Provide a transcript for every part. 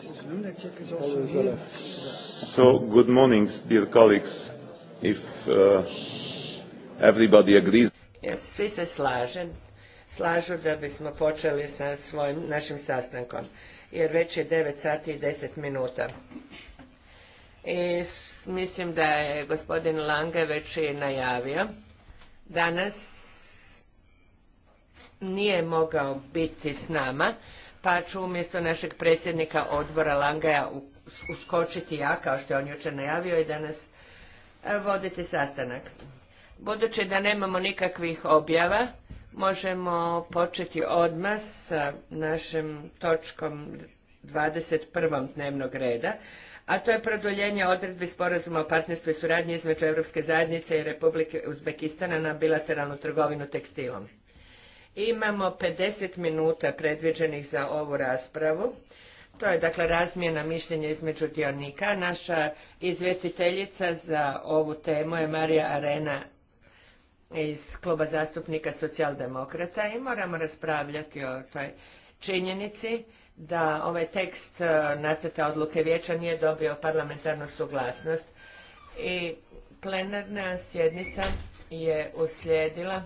So, good morning, dear colleagues. If uh, everybody agrees. Yes, svi se slažem, slažu da bismo počeli sa svojim našim sastankom, jer već je 9 sati i 10 minuta. I mislim da je gospodin Lange već i najavio. Danas nije mogao biti s nama, pa ću umjesto našeg predsjednika odbora Langaja uskočiti ja, kao što je on jučer najavio i danas e, voditi sastanak. Budući da nemamo nikakvih objava, možemo početi odmah sa našim točkom 21. dnevnog reda, a to je produljenje odredbi sporazuma o partnerstvu i suradnji između Europske zajednice i Republike Uzbekistana na bilateralnu trgovinu tekstilom. Imamo 50 minuta predviđenih za ovu raspravu. To je dakle razmjena mišljenja između dionika. Naša izvjestiteljica za ovu temu je Marija Arena iz kluba zastupnika socijaldemokrata i moramo raspravljati o toj činjenici da ovaj tekst e, nacrta odluke vijeća nije dobio parlamentarnu suglasnost i plenarna sjednica je uslijedila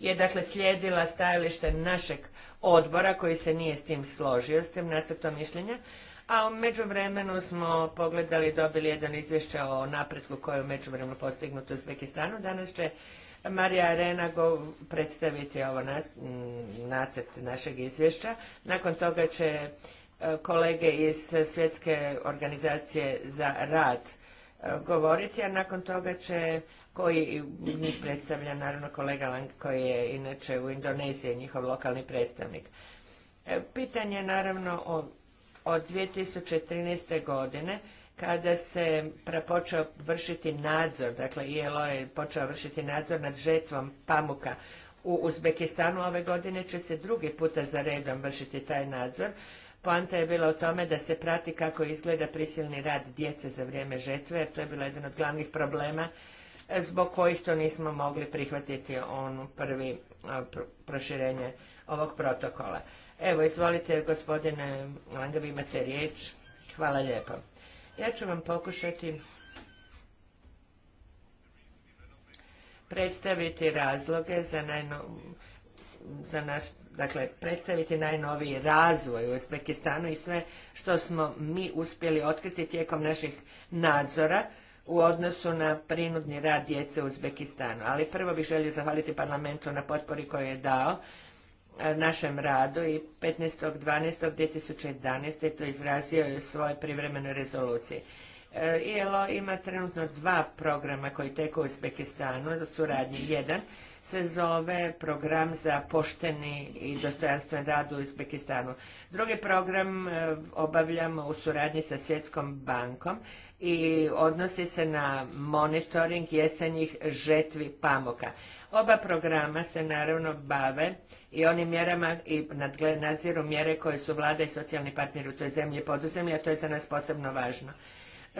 je dakle slijedila stajalište našeg odbora koji se nije s tim složio, s tim nacrtom mišljenja, a u međuvremenu smo pogledali i dobili jedan izvješće o napretku koje je u međuvremenu postignuto u Uzbekistanu. Danas će Marija Arena predstaviti ovo mm, nacrt našeg izvješća. Nakon toga će e, kolege iz Svjetske organizacije za rad e, govoriti, a nakon toga će koji njih predstavlja naravno kolega Lang koji je inače u Indoneziji njihov lokalni predstavnik. E, pitanje naravno o, od 2013. godine kada se počeo vršiti nadzor, dakle ILO je počeo vršiti nadzor nad žetvom pamuka u Uzbekistanu ove godine će se drugi puta za redom vršiti taj nadzor. Poanta je bila o tome da se prati kako izgleda prisilni rad djece za vrijeme žetve, jer to je bilo jedan od glavnih problema zbog kojih to nismo mogli prihvatiti ono prvi proširenje ovog protokola. Evo, izvolite gospodine valjda vi imate riječ. Hvala lijepo. Ja ću vam pokušati predstaviti razloge za, za naš, dakle, predstaviti najnoviji razvoj u Uzbekistanu i sve što smo mi uspjeli otkriti tijekom naših nadzora u odnosu na prinudni rad djece u Uzbekistanu. Ali prvo bih želio zahvaliti parlamentu na potpori koju je dao e, našem radu i 15.12.2011. je to izrazio je u svojoj privremenoj rezoluciji. E, ILO ima trenutno dva programa koji teku u Uzbekistanu, suradnji jedan, se zove program za pošteni i dostojanstven rad u Uzbekistanu. Drugi program e, obavljamo u suradnji sa Svjetskom bankom i odnosi se na monitoring jesenjih žetvi pamuka. Oba programa se naravno bave i onim mjerama i nadziru mjere koje su vlada i socijalni partneri u toj zemlji poduzemlji, a to je za nas posebno važno.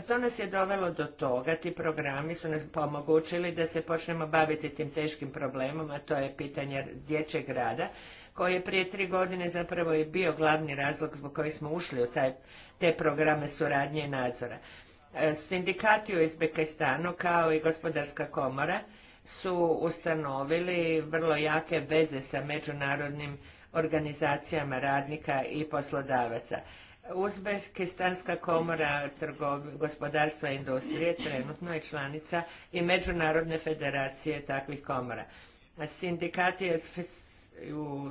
to nas je dovelo do toga, ti programi su nam pomogućili da se počnemo baviti tim teškim problemom, a to je pitanje dječjeg rada, koji je prije tri godine zapravo i bio glavni razlog zbog kojeg smo ušli u taj, te programe suradnje i nadzora. E, sindikati u Izbekistanu kao i gospodarska komora su ustanovili vrlo jake veze sa međunarodnim organizacijama radnika i poslodavaca. Uzbekistanska komora gospodarstva i industrije trenutno je članica i Međunarodne federacije takvih komora. Sindikati u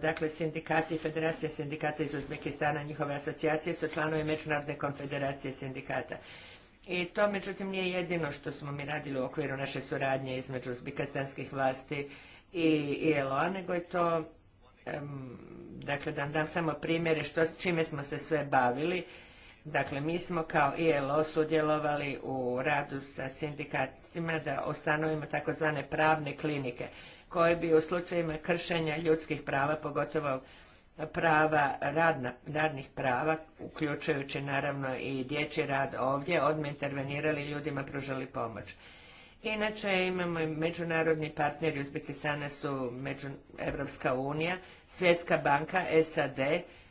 Dakle, sindikati i federacije sindikata iz Uzbekistana, njihove asocijacije su članovi Međunarodne konfederacije sindikata. I to, međutim, nije jedino što smo mi radili u okviru naše suradnje između uzbekistanskih vlasti i ILO-a, nego je to, dakle, da vam dam samo primjere čime smo se sve bavili. Dakle, mi smo kao ILO sudjelovali u radu sa sindikatima da ostanovimo takozvane pravne klinike koji bi u slučajima kršenja ljudskih prava, pogotovo eh, prava, radnih prava, uključujući naravno i dječji rad ovdje, odmah intervenirali i ljudima pružali pomoć. Inače imamo i međunarodni partneri Uzbekistana su među, Evropska unija, Svjetska banka, SAD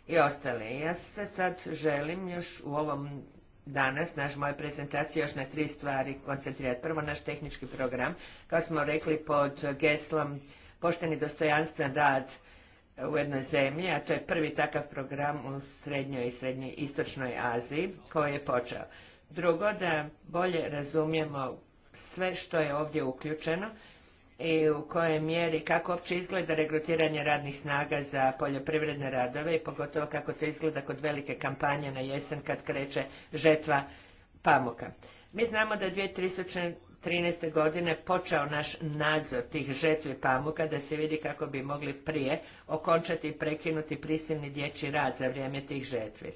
i ostale. Ja se sad želim još u ovom danas, naš moja prezentacija još na tri stvari koncentrirati. Prvo, naš tehnički program, kao smo rekli pod geslom pošteni dostojanstven rad u jednoj zemlji, a to je prvi takav program u srednjoj i srednjoj istočnoj Aziji koji je počeo. Drugo, da bolje razumijemo sve što je ovdje uključeno i u kojoj mjeri, kako uopće izgleda regrutiranje radnih snaga za poljoprivredne radove i pogotovo kako to izgleda kod velike kampanje na jesen kad kreće žetva pamuka. Mi znamo da je 2013. godine počeo naš nadzor tih žetvi pamuka da se vidi kako bi mogli prije okončati i prekinuti prisilni dječji rad za vrijeme tih žetvi.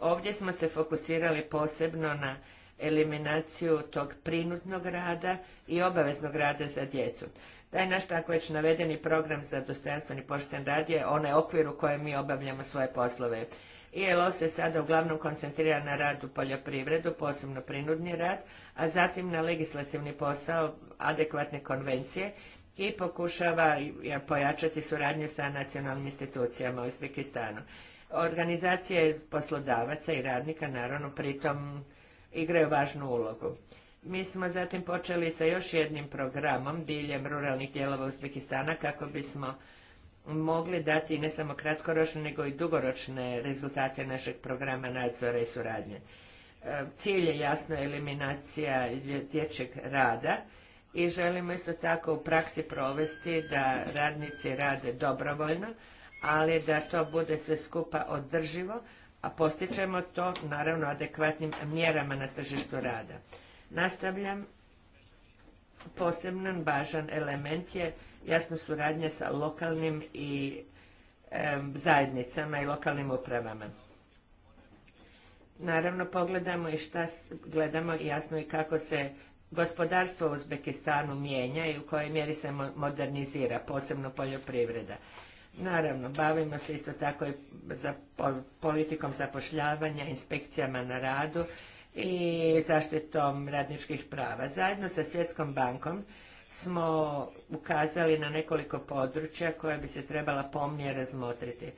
Ovdje smo se fokusirali posebno na eliminaciju tog prinudnog rada i obaveznog rada za djecu. Da je naš tako već navedeni program za dostojanstveni pošten rad je onaj okvir u kojem mi obavljamo svoje poslove. ILO se sada uglavnom koncentrira na rad u poljoprivredu, posebno prinudni rad, a zatim na legislativni posao, adekvatne konvencije i pokušava pojačati suradnju sa nacionalnim institucijama u Uzbekistanu. Organizacije poslodavaca i radnika naravno pritom igraju važnu ulogu. Mi smo zatim počeli sa još jednim programom diljem ruralnih dijelova Uzbekistana kako bismo mogli dati ne samo kratkoročne nego i dugoročne rezultate našeg programa nadzora i suradnje. E, cilj je jasno eliminacija dječjeg rada i želimo isto tako u praksi provesti da radnici rade dobrovoljno, ali da to bude sve skupa održivo, a postičemo to naravno adekvatnim mjerama na tržištu rada. Nastavljam, posebno važan element je jasna suradnja sa lokalnim i zajednicama i lokalnim upravama. Naravno, pogledamo i šta gledamo jasno i kako se gospodarstvo u Uzbekistanu mijenja i u kojoj mjeri se modernizira, posebno poljoprivreda. Naravno, bavimo se isto tako i za politikom zapošljavanja, inspekcijama na radu i zaštitom radničkih prava. Zajedno sa Svjetskom bankom smo ukazali na nekoliko područja koja bi se trebala pomnije razmotriti.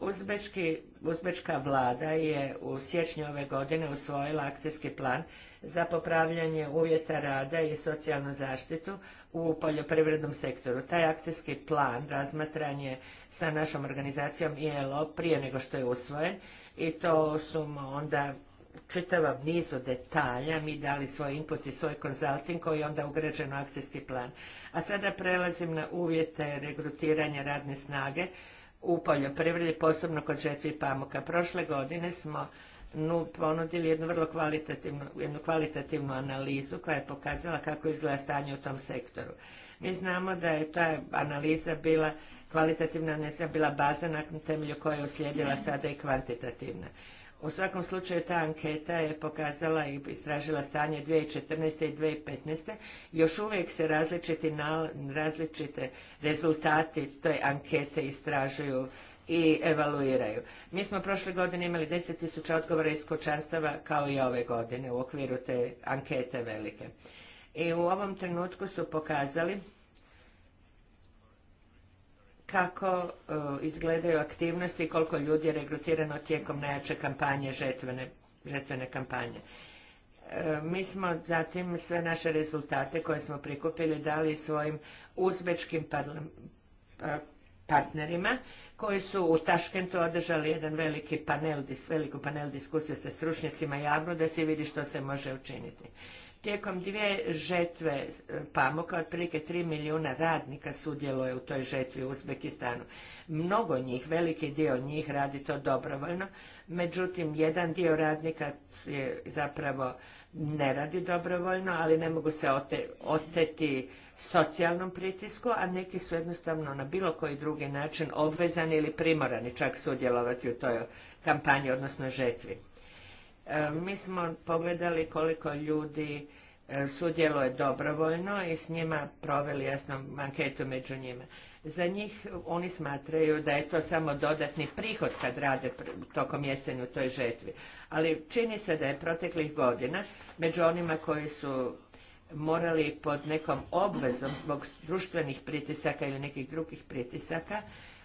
Uzbečki, uzbečka vlada je u siječnju ove godine usvojila akcijski plan za popravljanje uvjeta rada i socijalnu zaštitu u poljoprivrednom sektoru. Taj akcijski plan razmatran je sa našom organizacijom ILO prije nego što je usvojen i to su onda čitava nizu detalja, mi dali svoj input i svoj konzulting koji je onda ugrađen u akcijski plan. A sada prelazim na uvjete regrutiranja radne snage u poljoprivredi, posebno kod žetvi pamuka. Prošle godine smo ponudili jednu vrlo kvalitativnu, jednu kvalitativnu analizu koja je pokazala kako izgleda stanje u tom sektoru. Mi znamo da je ta analiza bila kvalitativna znam bila baza na temelju koje je uslijedila sada i kvantitativna. U svakom slučaju ta anketa je pokazala i istražila stanje 2014. i 2015. Još uvijek se različiti, različite rezultati toj ankete istražuju i evaluiraju. Mi smo prošle godine imali 10.000 odgovora iz kućanstava kao i ove godine u okviru te ankete velike. I u ovom trenutku su pokazali kako e, izgledaju aktivnosti i koliko ljudi je regrutirano tijekom najjače kampanje, žetvene, kampanje. E, mi smo zatim sve naše rezultate koje smo prikupili dali svojim uzbečkim e, partnerima koji su u Taškentu održali jedan veliki panel, veliku panel diskusije sa stručnjacima javno da se vidi što se može učiniti. Tijekom dvije žetve e, pamuka, otprilike tri milijuna radnika sudjeluje u toj žetvi u Uzbekistanu. Mnogo njih, veliki dio njih radi to dobrovoljno, međutim jedan dio radnika zapravo ne radi dobrovoljno, ali ne mogu se oteti socijalnom pritisku, a neki su jednostavno na bilo koji drugi način obvezani ili primorani čak sudjelovati u toj kampanji, odnosno žetvi. E, mi smo pogledali koliko ljudi e, sudjeluje dobrovoljno i s njima proveli jasno anketu među njima. Za njih oni smatraju da je to samo dodatni prihod kad rade tokom mjeseca u toj žetvi. Ali čini se da je proteklih godina među onima koji su morali pod nekom obvezom zbog društvenih pritisaka ili nekih drugih pritisaka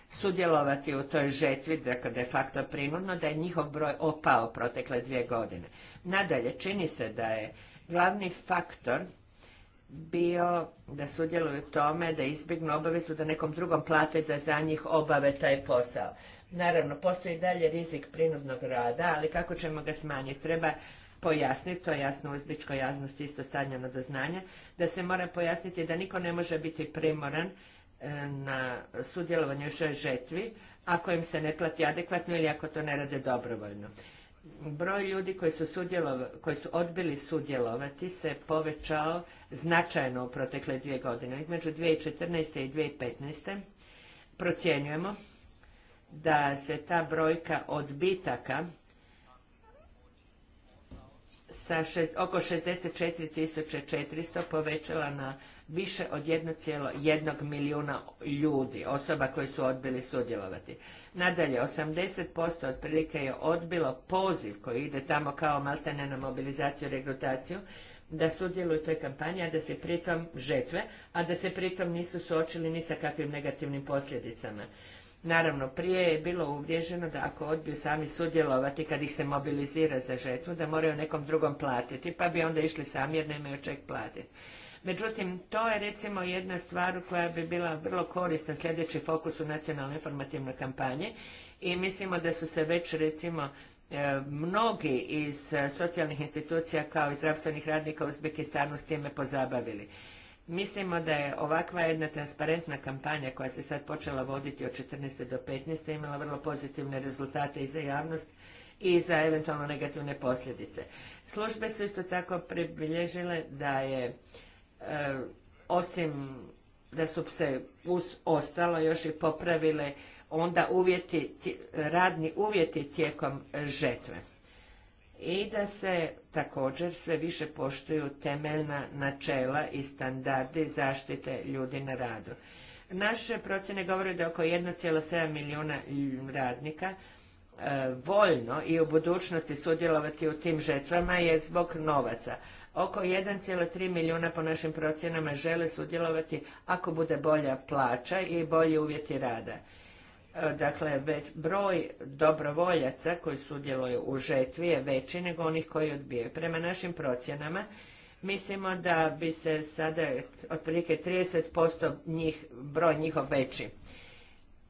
sudjelovati u toj žetvi, dakle de facto prinudno, da je njihov broj opao protekle dvije godine. Nadalje, čini se da je glavni faktor bio da sudjeluju tome da izbjegnu obavezu da nekom drugom plate da za njih obave taj posao. Naravno, postoji dalje rizik prinudnog rada, ali kako ćemo ga smanjiti? Treba pojasniti, to je jasno uzbičko javnosti isto stavljeno do znanja, da se mora pojasniti da niko ne može biti primoran e, na sudjelovanje u žetvi ako im se ne plati adekvatno ili ako to ne rade dobrovoljno. Broj ljudi koji su, koji su odbili sudjelovati se povećao značajno u protekle dvije godine. Među 2014. i 2015. procjenjujemo da se ta brojka odbitaka sa šest, oko 64.400 povećala na više od 1,1 milijuna ljudi, osoba koji su odbili sudjelovati. Nadalje, 80% otprilike je odbilo poziv koji ide tamo kao maltene na mobilizaciju, rekrutaciju da sudjeluju u toj kampanji, a da se pritom žetve, a da se pritom nisu suočili ni sa kakvim negativnim posljedicama. Naravno, prije je bilo uvriježeno da ako odbiju sami sudjelovati kad ih se mobilizira za žetvu, da moraju nekom drugom platiti, pa bi onda išli sami jer nemaju čeg platiti. Međutim, to je recimo jedna stvar koja bi bila vrlo korisna sljedeći fokus u nacionalnoj informativnoj kampanji i mislimo da su se već recimo e, mnogi iz e, socijalnih institucija kao i zdravstvenih radnika u Uzbekistanu s time pozabavili. Mislimo da je ovakva jedna transparentna kampanja koja se sad počela voditi od 14. do 15. imala vrlo pozitivne rezultate i za javnost i za eventualno negativne posljedice. Službe su isto tako pribilježile da je, e, osim da su se uz ostalo još i popravile onda uvjeti, radni uvjeti tijekom žetve i da se također sve više poštuju temeljna načela i standardi zaštite ljudi na radu. Naše procjene govore da oko 1,7 milijuna radnika e, voljno i u budućnosti sudjelovati u tim žetvama je zbog novaca. Oko 1,3 milijuna po našim procjenama žele sudjelovati ako bude bolja plaća i bolji uvjeti rada. E, dakle broj dobrovoljaca koji sudjeluju u žetvi je veći nego onih koji odbijaju. Prema našim procjenama mislimo da bi se sada otprilike 30% njih, broj njihov veći.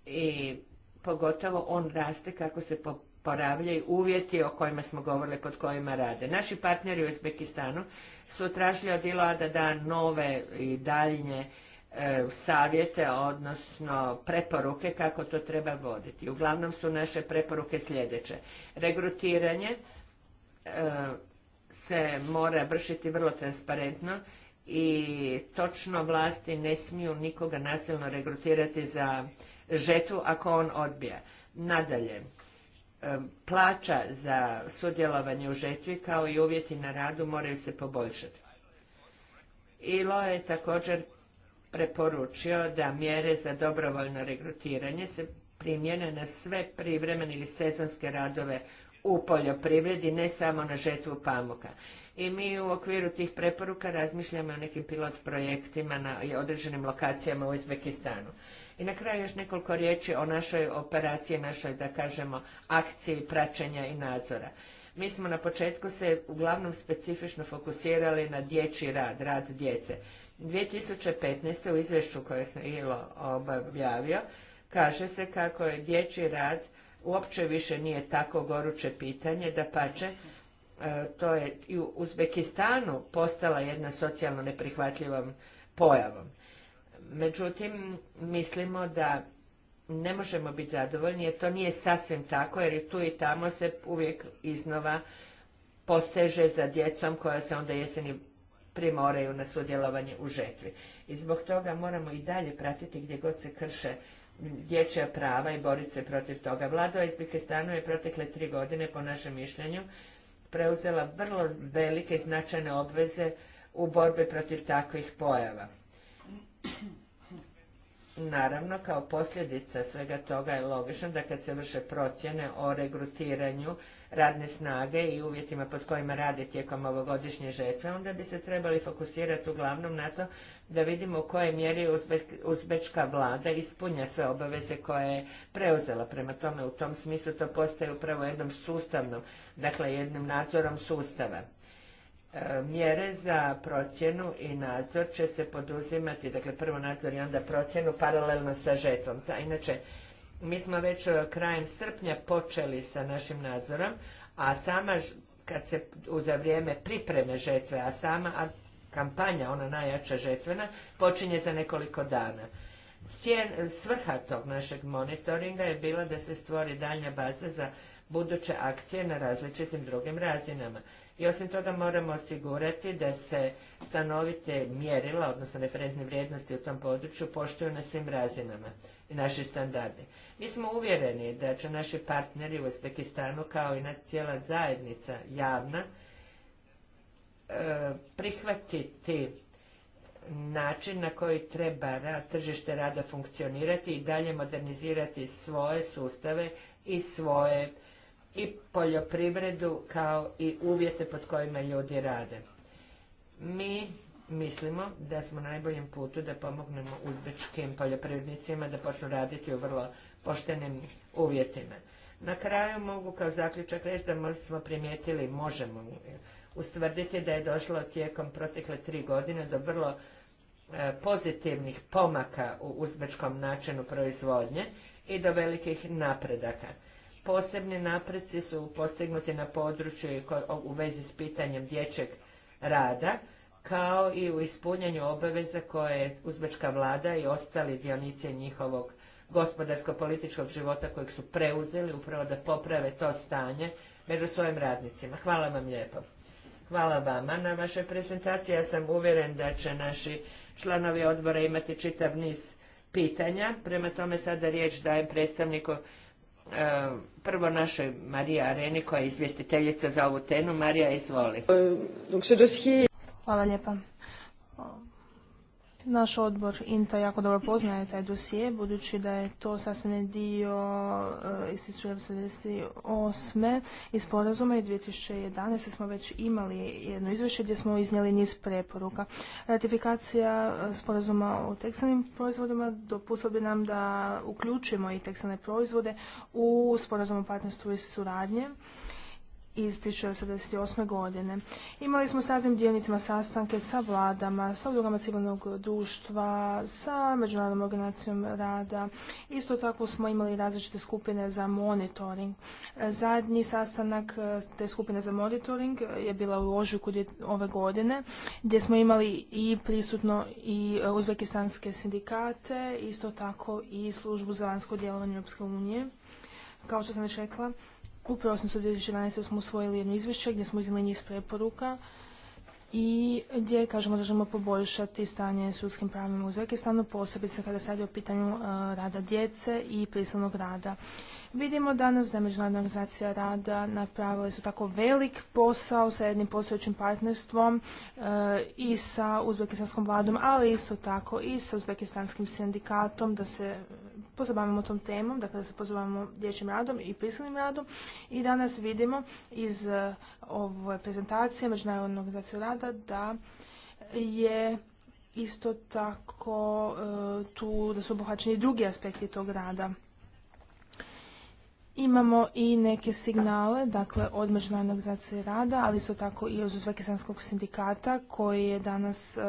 I pogotovo on raste kako se poravljaju uvjeti o kojima smo govorili, pod kojima rade. Naši partneri u Uzbekistanu su tražili od da da nove i daljnje E, savjete, odnosno preporuke kako to treba voditi. Uglavnom su naše preporuke sljedeće. Regrutiranje e, se mora vršiti vrlo transparentno i točno vlasti ne smiju nikoga nasilno regrutirati za žetvu ako on odbija. Nadalje, e, plaća za sudjelovanje u žetvi kao i uvjeti na radu moraju se poboljšati. ILO je također preporučio da mjere za dobrovoljno regrutiranje se primjene na sve privremene ili sezonske radove u poljoprivredi, ne samo na žetvu pamuka. I mi u okviru tih preporuka razmišljamo o nekim pilot projektima na određenim lokacijama u Uzbekistanu. I na kraju još nekoliko riječi o našoj operaciji, našoj, da kažemo, akciji praćenja i nadzora. Mi smo na početku se uglavnom specifično fokusirali na dječji rad, rad djece. 2015. u izvješću koje sam ILO objavio, kaže se kako je dječji rad uopće više nije tako goruće pitanje, da pače, e, to je i u Uzbekistanu postala jedna socijalno neprihvatljivom pojavom. Međutim, mislimo da ne možemo biti zadovoljni jer to nije sasvim tako jer tu i tamo se uvijek iznova poseže za djecom koja se onda jeseni moraju na sudjelovanje u žetvi. I zbog toga moramo i dalje pratiti gdje god se krše dječja prava i boriti se protiv toga. Vlada Izbekistanu je protekle tri godine, po našem mišljenju, preuzela vrlo velike značajne obveze u borbi protiv takvih pojava. Naravno, kao posljedica svega toga je logično da kad se vrše procjene o regrutiranju radne snage i uvjetima pod kojima rade tijekom ovogodišnje žetve, onda bi se trebali fokusirati uglavnom na to da vidimo u kojoj mjeri uzbečka vlada ispunja sve obaveze koje je preuzela. Prema tome, u tom smislu to postaje upravo jednom sustavnom, dakle jednim nadzorom sustava. E, mjere za procjenu i nadzor će se poduzimati, dakle prvo nadzor i onda procjenu paralelno sa žetvom. inače, mi smo već e, krajem srpnja počeli sa našim nadzorom, a sama kad se za vrijeme pripreme žetve, a sama a kampanja, ona najjača žetvena, počinje za nekoliko dana. svrha tog našeg monitoringa je bila da se stvori daljnja baza za buduće akcije na različitim drugim razinama. I osim toga moramo osigurati da se stanovite mjerila, odnosno referentne vrijednosti u tom području, poštuju na svim razinama i naši standardi. Mi smo uvjereni da će naši partneri u Uzbekistanu, kao i na cijela zajednica javna, e, prihvatiti način na koji treba tržište rada funkcionirati i dalje modernizirati svoje sustave i svoje i poljoprivredu kao i uvjete pod kojima ljudi rade. Mi mislimo da smo na najboljem putu da pomognemo uzbečkim poljoprivrednicima da počnu raditi u vrlo poštenim uvjetima. Na kraju mogu kao zaključak reći da možda smo primijetili, možemo ustvrditi da je došlo tijekom protekle tri godine do vrlo e, pozitivnih pomaka u uzbečkom načinu proizvodnje i do velikih napredaka posebni napreci su postignuti na području u vezi s pitanjem dječjeg rada, kao i u ispunjanju obaveza koje je uzbečka vlada i ostali dionice njihovog gospodarsko-političkog života kojeg su preuzeli upravo da poprave to stanje među svojim radnicima. Hvala vam lijepo. Hvala vama na vašoj prezentaciji. Ja sam uvjeren da će naši članovi odbora imati čitav niz pitanja. Prema tome sada riječ dajem predstavniku E, prvo našoj Marija Areni koja je izvjestiteljica za ovu temu. Marija, izvoli. E, Hvala lijepa. Naš odbor INTA jako dobro poznaje taj dosije, budući da je to sastavni dio e, iz 1998. iz sporazuma i 2011. smo već imali jedno izvješće gdje smo iznijeli niz preporuka. Ratifikacija e, sporazuma o tekstilnim proizvodima dopustila bi nam da uključimo i tekstilne proizvode u sporazum o partnerstvu i suradnje iz osam godine. Imali smo s raznim dionicima sastanke sa vladama, sa udrugama civilnog društva, sa Međunarodnom organizacijom rada. Isto tako smo imali različite skupine za monitoring. Zadnji sastanak e, te skupine za monitoring je bila u ožujku ove godine, gdje smo imali i prisutno i e, uzbekistanske sindikate, isto tako i službu za vanjsko djelovanje Europske unije. Kao što sam već rekla, u prosincu 2011. smo usvojili jedno izvješće gdje smo iznijeli niz preporuka i gdje kažemo da želimo poboljšati stanje s ljudskim pravima u Uzbekistanu, posebice kada se radi o pitanju e, rada djece i prisilnog rada. Vidimo danas da je Međunarodna organizacija rada napravila su tako velik posao sa jednim postojećim partnerstvom e, i sa uzbekistanskom vladom, ali isto tako i sa uzbekistanskim sindikatom da se pozabavimo tom temom, dakle da se pozabavimo dječjim radom i prisilnim radom. I danas vidimo iz e, ove prezentacije Međunarodnog organizacije rada da je isto tako e, tu da su obuhvaćeni drugi aspekti tog rada. Imamo i neke signale, dakle od međunarodnog organizacije rada, ali isto tako i od Uzbekistanskog sindikata koji je danas e,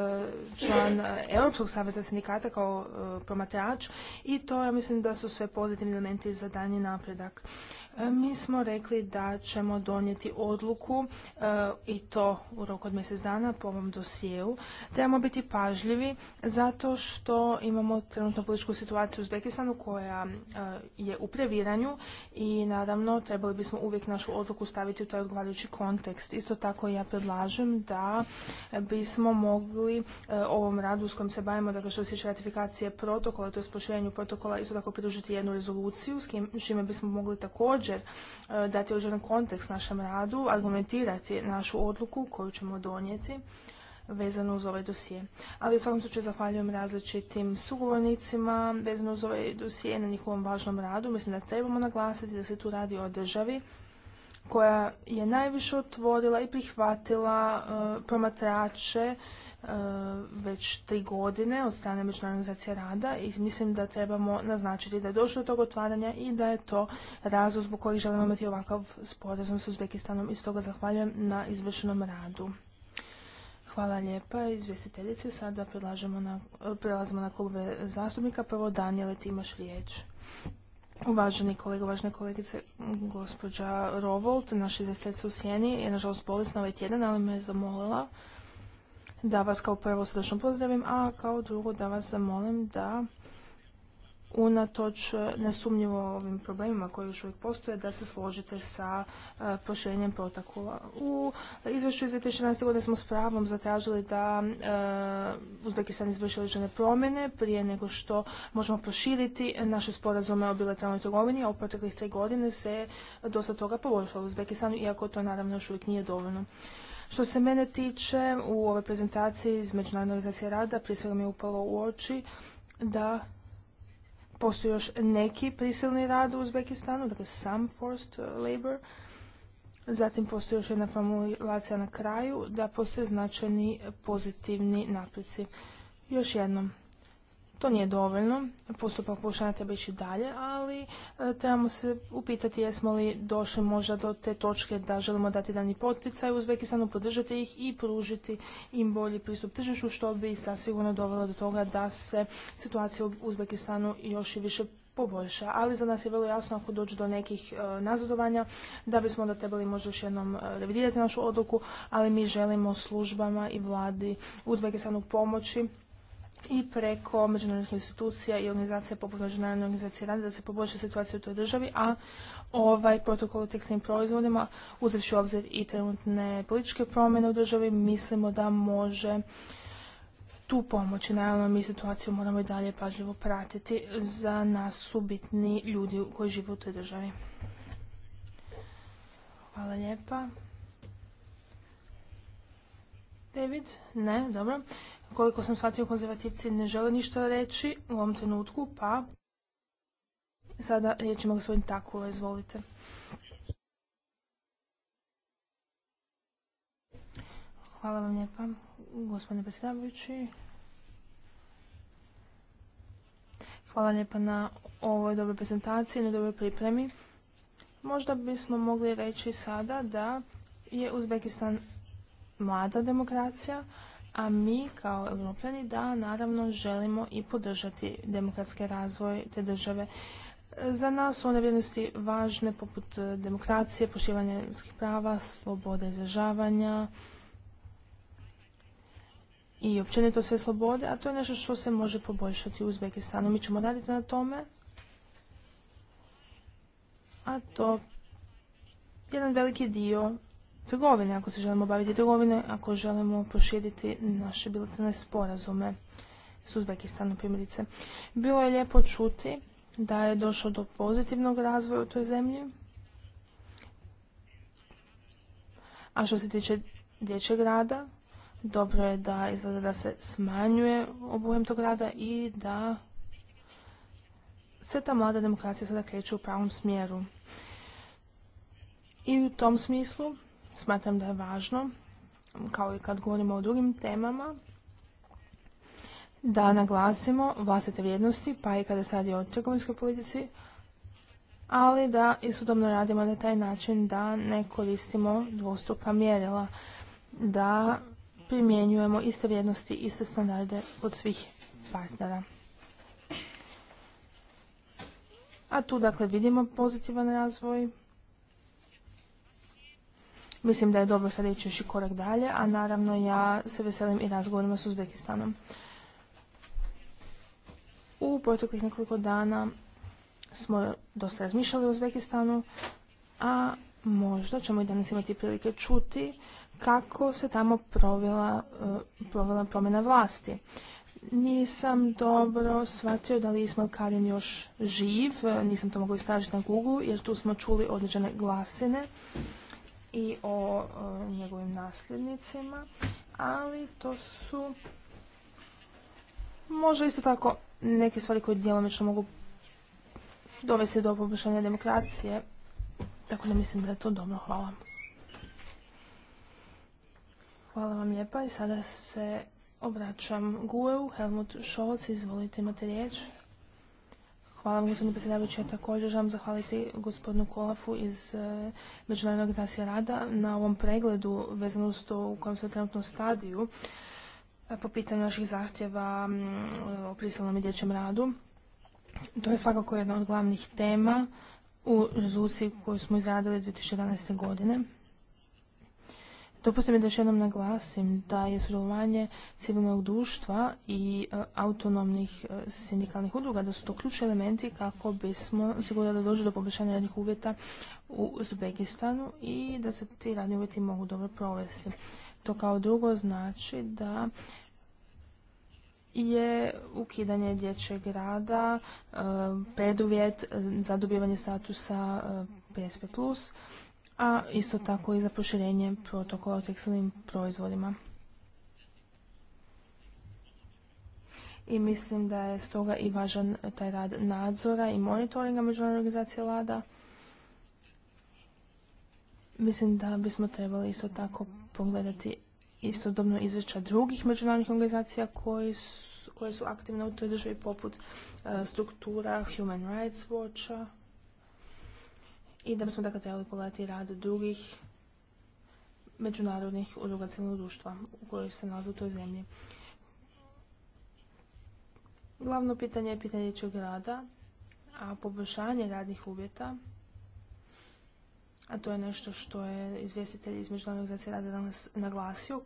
član e, Europskog saveza sindikata kao e, promatrač i to ja mislim da su sve pozitivni elementi za danji napredak. E, mi smo rekli da ćemo donijeti odluku e, i to u roku od mjesec dana po ovom dosijeu. Trebamo biti pažljivi zato što imamo trenutno političku situaciju u Uzbekistanu koja e, je u previranju i naravno trebali bismo uvijek našu odluku staviti u taj odgovarajući kontekst. Isto tako ja predlažem da bismo mogli ovom radu s kojim se bavimo, dakle što se tiče ratifikacije protokola, to je proširenju protokola, isto tako pridružiti jednu rezoluciju s čime bismo mogli također također e, dati određen kontekst našem radu, argumentirati našu odluku koju ćemo donijeti vezano uz ovaj dosije. Ali u svakom slučaju zahvaljujem različitim sugovornicima vezano uz ovaj dosije na njihovom važnom radu. Mislim da trebamo naglasiti da se tu radi o državi koja je najviše otvorila i prihvatila e, promatrače Eh, već tri godine od strane Međunarodne organizacije rada i mislim da trebamo naznačiti da je došlo do tog otvaranja i da je to razlog zbog kojeg želimo imati ovakav sporazum sa Uzbekistanom i stoga zahvaljujem na izvršenom radu. Hvala lijepa izvjestiteljice. Sada predlažemo na, prelazimo na klube zastupnika. Prvo Danijele, ti imaš riječ. Uvaženi kolega, uvažene kolegice, gospođa Rovolt, naša izvjestiteljica u Sjeni je nažalost bolesna ovaj tjedan, ali me je zamolila da vas kao prvo srdečno pozdravim, a kao drugo da vas zamolim da unatoč e, nesumnjivo ovim problemima koji još uvijek postoje, da se složite sa e, proširenjem protokola. U izvješću iz 2014. godine smo s pravom zatražili da e, Uzbekistan izvrši određene promjene prije nego što možemo proširiti naše sporazume o bilateralnoj trgovini, a u proteklih tri godine se dosta toga poboljšalo u Uzbekistanu, iako to naravno još uvijek nije dovoljno. Što se mene tiče, u ovoj prezentaciji iz Međunarodne organizacije rada prije svega mi je upalo u oči da postoji još neki prisilni rad u Uzbekistanu, dakle some forced labor. Zatim postoji još jedna formulacija na kraju da postoje značajni pozitivni napreci. Još jednom, to nije dovoljno, postupak pokušanja treba ići dalje, ali e, trebamo se upitati jesmo li došli možda do te točke da želimo dati dani poticaj Uzbekistanu, podržati ih i pružiti im bolji pristup tržištu, što bi sigurno dovelo do toga da se situacija u Uzbekistanu još i više poboljša. Ali za nas je vrlo jasno ako dođe do nekih e, nazadovanja da bismo onda trebali možda još jednom e, revidirati našu odluku, ali mi želimo službama i vladi Uzbekistanu pomoći i preko međunarodnih institucija i organizacija poput međunarodne organizacije rada da se poboljša situacija u toj državi, a ovaj protokol o tekstnim proizvodima, uzevši u obzir i trenutne političke promjene u državi, mislimo da može tu pomoći. Naravno, mi situaciju moramo i dalje pažljivo pratiti. Za nas su bitni ljudi koji žive u toj državi. Hvala lijepa. David? Ne, dobro koliko sam shvatio, konzervativci ne žele ništa reći u ovom trenutku, pa sada riječ ima gospodin Takula, izvolite. Hvala vam lijepa, gospodine predsjedavajući. Hvala lijepa na ovoj dobroj prezentaciji, na dobroj pripremi. Možda bismo mogli reći sada da je Uzbekistan mlada demokracija, a mi kao europljani da naravno želimo i podržati demokratski razvoj te države. Za nas su one vrijednosti važne poput e, demokracije, poštivanja ljudskih prava, slobode izražavanja i općenito sve slobode, a to je nešto što se može poboljšati u Uzbekistanu. Mi ćemo raditi na tome, a to jedan veliki dio trgovine, ako se želimo baviti trgovine, ako želimo proširiti naše bilateralne sporazume s Uzbekistanom primjerice. Bilo je lijepo čuti da je došlo do pozitivnog razvoja u toj zemlji. A što se tiče dječjeg rada, dobro je da izgleda da se smanjuje obujem tog rada i da se ta mlada demokracija sada kreće u pravom smjeru. I u tom smislu Smatram da je važno, kao i kad govorimo o drugim temama, da naglasimo vlastite vrijednosti, pa i kada se radi o trgovinskoj politici, ali da istodobno radimo na taj način da ne koristimo dvostruka mjerila, da primjenjujemo iste vrijednosti, iste standarde od svih partnera. A tu dakle vidimo pozitivan razvoj Mislim da je dobro sad ići još i korak dalje, a naravno ja se veselim i razgovorima s Uzbekistanom. U proteklih nekoliko dana smo dosta razmišljali o Uzbekistanu, a možda ćemo i danas imati prilike čuti kako se tamo provela, eh, promjena vlasti. Nisam dobro shvatio da li Ismail Karin još živ, eh, nisam to mogla istražiti na Google jer tu smo čuli određene glasine i o njegovim nasljednicima, ali to su možda isto tako neke stvari koje djelomično mogu dovesti do poboljšanja demokracije, tako da mislim da je to dobro. Hvala. Hvala vam lijepa i sada se obraćam Gueu, Helmut Scholz, izvolite imate riječ. Hvala vam gospodine predsjedavajuću. Ja također želim zahvaliti gospodinu Kolafu iz e, Međunarodne organizacije rada na ovom pregledu vezano uz to u kojem se trenutno stadiju e, po pitanju naših zahtjeva o prisilnom i dječjem radu. To je svakako jedna od glavnih tema u rezoluciji koju smo izradili 2011. godine. Dopustite mi da još jednom naglasim da je sudjelovanje civilnog društva i e, autonomnih e, sindikalnih udruga, da su to ključni elementi kako bismo sigurno da dođe do poboljšanja radnih uvjeta u Uzbekistanu i da se ti radni uvjeti mogu dobro provesti. To kao drugo znači da je ukidanje dječjeg rada e, preduvjet za dobivanje statusa PSP+, a isto tako i za proširenje protokola o tekstilnim proizvodima. I mislim da je stoga i važan taj rad nadzora i monitoringa Međunarodne organizacije LADA. Mislim da bismo trebali isto tako pogledati istodobno izvješća drugih međunarodnih organizacija koji su, koje su aktivne u toj državi poput e, struktura Human Rights Watcha i da bismo dakle trebali pogledati rad drugih međunarodnih udruga civilnog društva u kojoj se nalazi u toj zemlji. Glavno pitanje je pitanje ličnog rada, a poboljšanje radnih uvjeta, a to je nešto što je izvjestitelj iz Međunarodne organizacije rada danas naglasio,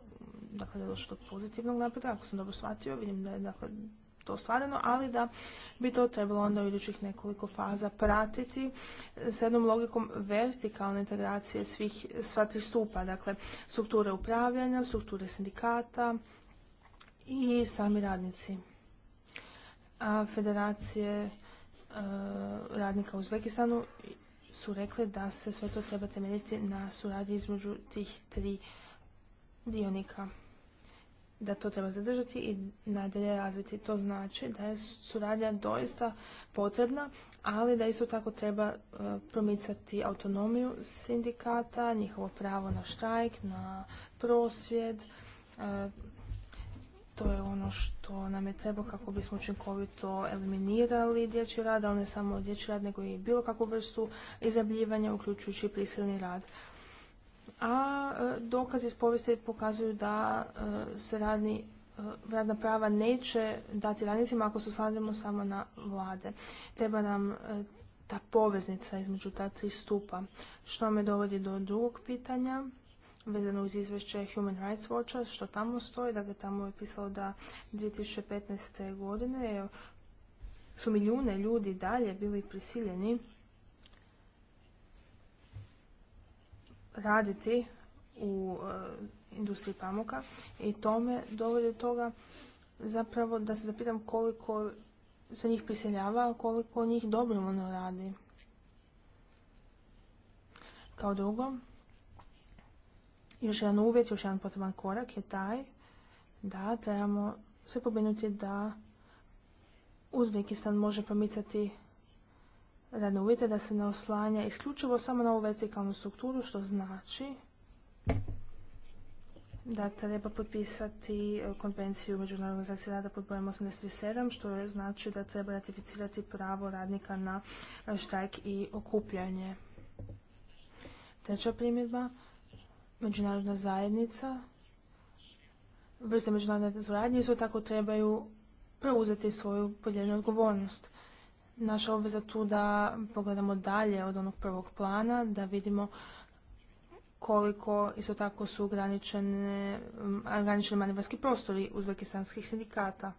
dakle da je došlo do pozitivnog napreda, ako sam dobro shvatio, vidim da je dakle, to ostvareno, ali da bi to trebalo onda u idućih nekoliko faza pratiti s jednom logikom vertikalne integracije svih sva tri stupa, dakle strukture upravljanja, strukture sindikata i sami radnici. A federacije e, radnika u Uzbekistanu su rekli da se sve to treba temeljiti na suradnji između tih tri dionika da to treba zadržati i nadalje razviti. To znači da je suradnja doista potrebna, ali da isto tako treba e, promicati autonomiju sindikata, njihovo pravo na štrajk, na prosvjed. E, to je ono što nam je treba kako bismo učinkovito eliminirali dječji rad, ali ne samo dječji rad, nego i bilo kakvu vrstu izabljivanja, uključujući prisilni rad a e, dokazi iz povijesti pokazuju da e, se radni e, radna prava neće dati radnicima ako se oslanjamo samo na vlade. Treba nam ta poveznica između ta tri stupa. Što me dovodi do drugog pitanja, vezano uz izvješće Human Rights Watcha, što tamo stoji, dakle tamo je pisalo da 2015. godine su milijune ljudi dalje bili prisiljeni raditi u e, industriji pamuka i tome dovodi do toga zapravo da se zapitam koliko se njih priseljava, a koliko njih dobrovoljno radi. Kao drugo, još jedan uvjet, još jedan potreban korak je taj da trebamo se pobrinuti da Uzbekistan može promicati radne uvjete, da se ne oslanja isključivo samo na ovu vertikalnu strukturu, što znači da treba potpisati e, konvenciju Međunarodne organizacije rada pod bojem 87, što je znači da treba ratificirati pravo radnika na e, štajk i okupljanje. Treća primjedba, međunarodna zajednica, vrste međunarodne suradnje isto tako trebaju preuzeti svoju podijeljenu odgovornost naša obveza tu da pogledamo dalje od onog prvog plana, da vidimo koliko isto tako su ograničeni manevarski prostori uzbekistanskih sindikata.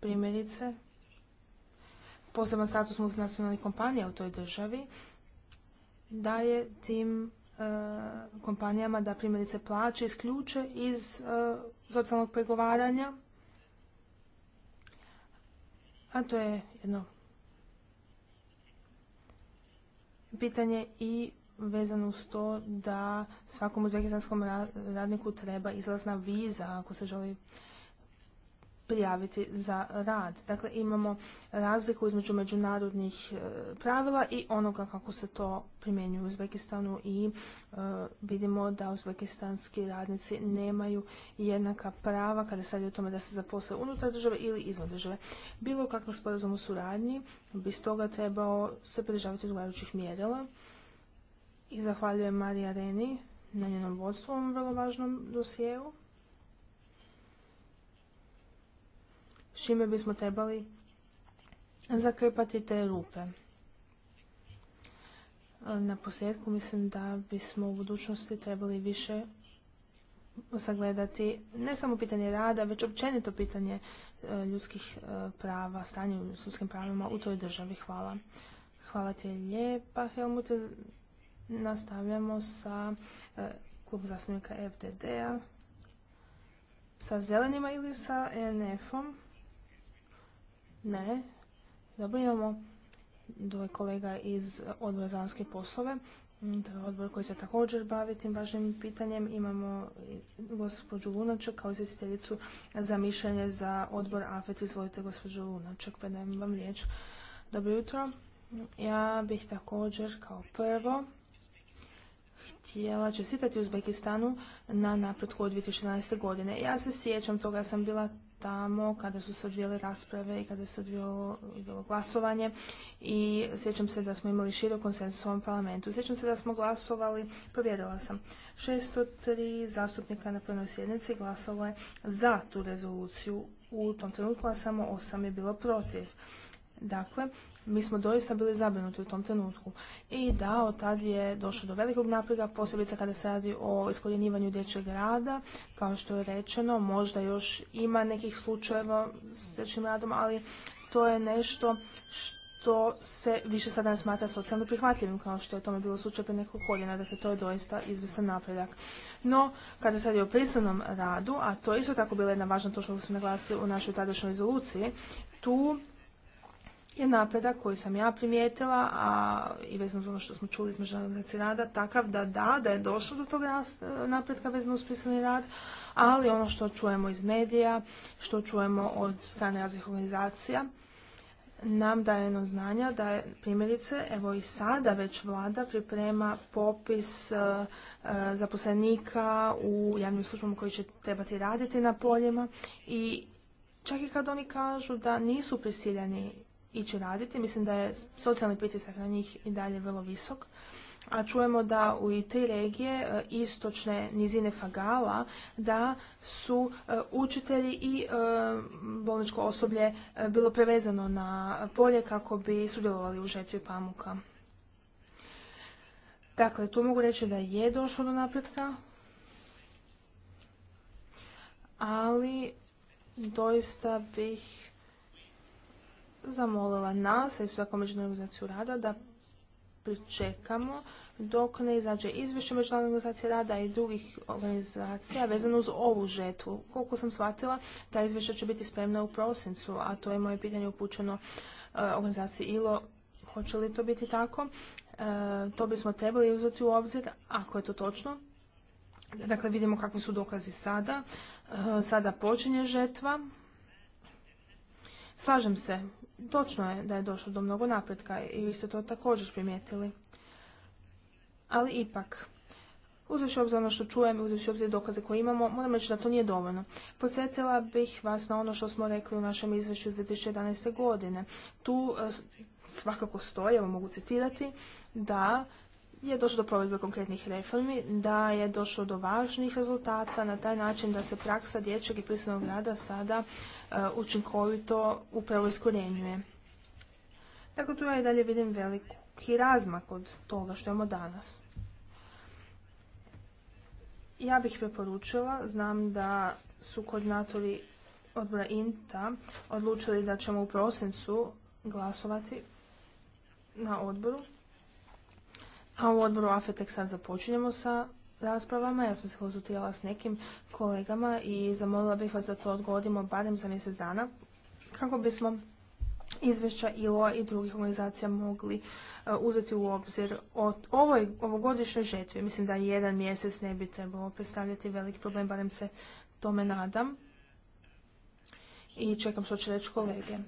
Primjerice, poseban status multinacionalnih kompanija u toj državi daje tim e, kompanijama da primjerice plaće isključe iz e, socijalnog pregovaranja a to je jedno pitanje i vezano uz to da svakom uzbekistanskom radniku treba izlazna viza ako se želi prijaviti za rad. Dakle, imamo razliku između međunarodnih e, pravila i onoga kako se to primjenjuje u Uzbekistanu i e, vidimo da uzbekistanski radnici nemaju jednaka prava kada se radi o tome da se zaposle unutar države ili izvan države. Bilo kakav sporazum u suradnji bi stoga trebao se pridržavati odgovarajućih mjerila. I zahvaljujem Marija Reni na njenom vodstvu vrlo važnom dosjeu. s čime bismo trebali zakrpati te rupe. Na posljedku mislim da bismo u budućnosti trebali više zagledati ne samo pitanje rada, već općenito pitanje e, ljudskih e, prava, stanje u ljudskim pravima u toj državi. Hvala. Hvala ti lijepa, Helmut. Nastavljamo sa e, klub zastupnika FDD-a. Sa zelenima ili sa nf om ne. Dobro, imamo dvoje kolega iz odbora za vanjske poslove. Mm, to je odbor koji se također bavi tim važnim pitanjem. Imamo gospođu Lunaček kao izvjestiteljicu za mišljenje za odbor AFET. Izvolite gospođu pa predajem vam riječ. Dobro jutro. Ja bih također kao prvo htjela čestitati Uzbekistanu na napretku od 2011. godine. Ja se sjećam toga, ja sam bila tamo kada su se odvijele rasprave i kada se odvijelo, glasovanje i sjećam se da smo imali širok konsensus u ovom parlamentu. Sjećam se da smo glasovali, provjerila sam, 603 zastupnika na plenoj sjednici glasalo je za tu rezoluciju u tom trenutku, a samo 8 je bilo protiv. Dakle, mi smo doista bili zabrinuti u tom trenutku. I da, od tad je došlo do velikog naprega, posebice kada se radi o iskorjenjivanju dječjeg rada. Kao što je rečeno, možda još ima nekih slučajeva s dječjim radom, ali to je nešto što se više sada ne smatra socijalno prihvatljivim, kao što je tome bilo slučaj prije nekog godina. Dakle, to je doista izvrstan napredak. No, kada se radi o prisilnom radu, a to je isto tako bila jedna važna točka koju smo naglasili u našoj tadašnjoj rezoluciji, tu je napredak koji sam ja primijetila, a i vezano za ono što smo čuli iz međunarodne rada, takav da da, da je došlo do tog e, napretka vezano uz rad, ali ono što čujemo iz medija, što čujemo od strane raznih organizacija, nam daje jedno znanja da je primjerice, evo i sada već vlada priprema popis e, e, zaposlenika u javnim službama koji će trebati raditi na poljima i čak i kad oni kažu da nisu prisiljeni ići raditi. Mislim da je socijalni pritisak na njih i dalje vrlo visok. A čujemo da u i tri regije e, istočne nizine Fagala da su e, učitelji i e, bolničko osoblje bilo prevezano na polje kako bi sudjelovali u žetvi pamuka. Dakle, tu mogu reći da je došlo do napretka, ali doista bih zamolila nas, i isto Međunarodnu organizaciju rada, da pričekamo dok ne izađe izvješće Međunarodne organizacije rada i drugih organizacija vezano uz ovu žetvu. Koliko sam shvatila, ta izvješća će biti spremna u prosincu, a to je moje pitanje upućeno e, organizaciji ILO. Hoće li to biti tako? E, to bismo trebali uzeti u obzir, ako je to točno. Dakle, vidimo kakvi su dokazi sada. E, sada počinje žetva. Slažem se, Točno je da je došlo do mnogo napretka i vi ste to također primijetili. Ali ipak, uzevši obzir ono što čujem i uzevši obzir dokaze koje imamo, moram reći da to nije dovoljno. Podsjetila bih vas na ono što smo rekli u našem izvješću iz 2011. godine. Tu e, svakako stoje, evo mogu citirati, da je došlo do provedbe konkretnih reformi, da je došlo do važnih rezultata na taj način da se praksa dječjeg i prisilnog rada sada e, učinkovito upravo iskorenjuje. Dakle, tu ja i dalje vidim veliki razmak od toga što imamo danas. Ja bih preporučila, znam da su koordinatori odbora INTA odlučili da ćemo u prosincu glasovati na odboru a u odboru AFETEK sad započinjemo sa raspravama. Ja sam se konzultirala s nekim kolegama i zamolila bih vas da to odgodimo barem za mjesec dana kako bismo izvješća ILO-a i drugih organizacija mogli e, uzeti u obzir od ovoj ovogodišnjoj žetvi. Mislim da jedan mjesec ne bi trebalo predstavljati veliki problem, barem se tome nadam. I čekam što će reći kolege.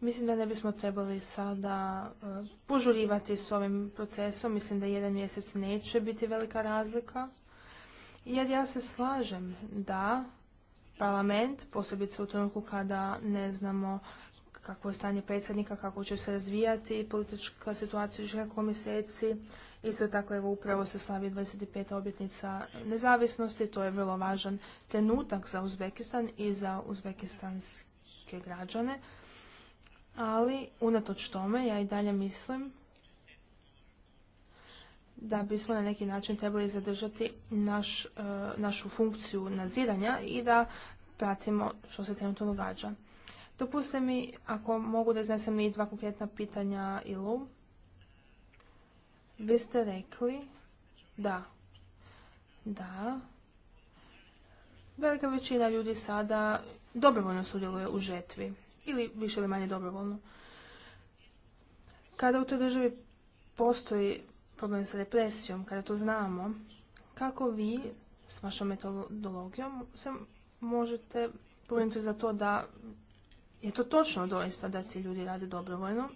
Mislim da ne bismo trebali sada e, požurivati s ovim procesom. Mislim da jedan mjesec neće biti velika razlika. Jer ja se slažem da parlament, posebice u trenutku kada ne znamo kako je stanje predsjednika, kako će se razvijati politička situacija još nekoliko mjeseci. Isto tako evo upravo se slavi 25. objetnica nezavisnosti, to je vrlo važan trenutak za Uzbekistan i za uzbekistanske građane ali unatoč tome ja i dalje mislim da bismo na neki način trebali zadržati naš, e, našu funkciju nadziranja i da pratimo što se trenutno događa. Dopustite mi, ako mogu da iznesem i dva konkretna pitanja ilu. Vi ste rekli da, da, velika većina ljudi sada dobrovoljno sudjeluje u žetvi ili više ili manje dobrovoljno. Kada u toj državi postoji problem sa represijom, kada to znamo, kako vi s vašom metodologijom se možete pomenuti za to da je to točno doista da ti ljudi rade dobrovoljno,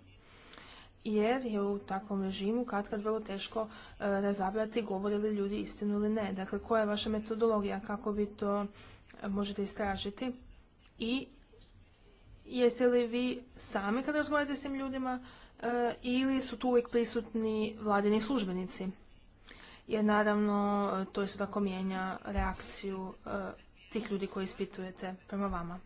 jer je u takvom režimu kad kad vrlo teško e, razabrati govore li ljudi istinu ili ne. Dakle, koja je vaša metodologija, kako vi to e, možete istražiti i Jeste li vi sami kada razgovarate s tim ljudima e, ili su tu uvijek prisutni vladini službenici? Jer naravno e, to isto tako mijenja reakciju e, tih ljudi koji ispitujete prema vama.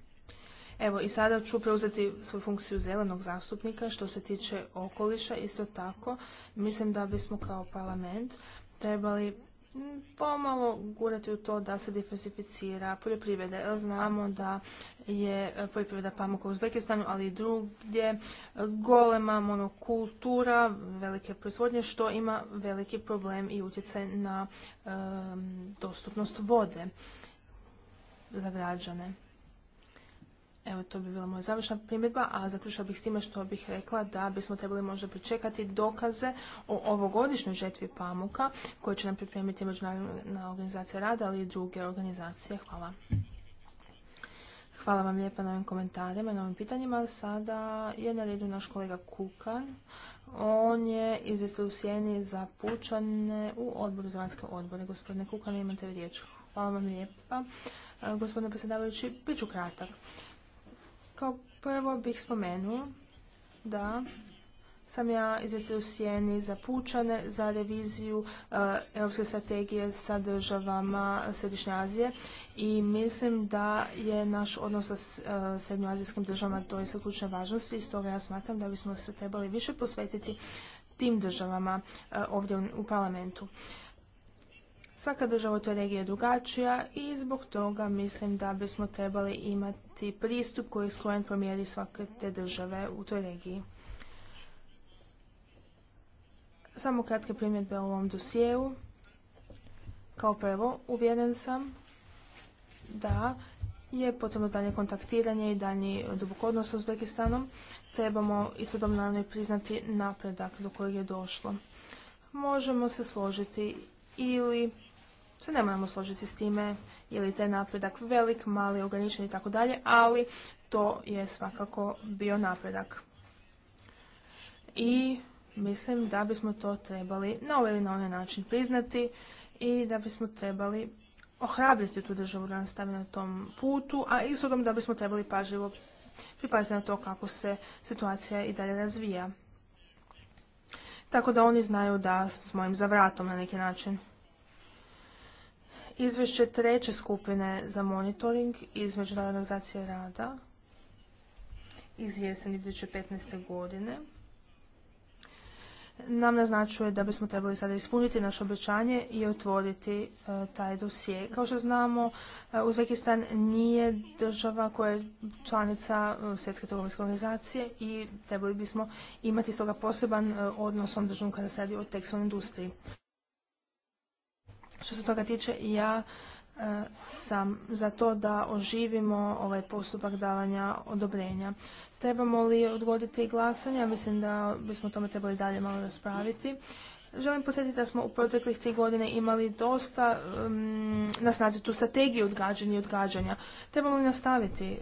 Evo i sada ću preuzeti svoju funkciju zelenog zastupnika što se tiče okoliša isto tako. Mislim da bismo kao parlament trebali pomalo gurati u to da se diversificira poljoprivreda. Znamo da je poljoprivreda pamuka u Uzbekistanu, ali i drugdje golema monokultura, velike proizvodnje, što ima veliki problem i utjecaj na dostupnost vode za građane. Evo, to bi bila moja završna primjedba, a zaključila bih s time što bih rekla da bismo trebali možda pričekati dokaze o ovogodišnjoj žetvi pamuka koje će nam pripremiti Međunarodna organizacija rada, ali i druge organizacije. Hvala. Hvala vam lijepa na ovim komentarima i na ovim pitanjima. Sada je na redu naš kolega Kukan. On je izvjestio u sjeni za pučane u odboru za vanjske odbore. Gospodine Kukan, imate riječ. Hvala vam lijepa. E, gospodine predsjedavajući, bit ću kratak. Kao prvo bih spomenuo da sam ja izvjestila u sjeni za pučane, za reviziju eh, Europske strategije sa državama Središnje Azije i mislim da je naš odnos sa eh, srednjoazijskim državama doista ključne važnosti i stoga ja smatram da bismo se trebali više posvetiti tim državama eh, ovdje u parlamentu. Svaka država u toj regiji je drugačija i zbog toga mislim da bismo trebali imati pristup koji je sklojen po mjeri svake te države u toj regiji. Samo kratke primjedbe u ovom dosjeu. Kao prvo, uvjeren sam da je potrebno dalje kontaktiranje i dalji dubok odnos sa Uzbekistanom. Trebamo istodobno naravno i priznati napredak do kojeg je došlo. Možemo se složiti ili se ne moramo složiti s time je li taj napredak velik, mali, ograničen i tako dalje, ali to je svakako bio napredak. I mislim da bismo to trebali na ovaj ili na onaj način priznati i da bismo trebali ohrabriti tu državu da nastavi na tom putu, a istodobno da bismo trebali pažljivo pripaziti na to kako se situacija i dalje razvija. Tako da oni znaju da smo im za vratom na neki način izvješće treće skupine za monitoring iz Međunarodne organizacije rada iz jeseni 2015. godine nam naznačuje da bismo trebali sada ispuniti naše obećanje i otvoriti e, taj dosije. Kao što znamo, e, Uzbekistan nije država koja je članica e, Svjetske trgovinske organizacije i trebali bismo imati stoga poseban odnos s ovom državom kada se radi o tekstilnoj industriji. Što se toga tiče, ja e, sam za to da oživimo ovaj postupak davanja odobrenja. Trebamo li odgoditi glasanje? Mislim da bismo o tome trebali dalje malo raspraviti. Želim podsjetiti da smo u proteklih tri godine imali dosta na snazi tu strategiju odgađanja i odgađanja. Trebamo li nastaviti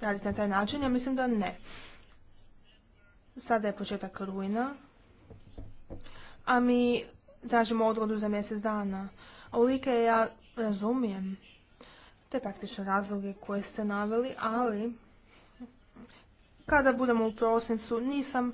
raditi na taj način? Ja mislim da ne. Sada je početak rujna, a mi tražimo odgodu za mjesec dana. A ja razumijem te praktične razloge koje ste naveli, ali kada budemo u prosincu nisam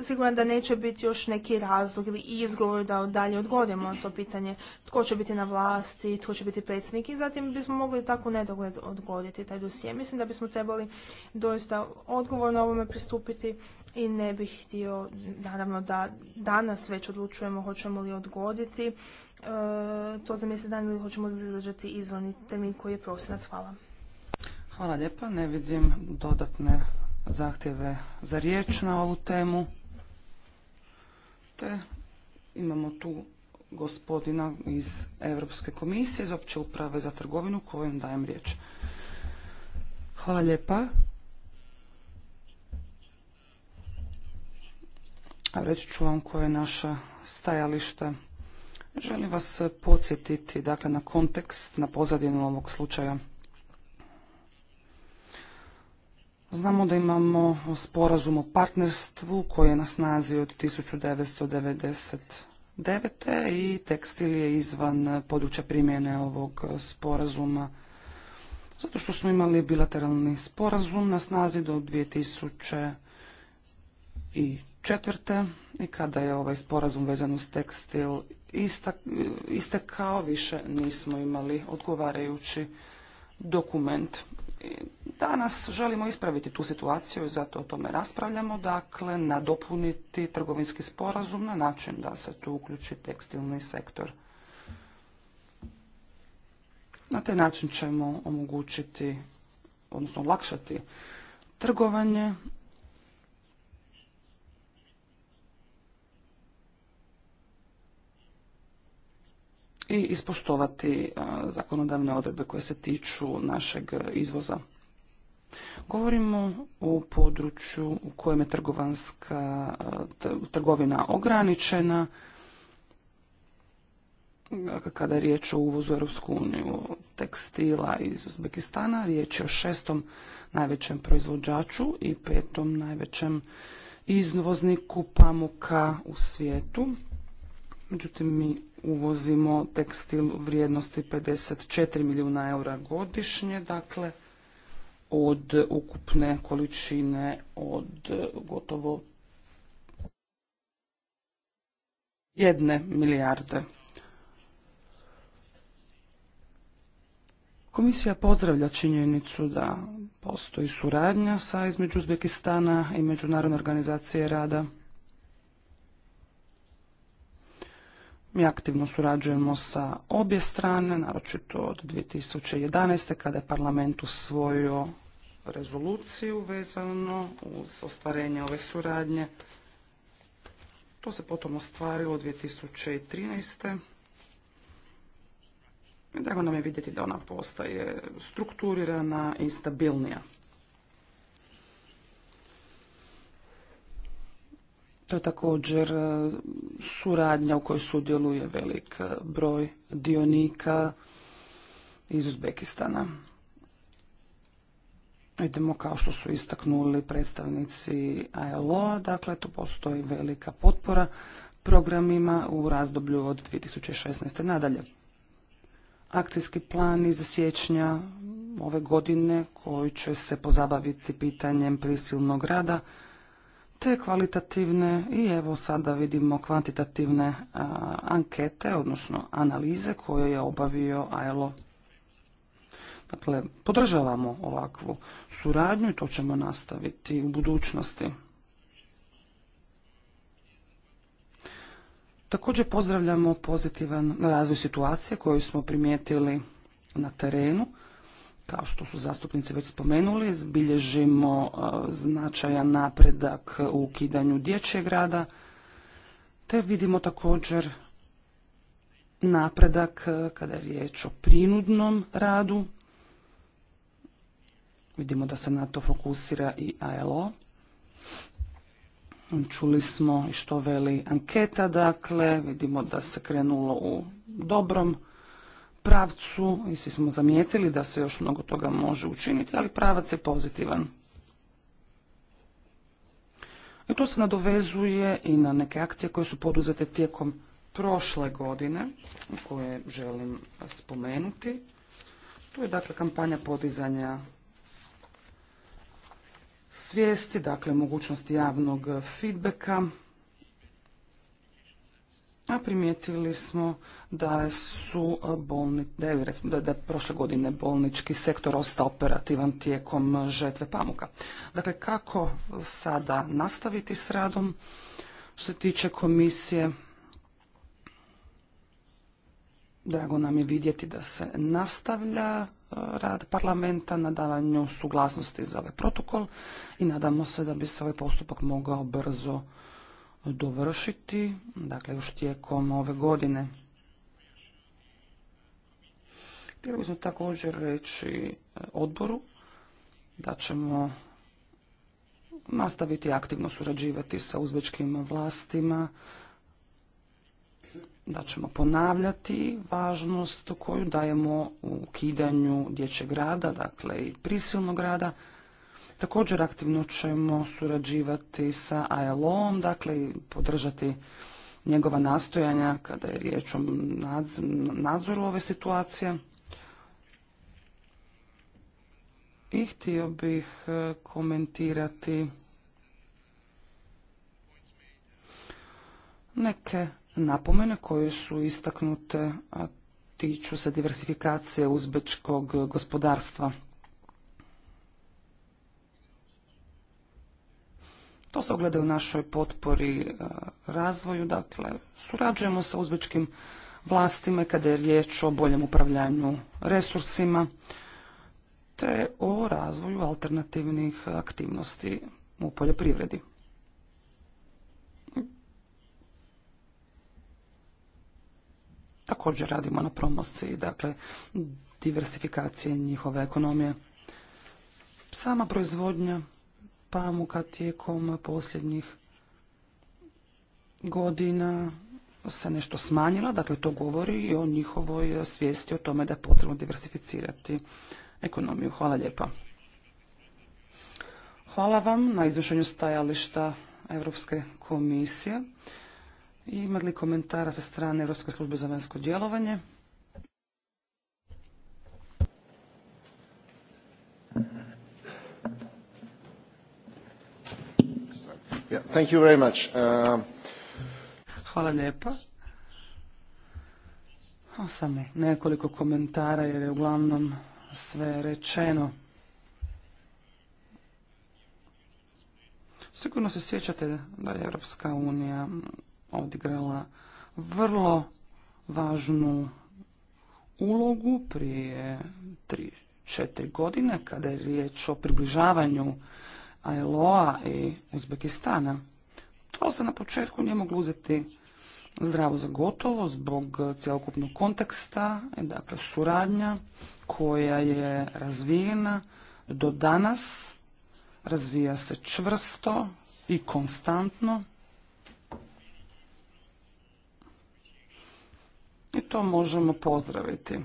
siguran da neće biti još neki razlog ili izgovor da dalje odgodimo to pitanje tko će biti na vlasti, tko će biti predsjednik i zatim bismo mogli tako nedogled odgoditi taj dosije. Mislim da bismo trebali doista odgovorno ovome pristupiti i ne bih htio, naravno da danas već odlučujemo hoćemo li odgoditi e, to za mjesec dana ili hoćemo li zadržati izvorni termin koji je prosinac. Hvala. Hvala lijepa. Ne vidim dodatne zahtjeve za riječ na ovu temu. Te imamo tu gospodina iz Europske komisije, iz opće uprave za trgovinu, kojem dajem riječ. Hvala lijepa. Reći ću vam koje je naše stajalište. Želim vas podsjetiti dakle, na kontekst, na pozadinu ovog slučaja. Znamo da imamo sporazum o partnerstvu koji je na snazi od 1999. i tekstil je izvan područja primjene ovog sporazuma. Zato što smo imali bilateralni sporazum na snazi do i četvrte i kada je ovaj sporazum vezan uz tekstil istekao, više nismo imali odgovarajući dokument. Danas želimo ispraviti tu situaciju i zato o tome raspravljamo, dakle nadopuniti trgovinski sporazum na način da se tu uključi tekstilni sektor. Na taj način ćemo omogućiti, odnosno olakšati trgovanje i ispoštovati e, zakonodavne odredbe koje se tiču našeg izvoza. Govorimo o području u kojem je trgovanska e, trgovina ograničena, dakle, kada je riječ o uvozu Europsku uniju tekstila iz Uzbekistana, riječ je o šestom najvećem proizvođaču i petom najvećem izvozniku pamuka u svijetu. Međutim, mi uvozimo tekstil vrijednosti 54 milijuna eura godišnje, dakle od ukupne količine od gotovo jedne milijarde. Komisija pozdravlja činjenicu da postoji suradnja sa između Uzbekistana i Međunarodne organizacije rada Mi aktivno surađujemo sa obje strane, naročito od 2011. kada je parlament usvojio rezoluciju vezano uz ostvarenje ove suradnje. To se potom ostvarilo 2013. Drago nam je vidjeti da ona postaje strukturirana i stabilnija. To je također e, suradnja u kojoj sudjeluje velik e, broj dionika iz Uzbekistana. Vidimo kao što su istaknuli predstavnici alo dakle tu postoji velika potpora programima u razdoblju od 2016. nadalje. Akcijski plan iz siječnja ove godine koji će se pozabaviti pitanjem prisilnog rada te kvalitativne i evo sada vidimo kvantitativne ankete, odnosno analize koje je obavio ILO. Dakle, podržavamo ovakvu suradnju i to ćemo nastaviti u budućnosti. Također pozdravljamo pozitivan razvoj situacije koju smo primijetili na terenu kao što su zastupnici već spomenuli, bilježimo e, značajan napredak u ukidanju dječjeg rada, te vidimo također napredak e, kada je riječ o prinudnom radu. Vidimo da se na to fokusira i ALO. Čuli smo i što veli anketa, dakle, vidimo da se krenulo u dobrom pravcu i svi smo zamijetili da se još mnogo toga može učiniti, ali pravac je pozitivan. I to se nadovezuje i na neke akcije koje su poduzete tijekom prošle godine, koje želim spomenuti. Tu je dakle kampanja podizanja svijesti, dakle mogućnosti javnog feedbacka, a primijetili smo da su e, bolni, da, da prošle godine bolnički sektor ostao operativan tijekom e, žetve pamuka. Dakle, kako sada nastaviti s radom što se tiče komisije? Drago nam je vidjeti da se nastavlja e, rad parlamenta na davanju suglasnosti za ovaj protokol i nadamo se da bi se ovaj postupak mogao brzo dovršiti, dakle još tijekom ove godine. Htjeli bismo također reći e, odboru da ćemo nastaviti aktivno surađivati sa uzbečkim vlastima, da ćemo ponavljati važnost koju dajemo u ukidanju dječjeg rada, dakle i prisilnog rada, Također aktivno ćemo surađivati sa ILO-om, dakle podržati njegova nastojanja kada je riječ o nadzoru ove situacije. I htio bih e, komentirati neke napomene koje su istaknute, a tiču se diversifikacije uzbečkog gospodarstva. To se ogleda u našoj potpori e, razvoju, dakle surađujemo sa uzbečkim vlastima kada je riječ o boljem upravljanju resursima te o razvoju alternativnih aktivnosti u poljoprivredi. Također radimo na promociji, dakle, diversifikacije njihove ekonomije. Sama proizvodnja pamuka tijekom posljednjih godina se nešto smanjila, dakle to govori i o njihovoj svijesti o tome da je potrebno diversificirati ekonomiju. Hvala lijepa. Hvala vam na izvršenju stajališta Europske komisije. Imali li komentara sa strane Europske službe za vanjsko djelovanje? thank um, Hvala lijepa. nekoliko komentara jer je uglavnom sve rečeno. Sigurno se sjećate da je Europska unija odigrala vrlo važnu ulogu prije 3-4 godine kada je riječ o približavanju Ailoa i Uzbekistana. To se na početku nije moglo uzeti zdravo za gotovo zbog cjelokupnog konteksta, dakle suradnja koja je razvijena do danas, razvija se čvrsto i konstantno. I to možemo pozdraviti.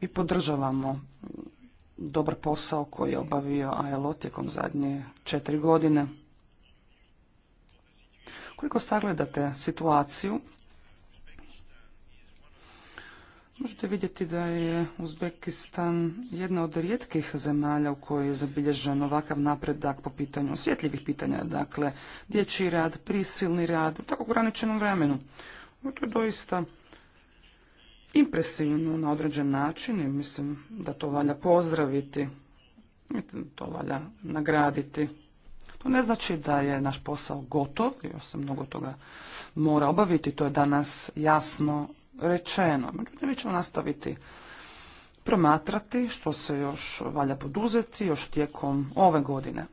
Mi podržavamo dobar posao koji je obavio ILO tijekom zadnje četiri godine. Koliko sagledate situaciju, možete vidjeti da je Uzbekistan jedna od rijetkih zemalja u kojoj je zabilježen ovakav napredak po pitanju osjetljivih pitanja, dakle dječji rad, prisilni rad, u tako ograničenom vremenu. to je doista impresivno na određen način i mislim da to valja pozdraviti to valja nagraditi. To ne znači da je naš posao gotov, još se mnogo toga mora obaviti, to je danas jasno rečeno. Međutim, mi ćemo nastaviti promatrati što se još valja poduzeti još tijekom ove godine.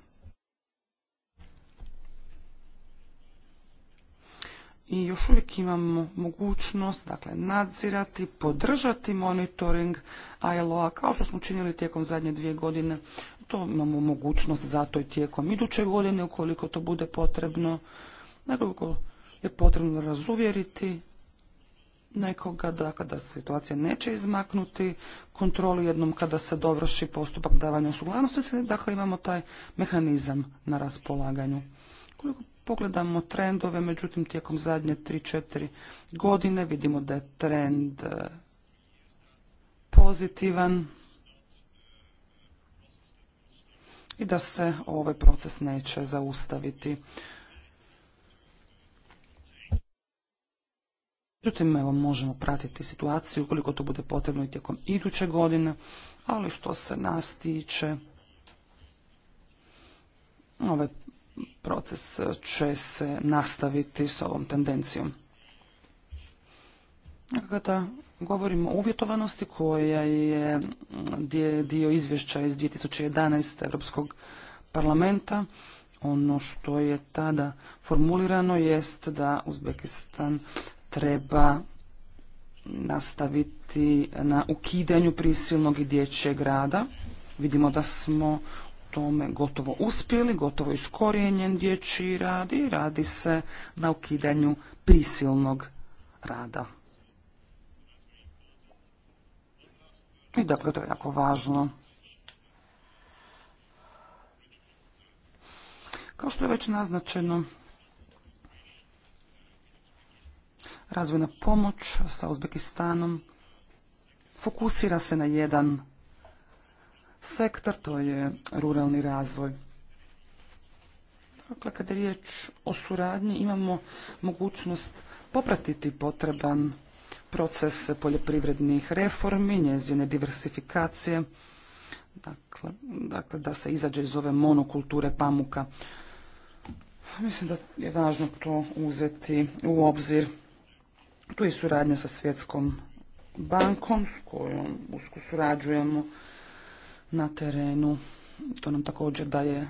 i još uvijek imamo mogućnost dakle, nadzirati, podržati monitoring ILO-a kao što smo činili tijekom zadnje dvije godine. To imamo mogućnost zato i tijekom iduće godine ukoliko to bude potrebno. Nekoliko dakle, je potrebno razuvjeriti nekoga da kada situacija neće izmaknuti kontrolu jednom kada se dovrši postupak davanja suglasnosti, dakle imamo taj mehanizam na raspolaganju. Koliko pogledamo trendove, međutim tijekom zadnje 3-4 godine vidimo da je trend e, pozitivan i da se ovaj proces neće zaustaviti. Međutim, evo, možemo pratiti situaciju ukoliko to bude potrebno i tijekom iduće godine, ali što se nas tiče, ovaj proces e, će se nastaviti s ovom tendencijom. Kada dakle, govorimo o uvjetovanosti koja je dio izvješća iz 2011. Europskog parlamenta, ono što je tada formulirano jest da Uzbekistan treba nastaviti na ukidanju prisilnog i dječjeg rada. Vidimo da smo tome gotovo uspjeli, gotovo iskorijenjen dječji rad i radi se na ukidanju prisilnog rada. I dakle, to je jako važno. Kao što je već naznačeno, razvojna pomoć sa Uzbekistanom fokusira se na jedan sektor, to je ruralni razvoj. Dakle, kada je riječ o suradnji, imamo mogućnost popratiti potreban proces poljoprivrednih reformi, njezine diversifikacije, dakle, dakle da se izađe iz ove monokulture pamuka. Mislim da je važno to uzeti u obzir. Tu je suradnja sa Svjetskom bankom s kojom usko surađujemo na terenu. To nam također daje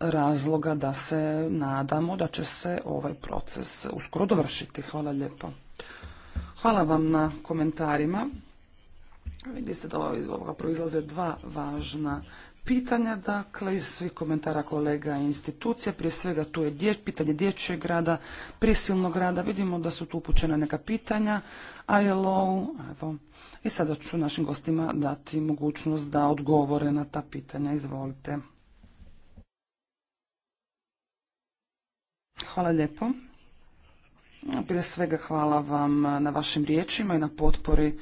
razloga da se nadamo da će se ovaj proces uskoro dovršiti. Hvala lijepo. Hvala vam na komentarima. Vidi se da ovoga proizlaze dva važna pitanja, dakle, iz svih komentara kolega i institucija, prije svega tu je pitanje dječjeg rada, prisilnog rada, vidimo da su tu upućena neka pitanja, ILO, evo, i sada ću našim gostima dati mogućnost da odgovore na ta pitanja, izvolite. Hvala lijepo. Prije svega hvala vam na vašim riječima i na potpori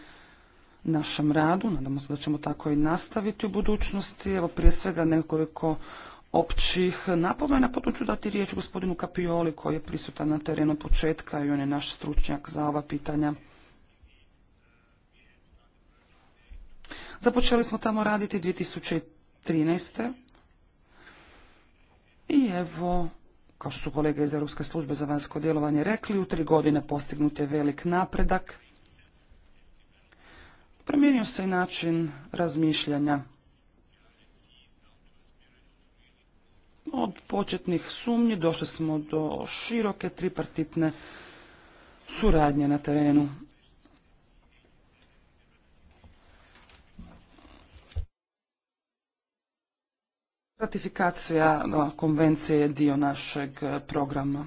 našem radu. Nadamo se da ćemo tako i nastaviti u budućnosti. Evo prije svega nekoliko općih napomena. Potom ću dati riječ gospodinu Kapioli koji je prisutan na terenu početka i on je naš stručnjak za ova pitanja. Započeli smo tamo raditi 2013. I evo, kao što su kolege iz Europske službe za vanjsko djelovanje rekli, u tri godine postignut je velik napredak. Promijenio se i način razmišljanja. Od početnih sumnji došli smo do široke tripartitne suradnje na terenu. Ratifikacija konvencije je dio našeg programa.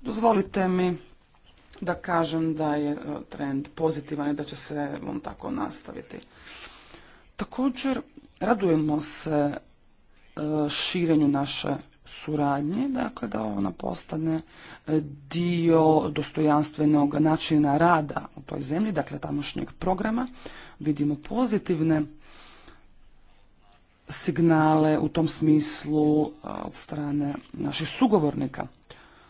Dozvolite mi da kažem da je e, trend pozitivan i da će se on tako nastaviti. Također, radujemo se e, širenju naše suradnje, dakle da ona postane e, dio dostojanstvenog načina rada u toj zemlji, dakle tamošnjeg programa. Vidimo pozitivne signale u tom smislu od strane naših sugovornika.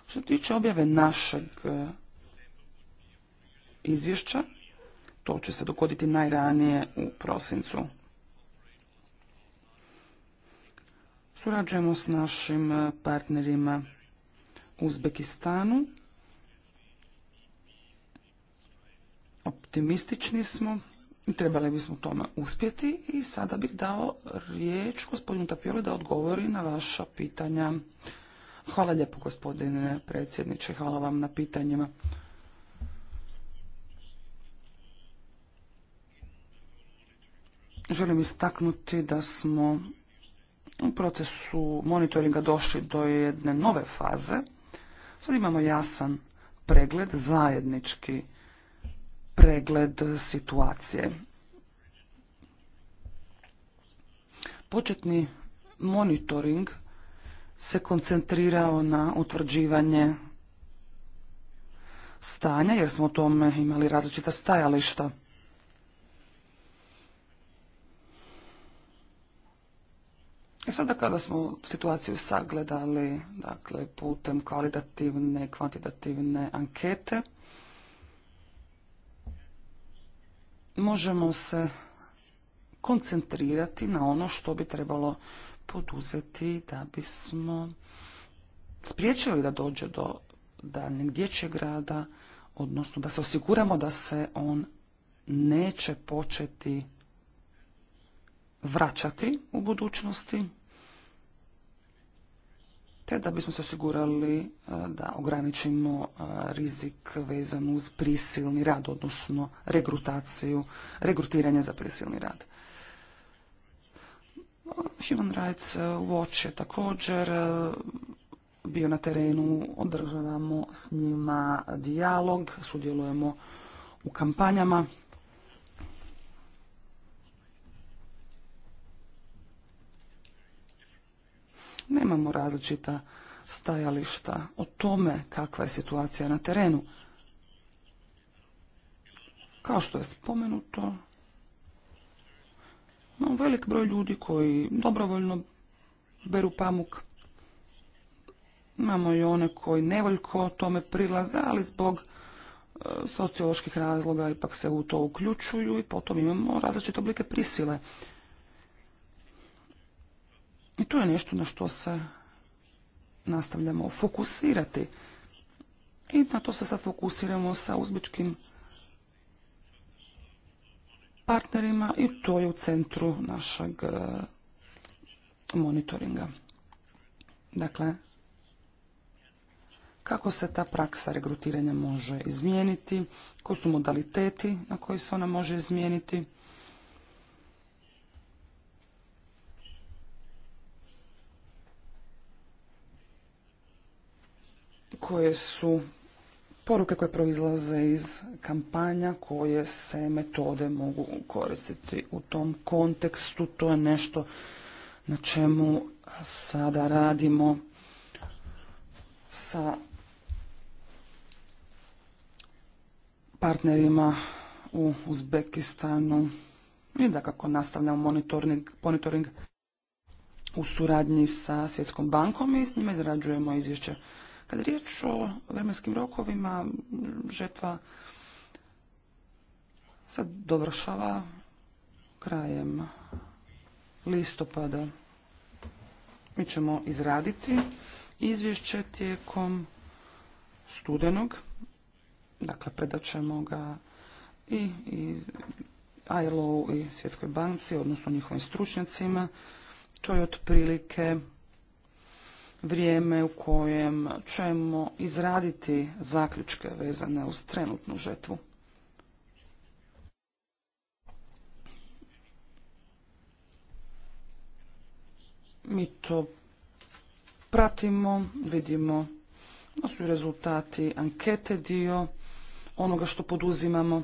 Što tiče objave našeg izvješća. To će se dogoditi najranije u prosincu. Surađujemo s našim partnerima u Uzbekistanu. Optimistični smo i trebali bismo tome uspjeti i sada bih dao riječ gospodinu Tapiru da odgovori na vaša pitanja. Hvala lijepo gospodine predsjedniče, hvala vam na pitanjima. želim istaknuti da smo u procesu monitoringa došli do jedne nove faze. Sad imamo jasan pregled, zajednički pregled situacije. Početni monitoring se koncentrirao na utvrđivanje stanja, jer smo o tome imali različita stajališta. I e sada kada smo situaciju sagledali, dakle, putem kvalitativne kvantitativne ankete, možemo se koncentrirati na ono što bi trebalo poduzeti da bismo spriječili da dođe do daljnjeg dječjeg rada, odnosno da se osiguramo da se on neće početi vraćati u budućnosti, te da bismo se osigurali e, da ograničimo e, rizik vezan uz prisilni rad, odnosno regrutaciju, regrutiranje za prisilni rad. Human Rights Watch je također e, bio na terenu, održavamo s njima dijalog, sudjelujemo u kampanjama. nemamo različita stajališta o tome kakva je situacija na terenu. Kao što je spomenuto, imamo velik broj ljudi koji dobrovoljno beru pamuk. Imamo i one koji nevoljko tome prilaze, ali zbog e, socioloških razloga ipak se u to uključuju i potom imamo različite oblike prisile i to je nešto na što se nastavljamo fokusirati. I na to se sad fokusiramo sa uzbičkim partnerima i to je u centru našeg e, monitoringa. Dakle, kako se ta praksa regrutiranja može izmijeniti, koji su modaliteti na koji se ona može izmijeniti, koje su poruke koje proizlaze iz kampanja koje se metode mogu koristiti u tom kontekstu. To je nešto na čemu sada radimo sa partnerima u Uzbekistanu i da kako nastavljamo monitoring, monitoring u suradnji sa Svjetskom bankom i s njima izrađujemo izvješće kad je riječ o vremenskim rokovima, žetva sad dovršava krajem listopada. Mi ćemo izraditi izvješće tijekom studenog, dakle predat ćemo ga i, i ILO i Svjetskoj banci, odnosno njihovim stručnjacima. To je otprilike vrijeme u kojem ćemo izraditi zaključke vezane uz trenutnu žetvu. Mi to pratimo, vidimo da su rezultati ankete dio onoga što poduzimamo.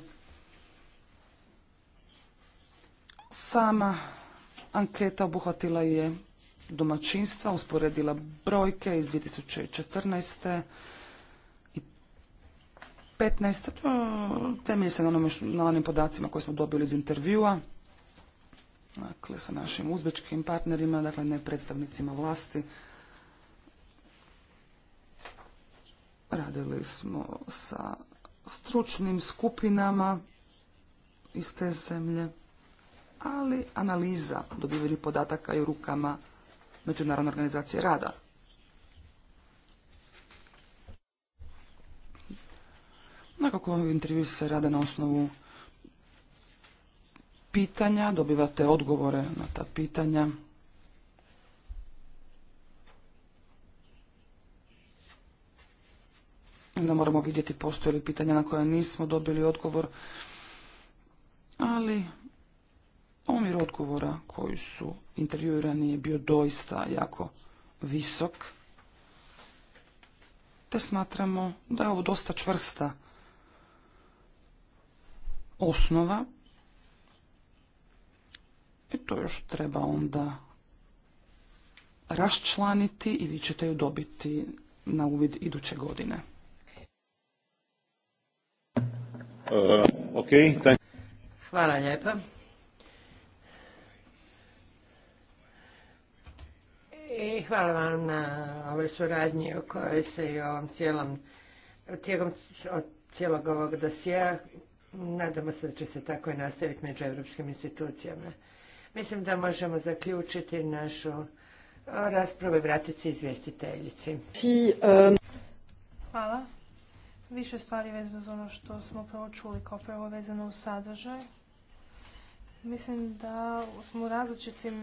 Sama anketa obuhvatila je domaćinstva, usporedila brojke iz 2014. i 15. Temelji se na, na onim podacima koje smo dobili iz intervjua, dakle sa našim uzbečkim partnerima, dakle ne predstavnicima vlasti. Radili smo sa stručnim skupinama iz te zemlje, ali analiza dobivenih podataka i u rukama Međunarodne organizacije rada. Nekako intervju se rade na osnovu pitanja, dobivate odgovore na ta pitanja. Onda moramo vidjeti postoje li pitanja na koja nismo dobili odgovor, ali Omjer odgovora koji su intervjuirani je bio doista jako visok, te smatramo da je ovo dosta čvrsta osnova i to još treba onda raščlaniti i vi ćete ju dobiti na uvid iduće godine. Uh, Hvala lijepa. i hvala vam na ovoj suradnji o kojoj se i ovom cijelom, tijekom od cijelog ovog dosija, nadamo se da će se tako i nastaviti među europskim institucijama. Mislim da možemo zaključiti našu raspravu i vratiti se izvjestiteljici. Hvala. Više stvari vezano za ono što smo prvo čuli kao vezano u sadržaj. Mislim da smo u različitim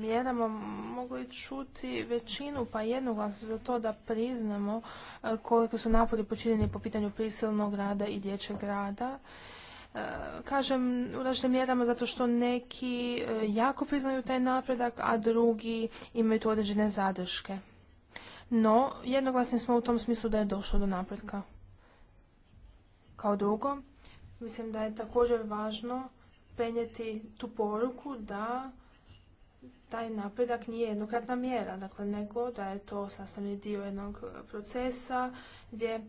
mjerama mogli čuti većinu, pa jednoglasno za to da priznamo e, koliko su napori počinjeni po pitanju prisilnog rada i dječjeg rada. E, kažem u različitim mjerama zato što neki e, jako priznaju taj napredak, a drugi imaju tu određene zadrške. No, jednoglasni smo u tom smislu da je došlo do napretka. Kao drugo, mislim da je također važno prenijeti tu poruku da taj napredak nije jednokratna mjera, dakle nego da je to sastavni dio jednog procesa gdje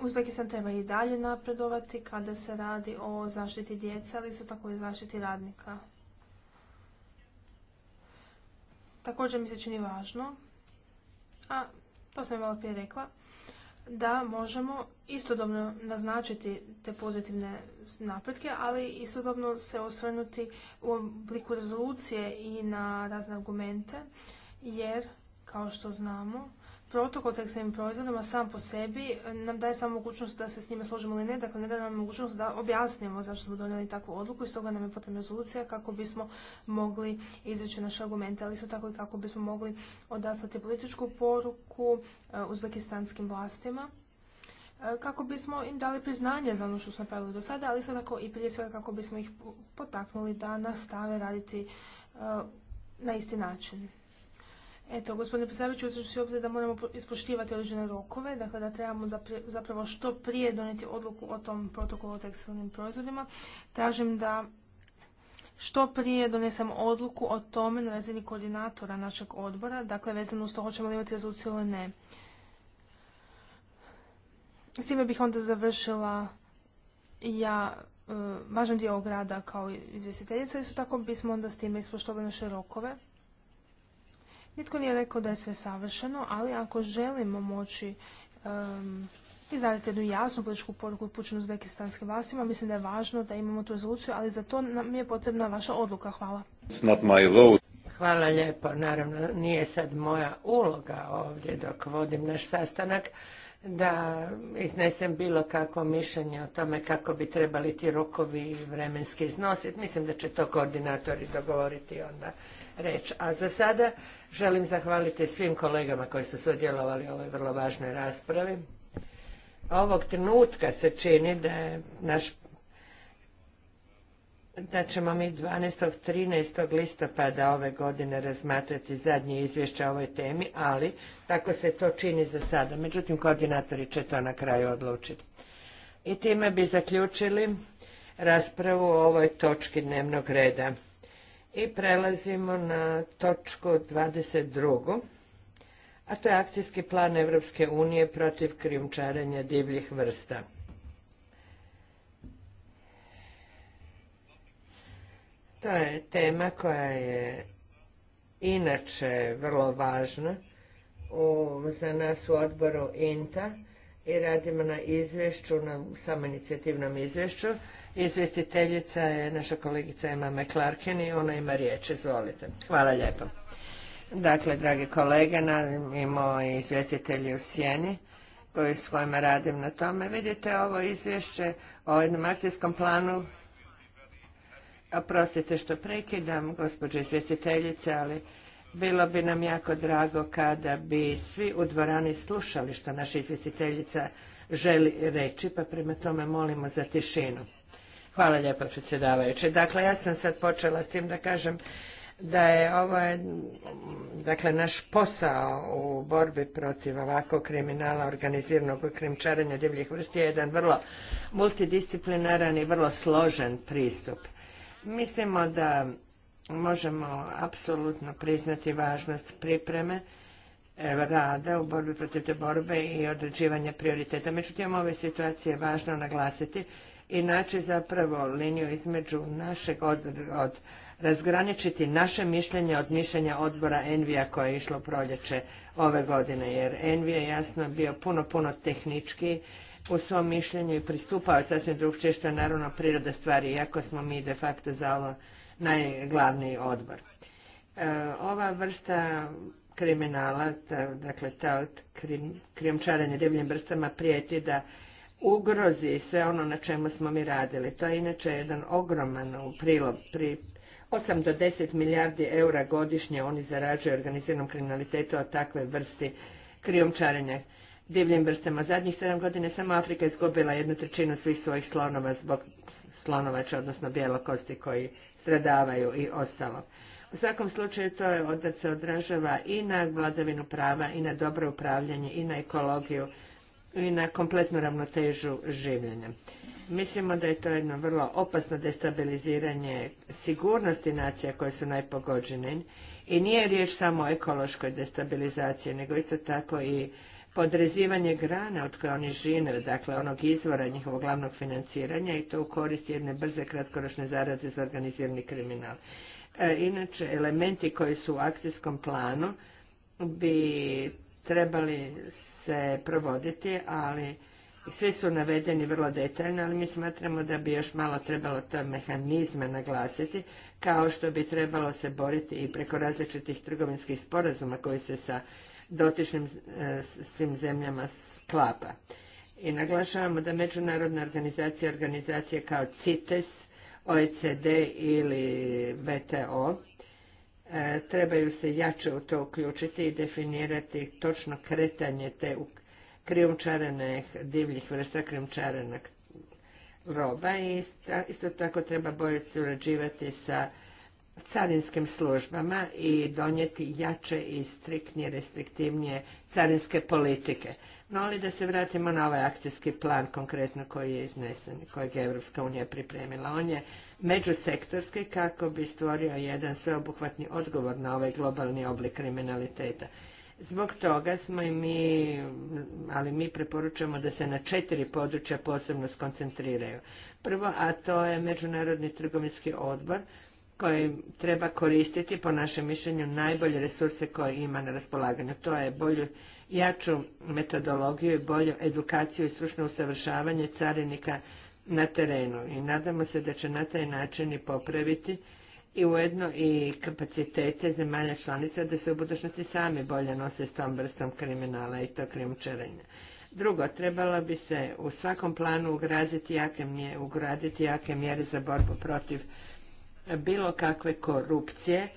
Uzbekistan treba i dalje napredovati kada se radi o zaštiti djece, ali isto tako i zaštiti radnika. Također mi se čini važno, a to sam malo prije rekla, da možemo istodobno naznačiti te pozitivne napretke, ali istodobno se osvrnuti u obliku rezolucije i na razne argumente, jer kao što znamo, protokol tekstilnim proizvodima sam po sebi nam daje samo mogućnost da se s njima složimo ili ne, dakle ne daje nam mogućnost da objasnimo zašto smo donijeli takvu odluku i stoga nam je potrebna rezolucija kako bismo mogli izreći naše argumente, ali isto tako i kako bismo mogli odaslati političku poruku e, uzbekistanskim vlastima e, kako bismo im dali priznanje za ono što smo napravili do sada, ali isto tako i prije svega kako bismo ih potaknuli da nastave raditi e, na isti način. Eto, gospodine osjeću se obzir da moramo ispoštivati određene rokove, dakle da trebamo zapravo što prije donijeti odluku o tom protokolu o tekstilnim proizvodima. Tražim da što prije donesem odluku o tome na razini koordinatora našeg odbora, dakle vezano uz to hoćemo li imati rezoluciju ili ne. S time bih onda završila ja e, važan dio ograda kao izvjestiteljica i su tako bismo onda s time ispoštovali naše rokove. Nitko nije rekao da je sve savršeno, ali ako želimo moći um, izraditi jednu jasnu političku poruku upućenu uzbekistanskim vlastima, mislim da je važno da imamo tu rezoluciju, ali za to nam je potrebna vaša odluka. Hvala. Hvala lijepo. Naravno, nije sad moja uloga ovdje dok vodim naš sastanak da iznesem bilo kakvo mišljenje o tome kako bi trebali ti rokovi vremenski iznositi. Mislim da će to koordinatori dogovoriti onda reći. A za sada želim zahvaliti svim kolegama koji su sudjelovali u ovoj vrlo važnoj raspravi. Ovog trenutka se čini da je naš da ćemo mi 12. 13. listopada ove godine razmatrati zadnje izvješće o ovoj temi, ali tako se to čini za sada. Međutim, koordinatori će to na kraju odlučiti. I time bi zaključili raspravu o ovoj točki dnevnog reda. I prelazimo na točku 22. A to je akcijski plan Evropske unije protiv krijumčarenja divljih vrsta. To je tema koja je inače vrlo važna za nas u odboru INTA i radimo na izvješću, na samoinicijativnom izvješću Izvjestiteljica je naša kolegica Emma McClarkin i ona ima riječ. Izvolite. Hvala lijepo. Dakle, dragi kolege, i izvjestitelji u Sjeni, koji, s kojima radim na tome, vidite ovo izvješće o jednom akcijskom planu. Oprostite što prekidam, gospođo izvjestiteljice, ali bilo bi nam jako drago kada bi svi u dvorani slušali što naša izvjestiteljica želi reći, pa prema tome molimo za tišinu. Hvala lijepa predsjedavajući. Dakle, ja sam sad počela s tim da kažem da je ovo dakle naš posao u borbi protiv ovakvog kriminala organiziranog krimčarenja divljih vrsti je jedan vrlo multidisciplinaran i vrlo složen pristup. Mislimo da možemo apsolutno priznati važnost pripreme e, rada u borbi protiv te borbe i određivanja prioriteta. Međutim, ove situacije je važno naglasiti i naći zapravo liniju između našeg od, od razgraničiti naše mišljenje od mišljenja odbora Envija koje je išlo proljeće ove godine, jer Envija je jasno bio puno, puno tehnički u svom mišljenju i pristupao sasvim drugčije što je naravno priroda stvari, iako smo mi de facto za ovo najglavniji odbor. E, ova vrsta kriminala, dakle ta od krim, divljim vrstama prijeti da ugrozi sve ono na čemu smo mi radili. To je inače jedan ogroman prilog. Pri 8 do 10 milijardi eura godišnje oni zarađuju organiziranom kriminalitetu od takve vrsti krijumčarenja divljim vrstama. Zadnjih 7 godina samo Afrika izgubila jednu trećinu svih svojih slonova zbog slonovača, odnosno bijelokosti koji stradavaju i ostalo. U svakom slučaju to je da se odražava i na vladavinu prava i na dobro upravljanje i na ekologiju i na kompletnu ravnotežu življenja. Mislimo da je to jedno vrlo opasno destabiliziranje sigurnosti nacija koje su najpogođene i nije riječ samo o ekološkoj destabilizaciji, nego isto tako i podrezivanje grana od koje oni žive, dakle onog izvora njihovog glavnog financiranja i to u korist jedne brze kratkoročne zarade za organizirani kriminal. E, inače, elementi koji su u akcijskom planu bi trebali se provoditi, ali svi su navedeni vrlo detaljno, ali mi smatramo da bi još malo trebalo te mehanizme naglasiti, kao što bi trebalo se boriti i preko različitih trgovinskih sporazuma koji se sa dotičnim e, svim zemljama sklapa. I naglašavamo da međunarodna organizacija, organizacije kao CITES, OECD ili VTO, E, trebaju se jače u to uključiti i definirati točno kretanje te krijumčarenih divljih vrsta krijumčarenih roba i isto tako treba bolje surađivati sa carinskim službama i donijeti jače i striktnije, restriktivnije carinske politike. No ali da se vratimo na ovaj akcijski plan konkretno koji je iznesen, kojeg je Europska unija pripremila. On je međusektorski kako bi stvorio jedan sveobuhvatni odgovor na ovaj globalni oblik kriminaliteta. Zbog toga smo i mi, ali mi preporučujemo da se na četiri područja posebno skoncentriraju. Prvo, a to je Međunarodni trgovinski odbor koji treba koristiti po našem mišljenju najbolje resurse koje ima na raspolaganju. To je bolju, jaču metodologiju i bolju edukaciju i stručno usavršavanje carinika na terenu i nadamo se da će na taj način i popraviti i ujedno i kapacitete zemalja članica da se u budućnosti sami bolje nose s tom vrstom kriminala i to krijumčarenja. Drugo, trebalo bi se u svakom planu ugraditi jake, ugraditi jake mjere za borbu protiv bilo kakve korupcije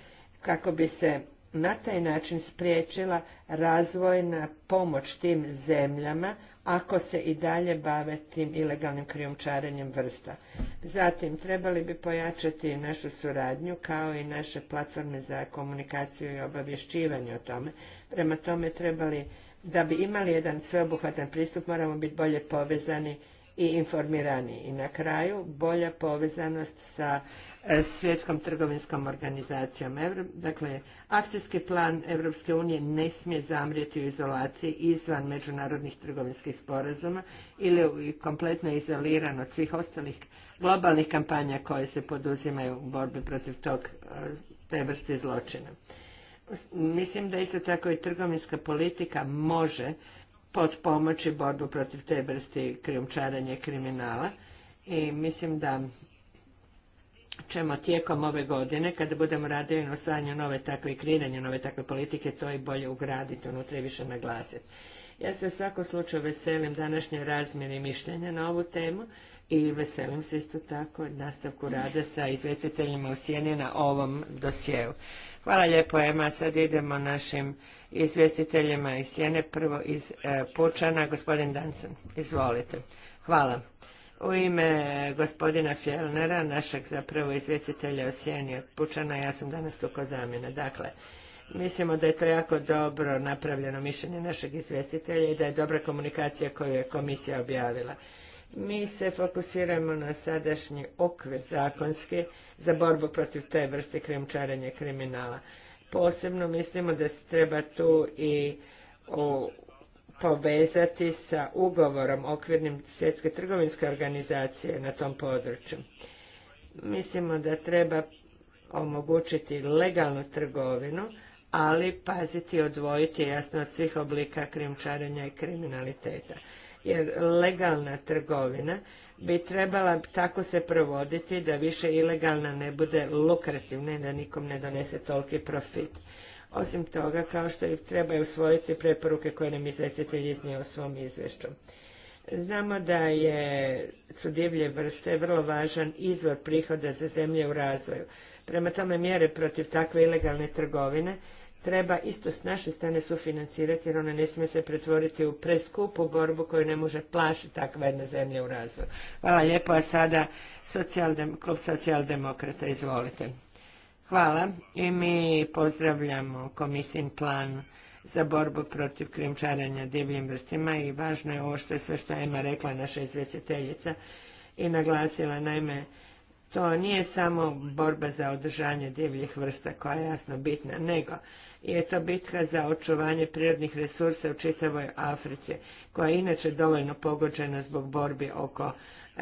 kako bi se na taj način spriječila razvojna pomoć tim zemljama ako se i dalje bave tim ilegalnim krijumčarenjem vrsta. Zatim, trebali bi pojačati našu suradnju kao i naše platforme za komunikaciju i obavješćivanje o tome. Prema tome, trebali, da bi imali jedan sveobuhvatan pristup, moramo biti bolje povezani i informirani. I na kraju, bolja povezanost sa E, svjetskom trgovinskom organizacijom. Dakle, akcijski plan Europske unije ne smije zamrijeti u izolaciji izvan međunarodnih trgovinskih sporazuma ili kompletno izoliran od svih ostalih globalnih kampanja koje se poduzimaju u borbi protiv tog, e, te vrste zločina. Mislim da isto tako i trgovinska politika može pod pomoći borbu protiv te vrste krijumčaranja kriminala i mislim da ćemo tijekom ove godine, kada budemo radili na osvajanju nove takve i kreiranju nove takve politike, to i bolje ugraditi unutra i više naglasiti. Ja se u svakom slučaju veselim današnjoj razmjeni mišljenja na ovu temu i veselim se isto tako nastavku rada sa izvjestiteljima u Sjeni na ovom dosjeu. Hvala lijepo, Ema. Sad idemo našim izvjestiteljima iz Sjene. Prvo iz e, Pučana, gospodin Dansen. Izvolite. Hvala. U ime gospodina Fjellnera, našeg zapravo izvjestitelja o sjeni od Pučana, ja sam danas tu ko zamjena. Dakle, mislimo da je to jako dobro napravljeno mišljenje našeg izvjestitelja i da je dobra komunikacija koju je komisija objavila. Mi se fokusiramo na sadašnji okvir zakonski za borbu protiv te vrste krijumčarenja kriminala. Posebno mislimo da se treba tu i povezati sa ugovorom okvirnim svjetske trgovinske organizacije na tom području. Mislimo da treba omogućiti legalnu trgovinu, ali paziti i odvojiti jasno od svih oblika krijumčarenja i kriminaliteta. Jer legalna trgovina bi trebala tako se provoditi da više ilegalna ne bude lukrativna i da nikom ne donese toliki profit. Osim toga, kao što ih treba usvojiti preporuke koje nam izvestitelj iznio u svom izvješću. Znamo da je, su divlje vrste vrlo važan izvor prihoda za zemlje u razvoju. Prema tome mjere protiv takve ilegalne trgovine treba isto s naše strane sufinancirati jer one ne smije se pretvoriti u preskupu borbu koju ne može plašiti takva jedna zemlja u razvoju. Hvala lijepo, a sada klub socijaldemokrata, izvolite. Hvala i mi pozdravljamo komisijin plan za borbu protiv krimčaranja divljim vrstima i važno je ovo što je sve što je Ema rekla, naša izvjestiteljica i naglasila. Naime, to nije samo borba za održanje divljih vrsta koja je jasno bitna, nego je to bitka za očuvanje prirodnih resursa u čitavoj Africi, koja je inače dovoljno pogođena zbog borbi oko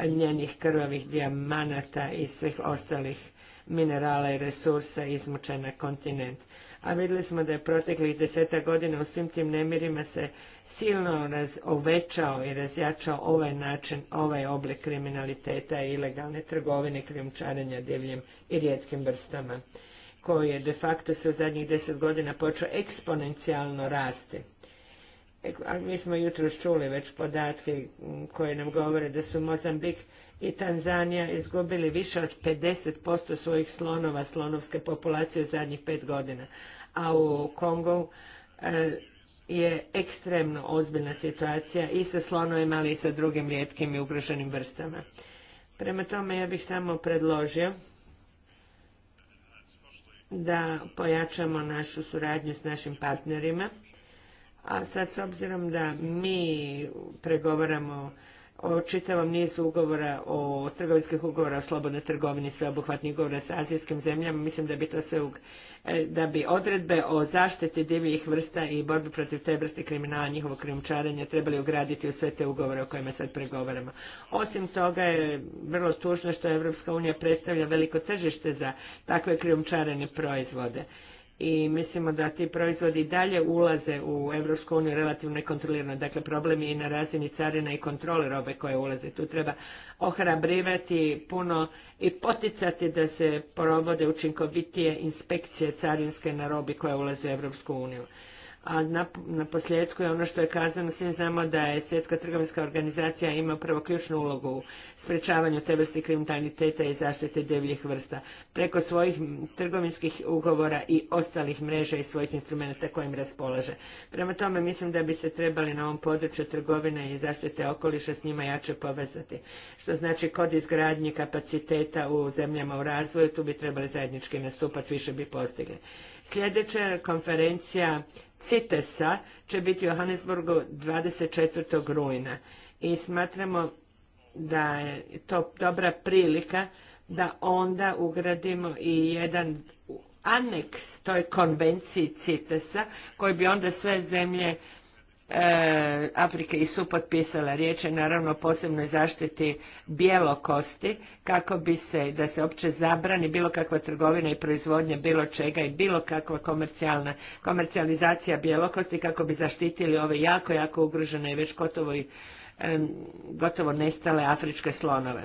njenih krvavih dijamanata i svih ostalih minerala i resursa izmuče na kontinent. A vidjeli smo da je proteklih deseta godina u svim tim nemirima se silno i razjačao ovaj način, ovaj oblik kriminaliteta i ilegalne trgovine, krijumčarenja divljim i rijetkim vrstama, koji je de facto se u zadnjih deset godina počeo eksponencijalno rasti. E, mi smo jutros čuli već podatke koje nam govore da su Mozambik i Tanzanija izgubili više od 50% svojih slonova, slonovske populacije u zadnjih pet godina. A u Kongu e, je ekstremno ozbiljna situacija i sa slonovima, ali i sa drugim rijetkim i ugroženim vrstama. Prema tome ja bih samo predložio da pojačamo našu suradnju s našim partnerima, a sad s obzirom da mi pregovaramo o čitavom nizu ugovora, o trgovinskih ugovora, o slobodnoj trgovini, sveobuhvatnih ugovora sa azijskim zemljama, mislim da bi to sve, e, da bi odredbe o zaštiti divljih vrsta i borbi protiv te vrste kriminala, njihovog krijumčarenja trebali ugraditi u sve te ugovore o kojima sad pregovaramo. Osim toga je vrlo tužno što europska unija predstavlja veliko tržište za takve krijumčarene proizvode i mislimo da ti proizvodi dalje ulaze u Europsku uniju relativno nekontrolirano. Dakle, problem je i na razini carina i kontrole robe koje ulaze. Tu treba ohrabrivati puno i poticati da se provode učinkovitije inspekcije carinske na robi koja ulaze u Europsku uniju. A na, je ono što je kazano, svi znamo da je Svjetska trgovinska organizacija ima prvo ključnu ulogu u sprečavanju te vrste kriminaliteta i zaštite divljih vrsta preko svojih trgovinskih ugovora i ostalih mreža i svojih instrumenata kojim raspolaže. Prema tome mislim da bi se trebali na ovom području trgovine i zaštite okoliša s njima jače povezati. Što znači kod izgradnje kapaciteta u zemljama u razvoju, tu bi trebali zajednički nastupati, više bi postigli. Sljedeća konferencija CITES-a će biti u Johannesburgu 24. rujna i smatramo da je to dobra prilika da onda ugradimo i jedan aneks toj konvenciji CITES-a koji bi onda sve zemlje E, Afrike i su potpisala riječ naravno o posebnoj zaštiti bjelokosti kako bi se, da se opće zabrani bilo kakva trgovina i proizvodnja bilo čega i bilo kakva komercijalna komercijalizacija bijelokosti kako bi zaštitili ove jako, jako ugrožene i već gotovo, i, gotovo nestale afričke slonove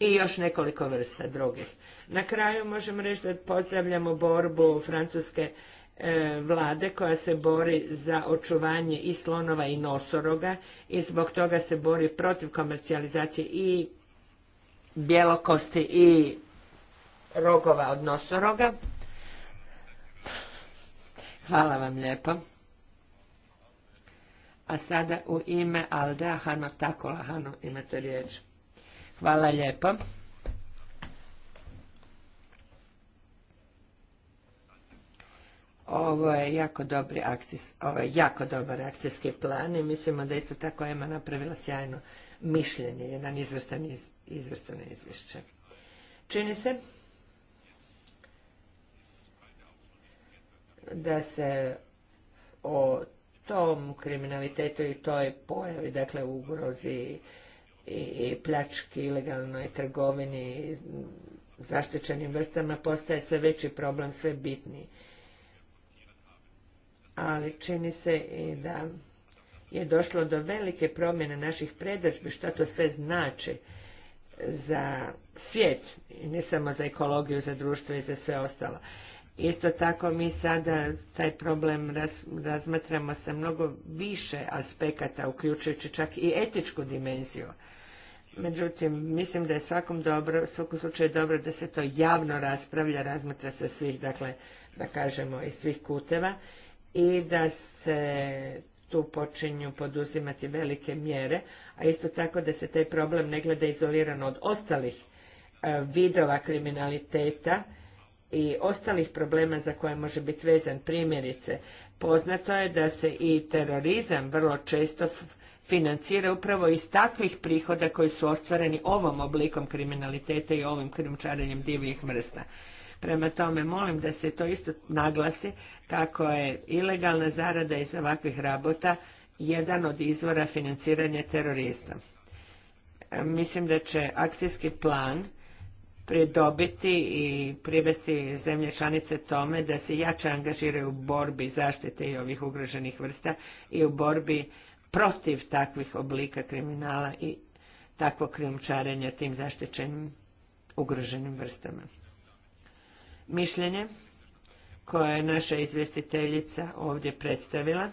i još nekoliko vrsta drugih. Na kraju možemo reći da pozdravljamo borbu Francuske E, vlade koja se bori za očuvanje i slonova i nosoroga i zbog toga se bori protiv komercijalizacije i bjelokosti i rogova od nosoroga. Hvala vam lijepo. A sada u ime Aldea Hano imate riječ. Hvala lijepo. Ovo je jako, dobri akcijs, jako dobar akcijski plan i mislimo da isto tako EMA napravila sjajno mišljenje, jedan izvrstan, iz, izvješće. Čini se da se o tom kriminalitetu i toj pojavi, dakle ugrozi i pljački, ilegalnoj trgovini, zaštićenim vrstama postaje sve veći problem, sve bitniji ali čini se i da je došlo do velike promjene naših predržbi, što to sve znači za svijet, ne samo za ekologiju, za društvo i za sve ostalo. Isto tako mi sada taj problem raz, razmatramo sa mnogo više aspekata, uključujući čak i etičku dimenziju. Međutim, mislim da je svakom dobro, svakom slučaju dobro da se to javno raspravlja, razmatra sa svih, dakle, da kažemo, iz svih kuteva i da se tu počinju poduzimati velike mjere, a isto tako da se taj problem ne gleda izolirano od ostalih e, vidova kriminaliteta i ostalih problema za koje može biti vezan primjerice. Poznato je da se i terorizam vrlo često financira upravo iz takvih prihoda koji su ostvareni ovom oblikom kriminaliteta i ovim krijumčarenjem divljih vrsta. Prema tome, molim da se to isto naglasi kako je ilegalna zarada iz ovakvih rabota jedan od izvora financiranja terorista. Mislim da će akcijski plan pridobiti i privesti zemlje članice tome da se jače angažiraju u borbi zaštite i ovih ugroženih vrsta i u borbi protiv takvih oblika kriminala i takvog krijumčarenja tim zaštićenim ugroženim vrstama mišljenje koje je naša izvjestiteljica ovdje predstavila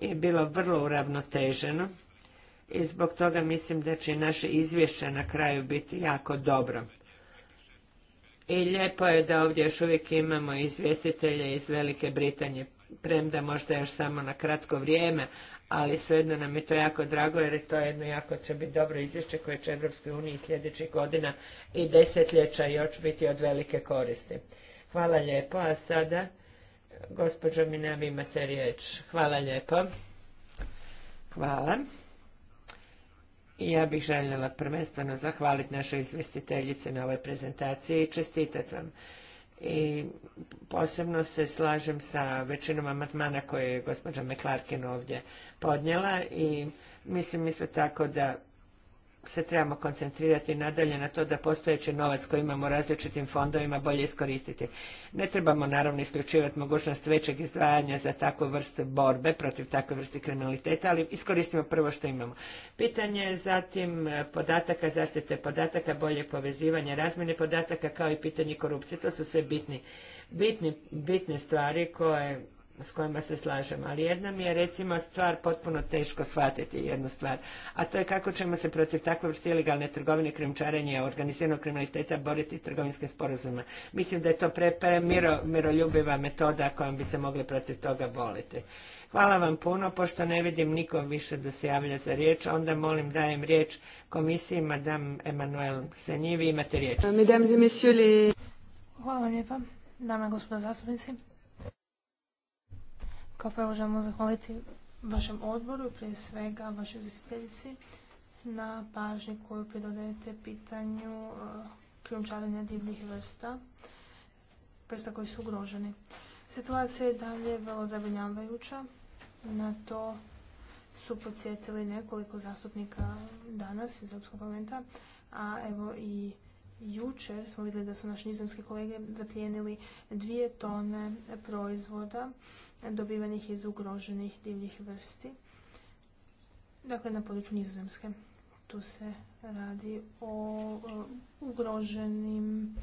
je bilo vrlo uravnoteženo i zbog toga mislim da će naše izvješće na kraju biti jako dobro. I lijepo je da ovdje još uvijek imamo izvjestitelje iz Velike Britanije, premda možda još samo na kratko vrijeme, ali svejedno nam je to jako drago jer je to jedno jako će biti dobro izvješće koje će Evropskoj uniji sljedećih godina i desetljeća još biti od velike koristi. Hvala lijepo, a sada gospođo Mina, vi imate riječ. Hvala lijepo. Hvala. Ja bih željela prvenstveno zahvaliti našoj izvjestiteljici na ovoj prezentaciji i čestitati vam i posebno se slažem sa većinom amatmana koje je gospođa Meklarkin ovdje podnijela i mislim isto tako da se trebamo koncentrirati nadalje na to da postojeći novac koji imamo u različitim fondovima bolje iskoristiti. Ne trebamo naravno isključivati mogućnost većeg izdvajanja za takvu vrstu borbe protiv takve vrste kriminaliteta, ali iskoristimo prvo što imamo. Pitanje je zatim e, podataka, zaštite podataka, bolje povezivanje, razmjene podataka kao i pitanje korupcije. To su sve bitni, bitne stvari koje s kojima se slažem, ali jedna mi je recimo stvar potpuno teško shvatiti jednu stvar, a to je kako ćemo se protiv takve vrste ilegalne trgovine, krimčarenja, organiziranog kriminaliteta boriti trgovinskim sporazumima. Mislim da je to pre, miro, miroljubiva metoda kojom bi se mogli protiv toga boliti. Hvala vam puno, pošto ne vidim nikom više da se javlja za riječ, onda molim dajem riječ komisiji, madame Emanuel Senjivi, imate riječ. Hvala vam lijepa, dame i gospodo zastupnici. Kao prvo želimo zahvaliti vašem odboru, prije svega vašoj visiteljici, na pažnji koju pridodajete pitanju e, krijumčarenja divljih vrsta, vrsta koji su ugroženi. Situacija je dalje vrlo zabrinjavajuća. Na to su podsjetili nekoliko zastupnika danas iz Europskog parlamenta, a evo i jučer smo vidjeli da su naši nizozemski kolege zapljenili dvije tone proizvoda dobivenih iz ugroženih divljih vrsti. Dakle, na području nizozemske. Tu se radi o ugroženim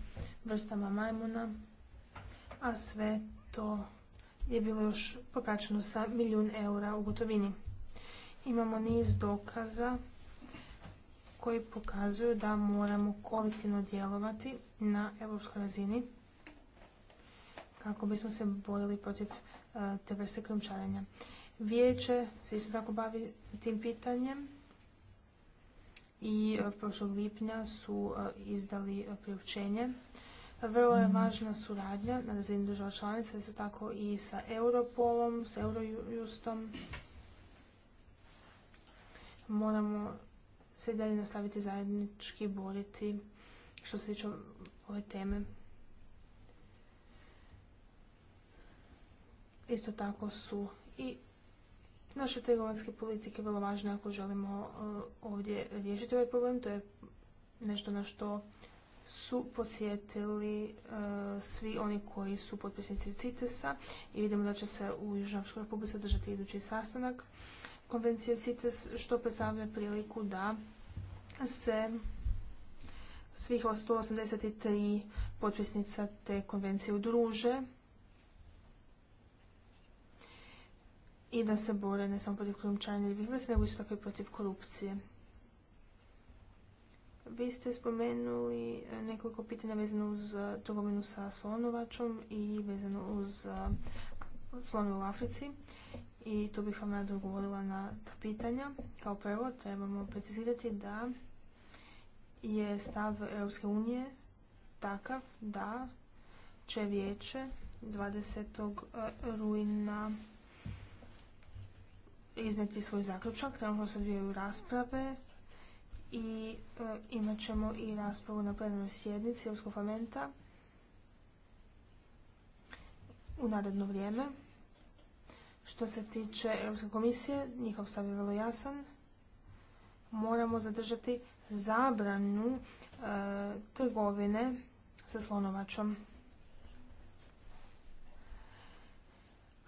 vrstama majmuna, a sve to je bilo još popraćeno sa milijun eura u gotovini. Imamo niz dokaza koji pokazuju da moramo kolektivno djelovati na europskoj razini kako bismo se borili protiv Eh, te vrste krijumčarenja. Vijeće se isto tako bavi tim pitanjem i eh, prošlog lipnja su eh, izdali priopćenje. Vrlo je mhm. važna suradnja na razini država članica, isto tako i sa Europolom, sa Eurojustom. Moramo se i dalje nastaviti zajednički boriti što se tiče ove teme. Isto tako su i naše trgovinske politike vrlo važne ako želimo e, ovdje riješiti ovaj problem. To je nešto na što su podsjetili e, svi oni koji su potpisnici CITES-a i vidimo da će se u južnoj republici održati idući sastanak konvencije CITES što predstavlja priliku da se svih 183 potpisnica te konvencije udruže i da se bore ne samo protiv korupcije, ljubih vrste, nego isto tako i protiv korupcije. Vi ste spomenuli e, nekoliko pitanja vezano uz e, trgovinu sa slonovačom i vezano uz e, slonove u Africi i tu bih vam rado odgovorila na ta pitanja. Kao prvo trebamo precizirati da je stav Europske unije takav da će vijeće 20. rujna izneti svoj zaključak. Trenutno se odvijaju rasprave i e, imat ćemo i raspravu na plenarnoj sjednici Europskog parlamenta u naredno vrijeme. Što se tiče Europske komisije, njihov stav je vrlo jasan. Moramo zadržati zabranu e, trgovine sa slonovačom.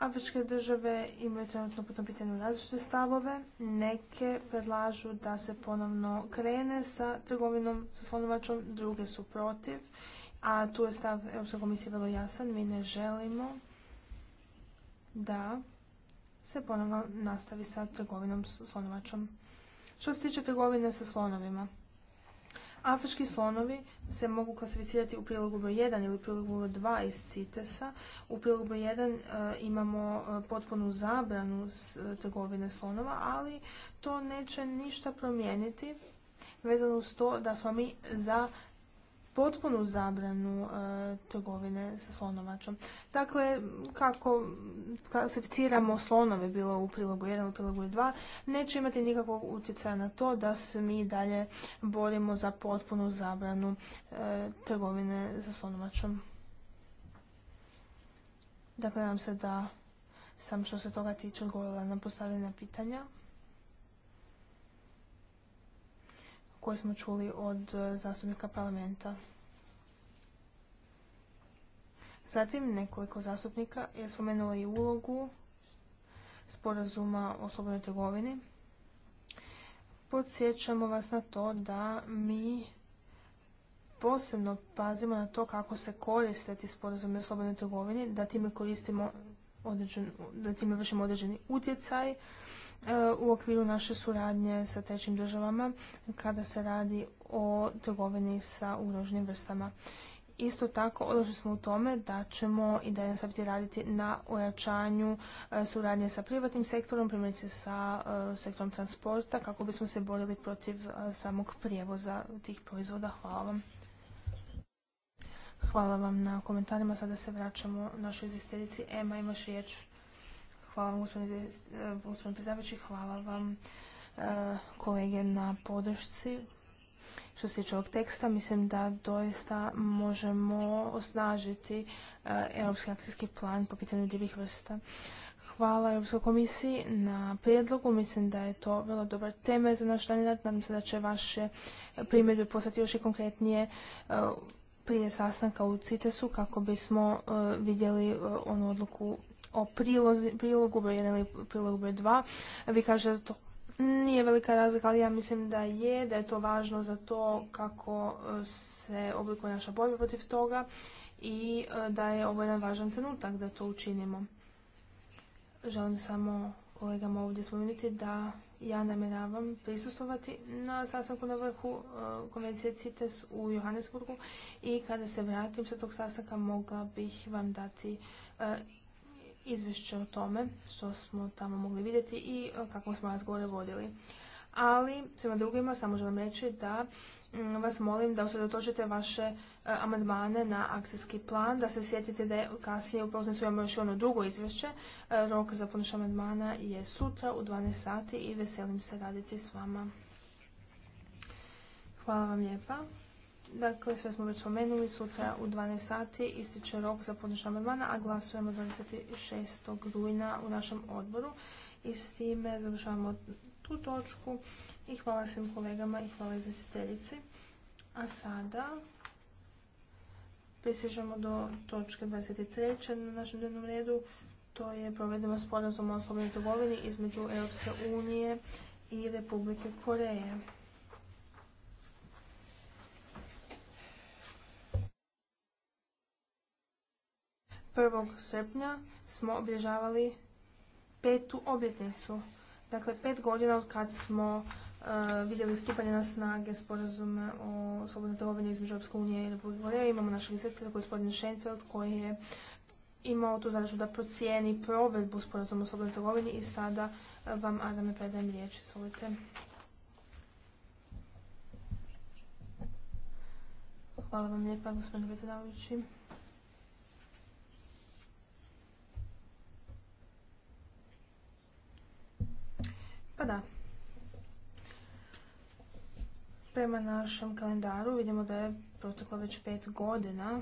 Afričke države imaju trenutno po tom pitanju različite stavove. Neke predlažu da se ponovno krene sa trgovinom sa slonovačom, druge su protiv. A tu je stav Europske komisije vrlo jasan. Mi ne želimo da se ponovno nastavi sa trgovinom sa slonovačom. Što se tiče trgovine sa slonovima, Afrički slonovi se mogu klasificirati u prilogu broj 1 ili prilogu broj 2 iz CITES-a. U prilogu broj 1 e, imamo e, potpunu zabranu s, e, trgovine slonova, ali to neće ništa promijeniti vezano uz to da smo mi za potpunu zabranu e, trgovine sa slonovačom. Dakle, kako klasificiramo slonove, bilo u prilogu 1 ili prilogu 2, neće imati nikakvog utjecaja na to da se mi dalje borimo za potpunu zabranu e, trgovine sa slonovačom. Dakle, nam se da sam što se toga tiče odgovorila na postavljena pitanja. koje smo čuli od e, zastupnika parlamenta. Zatim nekoliko zastupnika je spomenulo i ulogu sporazuma o slobodnoj trgovini. Podsjećamo vas na to da mi posebno pazimo na to kako se koriste ti sporazumi o slobodnoj trgovini, da time koristimo da time vršimo određeni utjecaj u okviru naše suradnje sa trećim državama kada se radi o trgovini sa ugroženim vrstama. Isto tako odložili smo u tome da ćemo i dalje nastaviti raditi na ojačanju e, suradnje sa privatnim sektorom, primjerice sa e, sektorom transporta, kako bismo se borili protiv e, samog prijevoza tih proizvoda. Hvala vam. Hvala vam na komentarima. Sada se vraćamo našoj izvjestiteljici. Ema, imaš riječ. Hvala vam gospodine, eh, gospodine predsjedavajući, hvala vam eh, kolege na podršci. Što se tiče ovog teksta, mislim da doista možemo osnažiti eh, Europski akcijski plan po pitanju divih vrsta. Hvala Europskoj komisiji na prijedlogu. Mislim da je to vrlo dobar teme za naš dan Nadam se da će vaše primjedbe postati još i konkretnije prije sastanka u CITES-u kako bismo vidjeli onu odluku o prilogu broj 1 ili prilogu broj 2. Vi kažete da to nije velika razlika, ali ja mislim da je, da je to važno za to kako e, se oblikuje naša borba protiv toga i e, da je ovo jedan važan trenutak da to učinimo. Želim samo kolegama ovdje spomenuti da ja namjeravam prisustovati na sastanku na vrhu e, konvencije CITES u Johannesburgu i kada se vratim sa tog sastanka mogla bih vam dati izvješće o tome što smo tamo mogli vidjeti i e, kako smo vas gore vodili. Ali svima drugima samo želim reći da mm, vas molim da usredotočite vaše e, amandmane na akcijski plan, da se sjetite da kasnije u prosincu imamo još ono drugo izvješće. E, rok za podnošenje amandmana je sutra u 12 sati i veselim se raditi s vama. Hvala vam lijepa. Dakle, sve smo već spomenuli, sutra u 12 sati ističe rok za podnošenje amandmana, a glasujemo 26. rujna u našem odboru. I s time završavamo tu točku i hvala svim kolegama i hvala izvjestiteljici. A sada prisježemo do točke 23. na našem dnevnom redu. To je provedeno sporazum o osobnoj trgovini između Europske unije i Republike Koreje. 1. srpnja smo obilježavali petu obljetnicu. Dakle, pet godina od kad smo e, vidjeli stupanje na snage sporazume o slobodnoj trgovini između Europske unije i Republike Koreje. Imamo našeg izvjetitelja, gospodin Šenfeld koji je imao tu zadaću da procijeni provedbu sporazuma o slobodnoj trgovini i sada e, vam, Adame, predajem riječ. Izvolite. Hvala vam lijepa, gospodine predsjedavajući. Pa da. Prema našem kalendaru vidimo da je proteklo već pet godina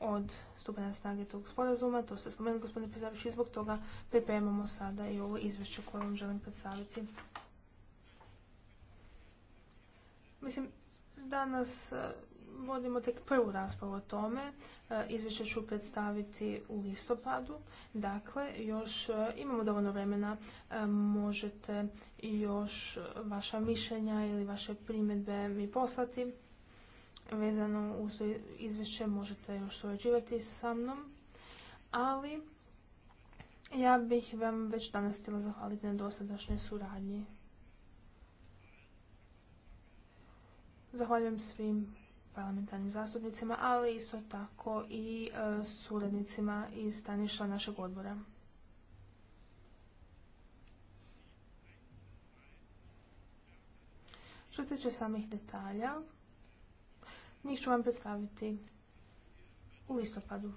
od stupanja snage tog sporazuma. To ste spomenuli, gospodine Pizarović, i zbog toga pripremamo sada i ovo izvješće koje vam želim predstaviti. Mislim, danas vodimo tek prvu raspravu o tome. E, izvješće ću predstaviti u listopadu. Dakle, još e, imamo dovoljno vremena. E, možete još vaša mišljenja ili vaše primjedbe mi poslati. Vezano uz izvješće možete još surađivati sa mnom. Ali ja bih vam već danas htjela zahvaliti na dosadašnjoj suradnji. Zahvaljujem svim parlamentarnim zastupnicima, ali isto tako i e, suradnicima iz staništa našeg odbora. Što se tiče samih detalja, njih ću vam predstaviti u listopadu,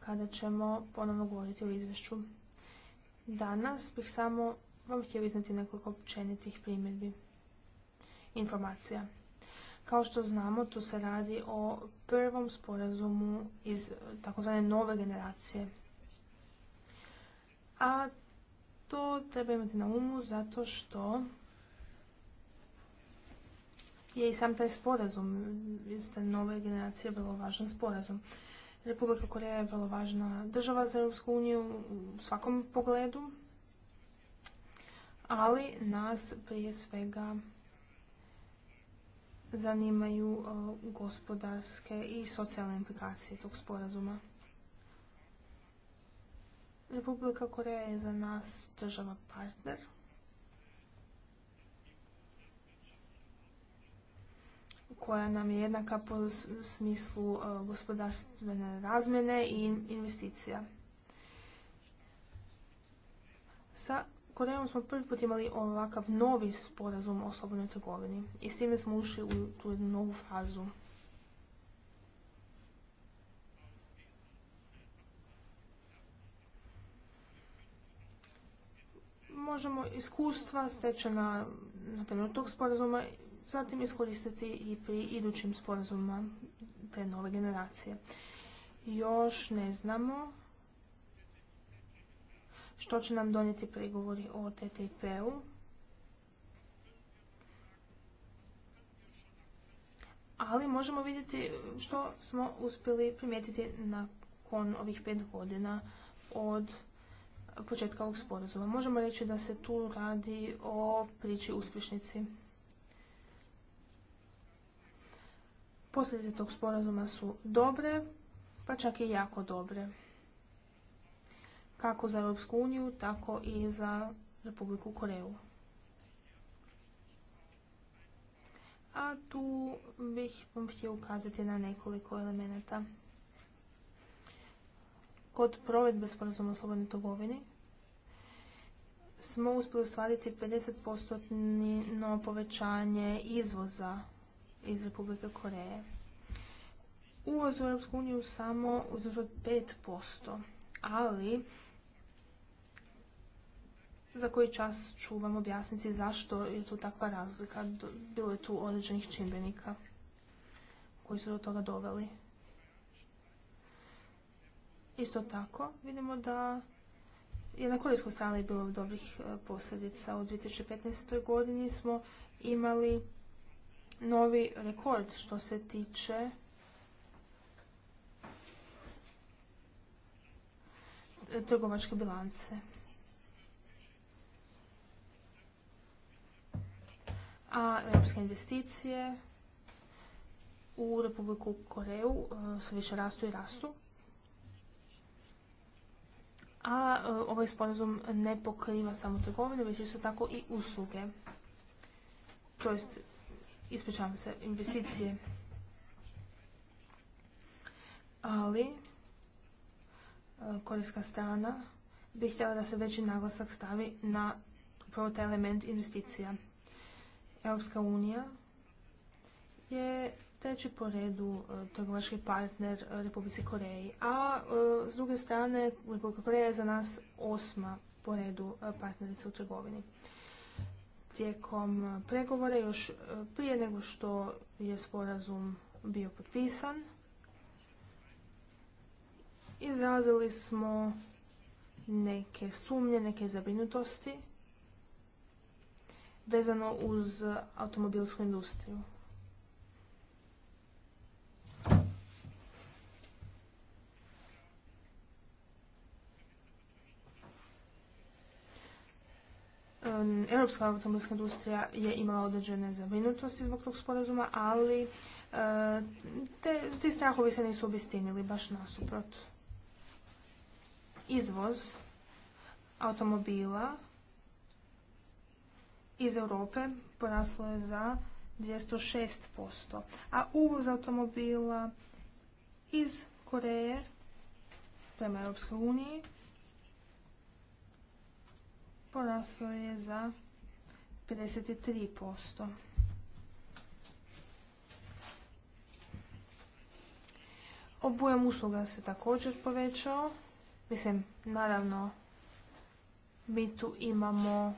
kada ćemo ponovno govoriti o izvješću. Danas bih samo vam htio iznati nekoliko općenitih primjedbi informacija. Kao što znamo, tu se radi o prvom sporazumu iz takozvane nove generacije. A to treba imati na umu zato što je i sam taj sporazum iz te nove generacije vrlo važan sporazum. Republika Koreja je vrlo važna država za Europsku uniju u svakom pogledu, ali nas prije svega zanimaju uh, gospodarske i socijalne implikacije tog sporazuma. Republika Koreja je za nas država partner. koja nam je jednaka po smislu uh, gospodarstvene razmjene i investicija. Sa Korejom smo prvi put imali ovakav novi sporazum o slobodnoj trgovini i s time smo ušli u tu jednu novu fazu. Možemo iskustva stečena na temelju tog sporazuma zatim iskoristiti i pri idućim sporazumima te nove generacije. Još ne znamo što će nam donijeti pregovori o TTIP-u. Ali možemo vidjeti što smo uspjeli primijetiti nakon ovih pet godina od početka ovog sporazuma. Možemo reći da se tu radi o priči uspješnici. Posljedice tog sporazuma su dobre, pa čak i jako dobre kako za Europsku uniju, tako i za Republiku Koreju. A tu bih vam htio ukazati na nekoliko elemenata. Kod provedbe sporazuma o slobodnoj trgovini smo uspjeli ostvariti 50% povećanje izvoza iz Republike Koreje. Uvoz u Europsku uniju samo pet 5%, ali za koji čas ću vam objasniti zašto je tu takva razlika. Bilo je tu određenih čimbenika koji su do toga doveli. Isto tako vidimo da je na korijskoj strani bilo dobrih e, posljedica. U 2015. godini smo imali novi rekord što se tiče e, trgovačke bilance. a europske investicije u Republiku Koreju se više rastu i rastu. A e, ovaj sporazum ne pokriva samo trgovinu, već isto tako i usluge. To jest, ispričavam se, investicije. Ali, e, korejska strana bi htjela da se veći naglasak stavi na upravo taj element investicija. Europska unija je treći po redu e, trgovački partner e, Republici Koreji, a e, s druge strane Republika Koreja je za nas osma po redu partnerica u trgovini. Tijekom pregovora još prije nego što je sporazum bio potpisan, izrazili smo neke sumnje, neke zabrinutosti vezano uz automobilsku industriju. Um, europska automobilska industrija je imala određene zabrinutosti zbog tog sporazuma, ali uh, te, ti strahovi se nisu obistinili, baš nasuprot. Izvoz automobila iz Europe poraslo je za 206%, a uvoz automobila iz Koreje prema Europskoj uniji poraslo je za 53%. Obujem usluga se također povećao. Mislim, naravno, mi tu imamo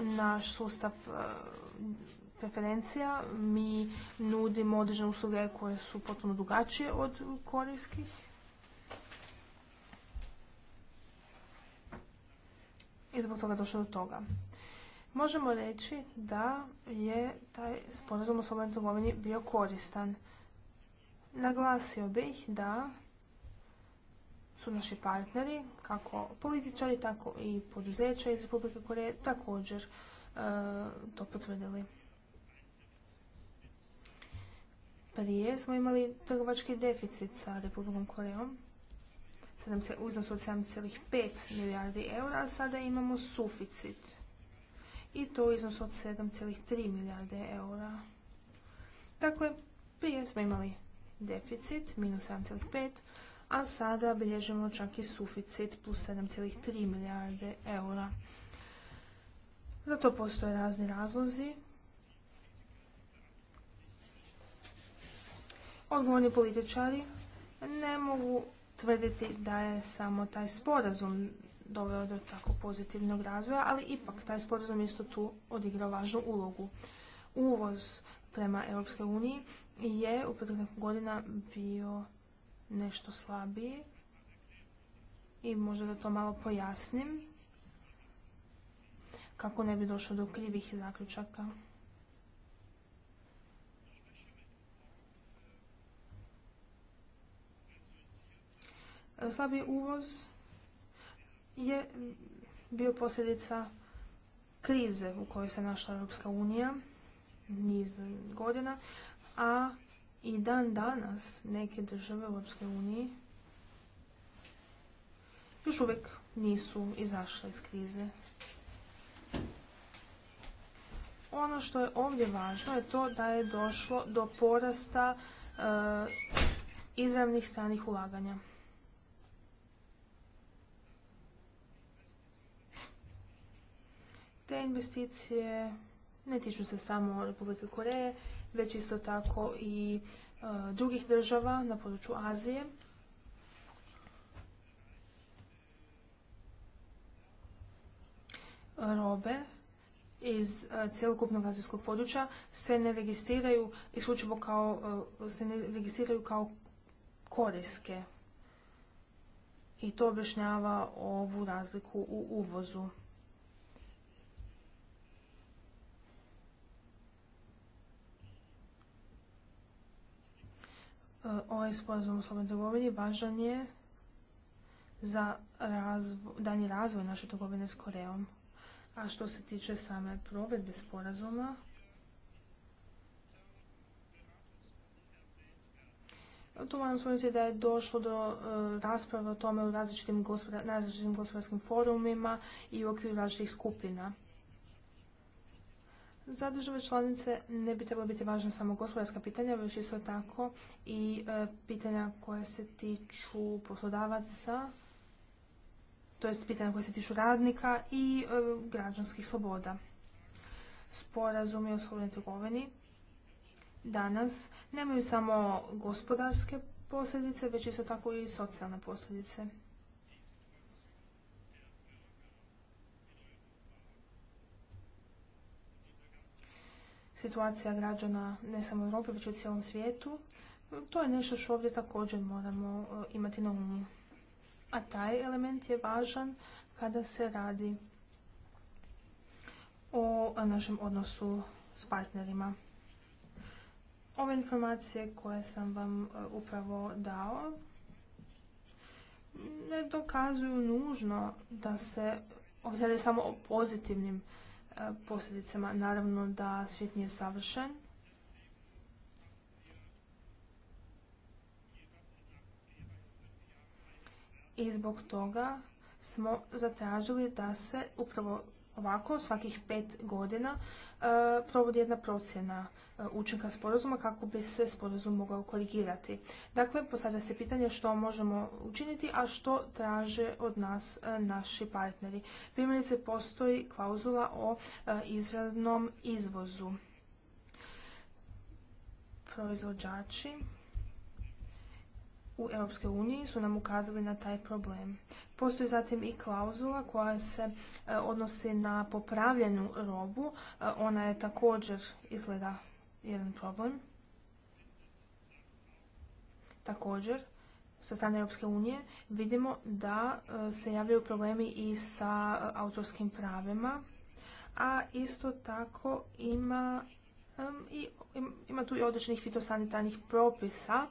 naš sustav e, preferencija. Mi nudimo određene usluge koje su potpuno drugačije od korijskih. I zbog toga došlo do toga. Možemo reći da je taj sporazum o slobodnoj trgovini bio koristan. Naglasio bih da su naši partneri, kako političari, tako i poduzeća iz Republike Koreje, također e, to potvrdili. Prije smo imali trgovački deficit sa Republikom Korejom, u iznosu od 7,5 milijardi eura, a sada imamo suficit i to u iznosu od 7,3 milijarde eura. Dakle, prije smo imali deficit, minus 7,5, a sada bilježimo čak i suficit plus 7,3 milijarde eura. Za to postoje razni razlozi. Odgovorni političari ne mogu tvrditi da je samo taj sporazum doveo do tako pozitivnog razvoja, ali ipak taj sporazum isto tu odigrao važnu ulogu. Uvoz prema EU je u proteklih godina bio nešto slabiji i možda da to malo pojasnim kako ne bi došlo do krivih zaključaka. Slabi uvoz je bio posljedica krize u kojoj se našla Europska unija niz godina, a i dan danas neke države u Europskoj uniji još uvijek nisu izašle iz krize. Ono što je ovdje važno je to da je došlo do porasta e, izravnih stranih ulaganja. Te investicije ne tiču se samo Republike Koreje, već isto tako i e, drugih država na području Azije. Robe iz e, cjelokupnog azijskog područja se ne registriraju isključivo kao, e, se ne registriraju kao koriske I to objašnjava ovu razliku u uvozu. E, ovaj sporazum o slobodnoj trgovini važan je za razvoj, danji razvoj naše trgovine s Koreom. A što se tiče same provedbe sporazuma, Tu moram spomenuti da je došlo do e, rasprave o tome u različitim, različitim gospodarskim forumima i u okviru različitih skupina. Za države članice ne bi trebalo biti važno samo gospodarska pitanja, već isto tako i e, pitanja koja se tiču poslodavaca, to jest pitanja koja se tiču radnika i e, građanskih sloboda. Sporazumi o slobodnoj trgovini danas nemaju samo gospodarske posljedice, već isto tako i socijalne posljedice. situacija građana ne samo u Europi, već u cijelom svijetu, mm, to je nešto što ovdje također moramo e, imati na umu. A taj element je važan kada se radi o našem odnosu s partnerima. Ove informacije koje sam vam e, upravo dao mm, ne dokazuju nužno da se ovdje samo o pozitivnim posljedicama. Naravno da svijet nije savršen. I zbog toga smo zatražili da se upravo ovako svakih pet godina e, provodi jedna procjena e, učinka sporazuma kako bi se sporazum mogao korigirati. Dakle, postavlja se pitanje što možemo učiniti, a što traže od nas e, naši partneri. Primjerice, postoji klauzula o izravnom izvozu. Proizvođači u EU su nam ukazali na taj problem. Postoji zatim i klauzula koja se e, odnosi na popravljenu robu. E, ona je također izgleda jedan problem. Također, sa strane Europske unije vidimo da e, se javljaju problemi i sa autorskim pravima, a isto tako ima, ima tu i određenih fitosanitarnih propisa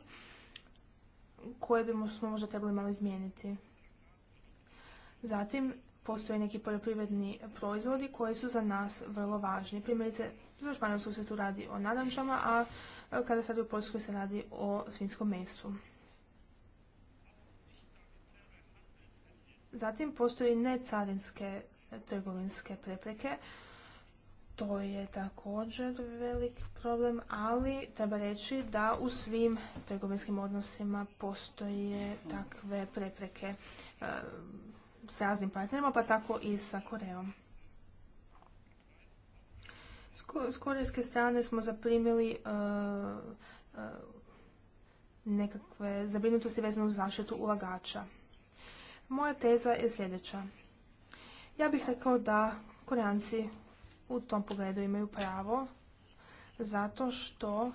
koje bi smo možda trebali malo izmijeniti. Zatim, postoje neki poljoprivredni proizvodi koji su za nas vrlo važni. Primjerice, za Španjolsku se tu radi o narančama, a e, kada se u Poljskoj se radi o svinskom mesu. Zatim postoje necarinske trgovinske prepreke to je također velik problem, ali treba reći da u svim trgovinskim odnosima postoje mhm. takve prepreke e, s raznim partnerima, pa tako i sa Koreom. S korejske strane smo zaprimili e, e, nekakve zabrinutosti vezane uz zaštitu ulagača. Moja teza je sljedeća. Ja bih rekao da Koreanci u tom pogledu imaju pravo zato što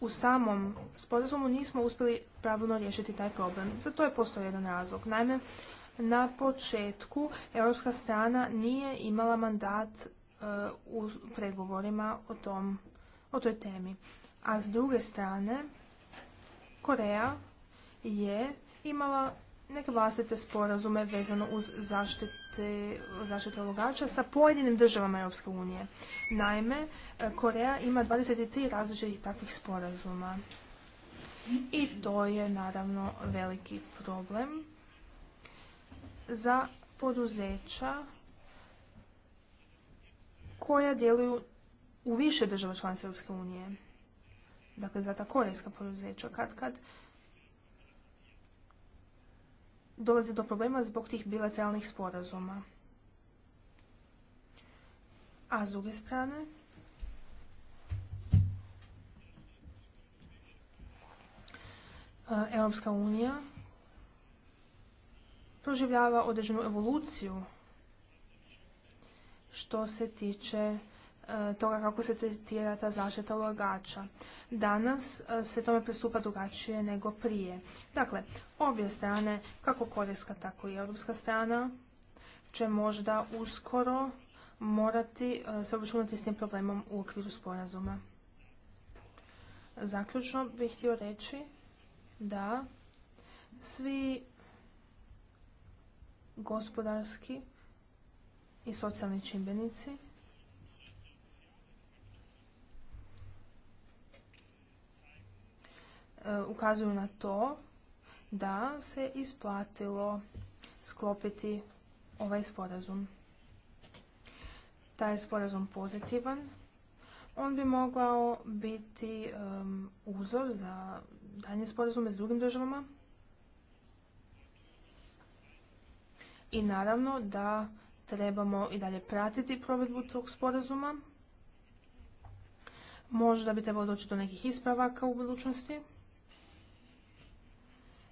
u samom sporazumu nismo uspjeli pravilno riješiti taj problem. Za to je postao jedan razlog. Naime, na početku europska strana nije imala mandat e, u pregovorima o, tom, o toj temi. A s druge strane, Koreja je imala neke vlastite sporazume vezano uz zaštitu te zaštite ulogača sa pojedinim državama Europske unije. Naime, Koreja ima 23 različitih takvih sporazuma. I to je naravno veliki problem za poduzeća koja djeluju u više država članica Europske unije. Dakle, za ta korejska poduzeća kad kad dolazi do problema zbog tih bilateralnih sporazuma. A s druge strane, e, Europska unija proživljava određenu evoluciju što se tiče toga kako se tretira ta zaštita ulagača. Danas e, se tome pristupa drugačije nego prije. Dakle, obje strane, kako korejska tako i europska strana, će možda uskoro morati e, se obračunati s tim problemom u okviru sporazuma. Zaključno bih htio reći da svi gospodarski i socijalni čimbenici E, ukazuju na to da se isplatilo sklopiti ovaj sporazum. Taj sporazum pozitivan. On bi mogao biti uzor za danje sporazume s drugim državama. I naravno da trebamo i dalje pratiti provedbu tog sporazuma. Možda bi trebalo doći do nekih ispravaka u budućnosti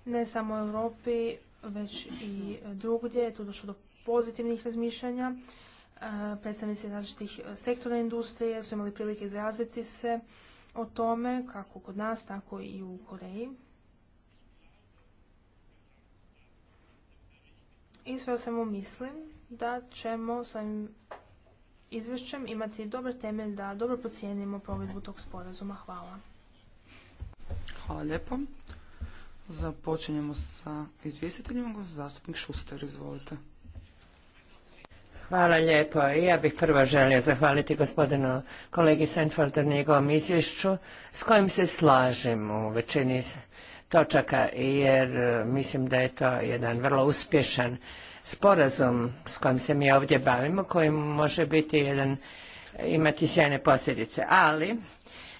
ne samo u Europi, već i drugdje je tu došlo do pozitivnih razmišljanja. E, predstavnici različitih sektora industrije su imali prilike izraziti se o tome, kako kod nas, tako i u Koreji. I sve o svemu mislim da ćemo s ovim izvješćem imati dobar temelj da dobro procijenimo provedbu tog sporazuma. Hvala. Hvala lijepo. Započinjemo sa izvjestiteljima. Zastupnik Šuster, izvolite. Hvala lijepo. Ja bih prvo želio zahvaliti gospodinu kolegi Senfordu na njegovom izvješću s kojim se slažem u većini točaka jer e, mislim da je to jedan vrlo uspješan sporazum s kojim se mi ovdje bavimo koji može biti jedan imati sjajne posljedice. Ali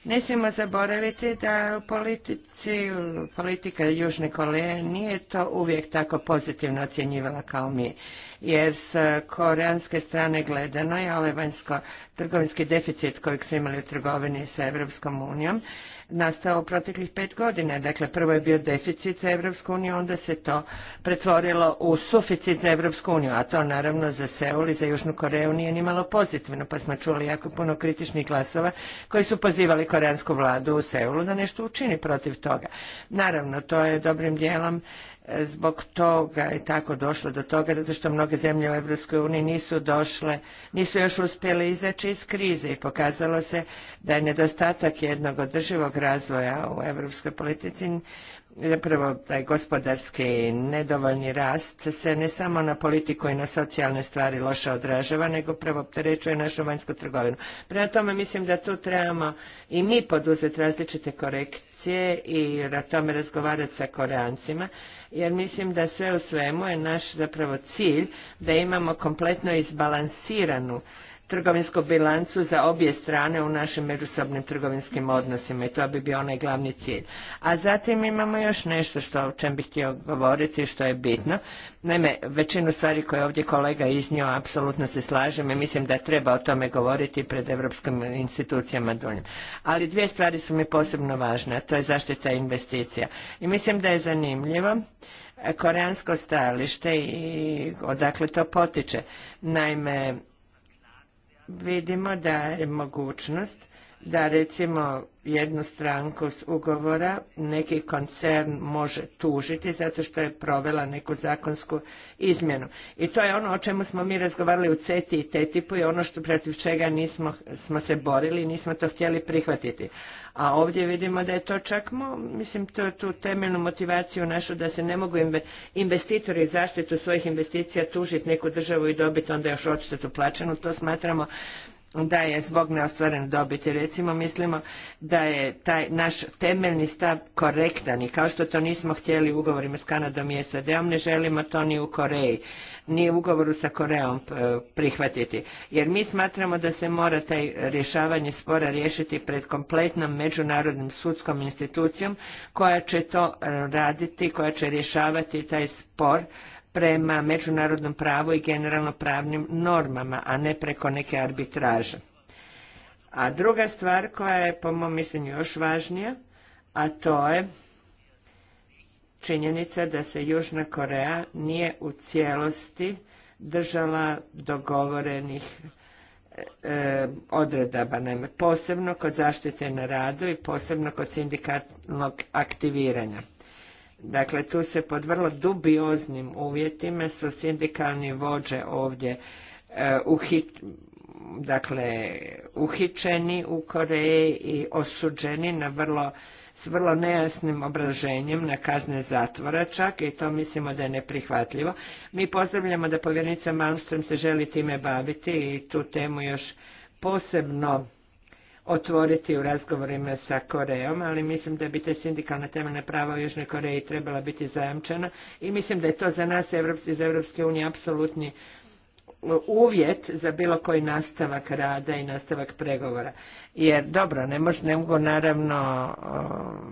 ne smijemo zaboraviti da u politici, politika Južne Koreje nije to uvijek tako pozitivno ocjenjivala kao mi. Jer s koreanske strane gledano je ovaj vanjsko trgovinski deficit kojeg su imali u trgovini sa Europskom unijom nastao u proteklih pet godina. Dakle, prvo je bio deficit za Evropsku uniju, onda se to pretvorilo u suficit za Evropsku uniju, a to naravno za Seul i za Južnu Koreju nije nimalo pozitivno, pa smo čuli jako puno kritičnih glasova koji su pozivali koreansku vladu u Seulu da nešto učini protiv toga. Naravno, to je dobrim dijelom zbog toga je tako došlo do toga, zato što mnoge zemlje u EU nisu došle, nisu još uspjele izaći iz krize i pokazalo se da je nedostatak jednog održivog razvoja u europskoj politici zapravo taj gospodarski nedovoljni rast se ne samo na politiku i na socijalne stvari loše odražava, nego prvo opterećuje našu vanjsku trgovinu. Prema tome mislim da tu trebamo i mi poduzeti različite korekcije i na tome razgovarati sa Koreancima, jer mislim da sve u svemu je naš zapravo cilj da imamo kompletno izbalansiranu trgovinsku bilancu za obje strane u našim međusobnim trgovinskim odnosima i to bi bio onaj glavni cilj. A zatim imamo još nešto o čem bih htio govoriti što je bitno. Naime, većinu stvari koje ovdje kolega iznio apsolutno se slažem i mislim da treba o tome govoriti pred europskim institucijama duljem. Ali dvije stvari su mi posebno važne, a to je zaštita investicija. I mislim da je zanimljivo e, koreansko stajalište i odakle to potiče. Naime, vidimo da je mogućnost da recimo jednu stranku s ugovora neki koncern može tužiti zato što je provela neku zakonsku izmjenu. I to je ono o čemu smo mi razgovarali u CETI i TTIP-u i ono što protiv čega nismo smo se borili i nismo to htjeli prihvatiti. A ovdje vidimo da je to čak, mislim, to, tu temeljnu motivaciju našu da se ne mogu investitori zaštitu svojih investicija tužiti neku državu i dobiti onda još odštetu plaćenu. To smatramo da je zbog neostvarene dobiti. Recimo, mislimo da je taj naš temeljni stav korektan i kao što to nismo htjeli u ugovorima s Kanadom i SAD-om, ne želimo to ni u Koreji, ni u ugovoru sa Koreom e, prihvatiti. Jer mi smatramo da se mora taj rješavanje spora riješiti pred kompletnom međunarodnom sudskom institucijom koja će to e, raditi, koja će rješavati taj spor prema međunarodnom pravu i generalno pravnim normama, a ne preko neke arbitraže. A druga stvar koja je po mom mišljenju još važnija, a to je činjenica da se Južna Koreja nije u cijelosti držala dogovorenih e, odredaba, naime posebno kod zaštite na radu i posebno kod sindikatnog aktiviranja. Dakle, tu se pod vrlo dubioznim uvjetima su sindikalni vođe ovdje e, dakle, uhičeni u Koreji i osuđeni na vrlo, s vrlo nejasnim obraženjem na kazne zatvora čak i to mislimo da je neprihvatljivo. Mi pozdravljamo da povjernica Malmström se želi time baviti i tu temu još posebno otvoriti u razgovorima sa Korejom, ali mislim da bi ta sindikalna temeljna prava u Južnoj Koreji trebala biti zajamčena i mislim da je to za nas iz Europske unije apsolutni uvjet za bilo koji nastavak rada i nastavak pregovora. Jer dobro, ne, može ne naravno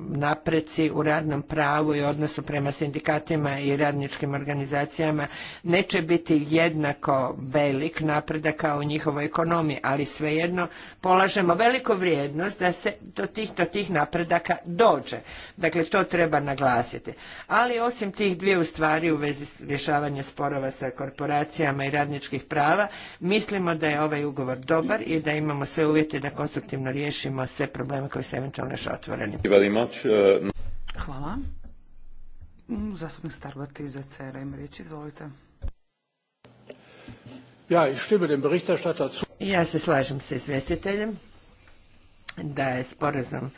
napreci u radnom pravu i odnosu prema sindikatima i radničkim organizacijama neće biti jednako velik napredak kao u njihovoj ekonomiji, ali svejedno polažemo veliku vrijednost da se do tih, tih napredaka dođe. Dakle, to treba naglasiti. Ali osim tih dvije stvari u vezi rješavanja sporova sa korporacijama i radničkih prava, mislimo da je ovaj ugovor dobar i da imamo sve uvjete da konstruktivno definitivno riješimo sve probleme koji su eventualno još otvoreni. Uh, Hvala. Mm, zastupnik Starbati za CRM. ima riječ, izvolite. Ja, dem Ja se slažem sa izvjestiteljem da je sporazum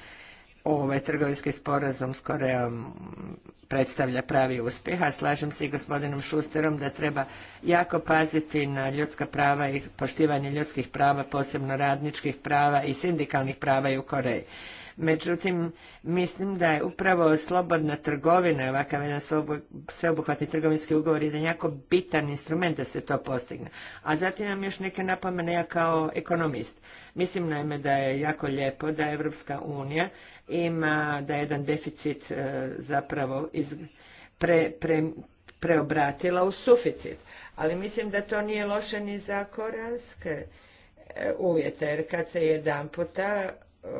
ovaj trgovinski sporazum s Korejom predstavlja pravi uspjeh, a slažem se i gospodinom Šusterom da treba jako paziti na ljudska prava i poštivanje ljudskih prava, posebno radničkih prava i sindikalnih prava i u Koreji. Međutim, mislim da je upravo slobodna trgovina, ovakav jedan sveobuhvatni trgovinski ugovor, jedan jako bitan instrument da se to postigne. A zatim nam još neke napomene ja kao ekonomist. Mislim naime da je jako lijepo da Evropska unija ima, da je jedan deficit e, zapravo iz, pre, pre, preobratila u suficit. Ali mislim da to nije loše ni za koranske e, uvjete, jer kad se jedan puta e,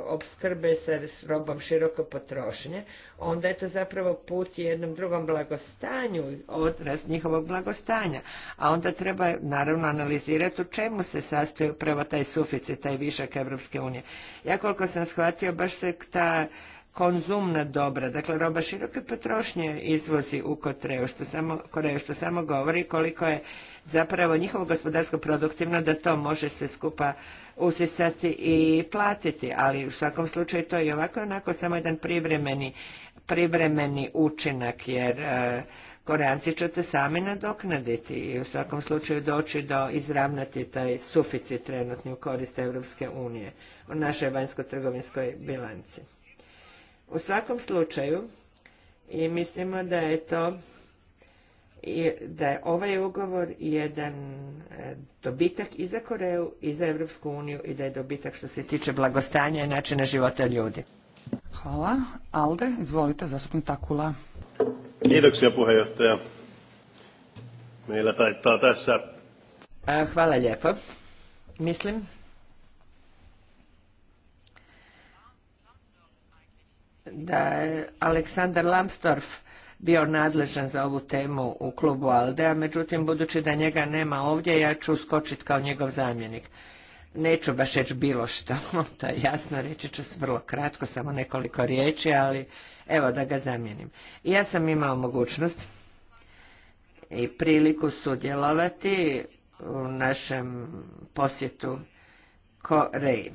opskrbe sa robom široko potrošnje, onda je to zapravo put jednom drugom blagostanju, odraz njihovog blagostanja. A onda treba naravno analizirati u čemu se sastoji upravo taj suficit, taj višak Evropske unije. Ja koliko sam shvatio, baš se ta konzumna dobra, dakle roba široke potrošnje izvozi u Koreju, što samo, Koreju, što samo govori koliko je zapravo njihovo gospodarsko produktivno da to može se skupa usisati i platiti, ali u svakom slučaju to je ovako onako samo jedan privremeni, privremeni učinak, jer e, Koreanci će to sami nadoknaditi i u svakom slučaju doći do izravnati taj suficit trenutni u korist Europske unije u našoj vanjsko-trgovinskoj bilanci. U svakom slučaju, i mislimo da je to da je ovaj ugovor jedan e, dobitak i za Koreju i za Europsku uniju i da je dobitak što se tiče blagostanja i načina života ljudi. Hvala. Alde, izvolite, zastupnik Takula. Kiitoksia puheenjohtaja. Meillä taittaa tässä. Hvala lijepo. Mislim da je Aleksandar Lambsdorff bio nadležan za ovu temu u klubu Aldea, međutim, budući da njega nema ovdje, ja ću skočiti kao njegov zamjenik. Neću baš reći bilo što, to je jasno, reći ću vrlo kratko, samo nekoliko riječi, ali evo da ga zamijenim. Ja sam imao mogućnost i priliku sudjelovati u našem posjetu Koreji.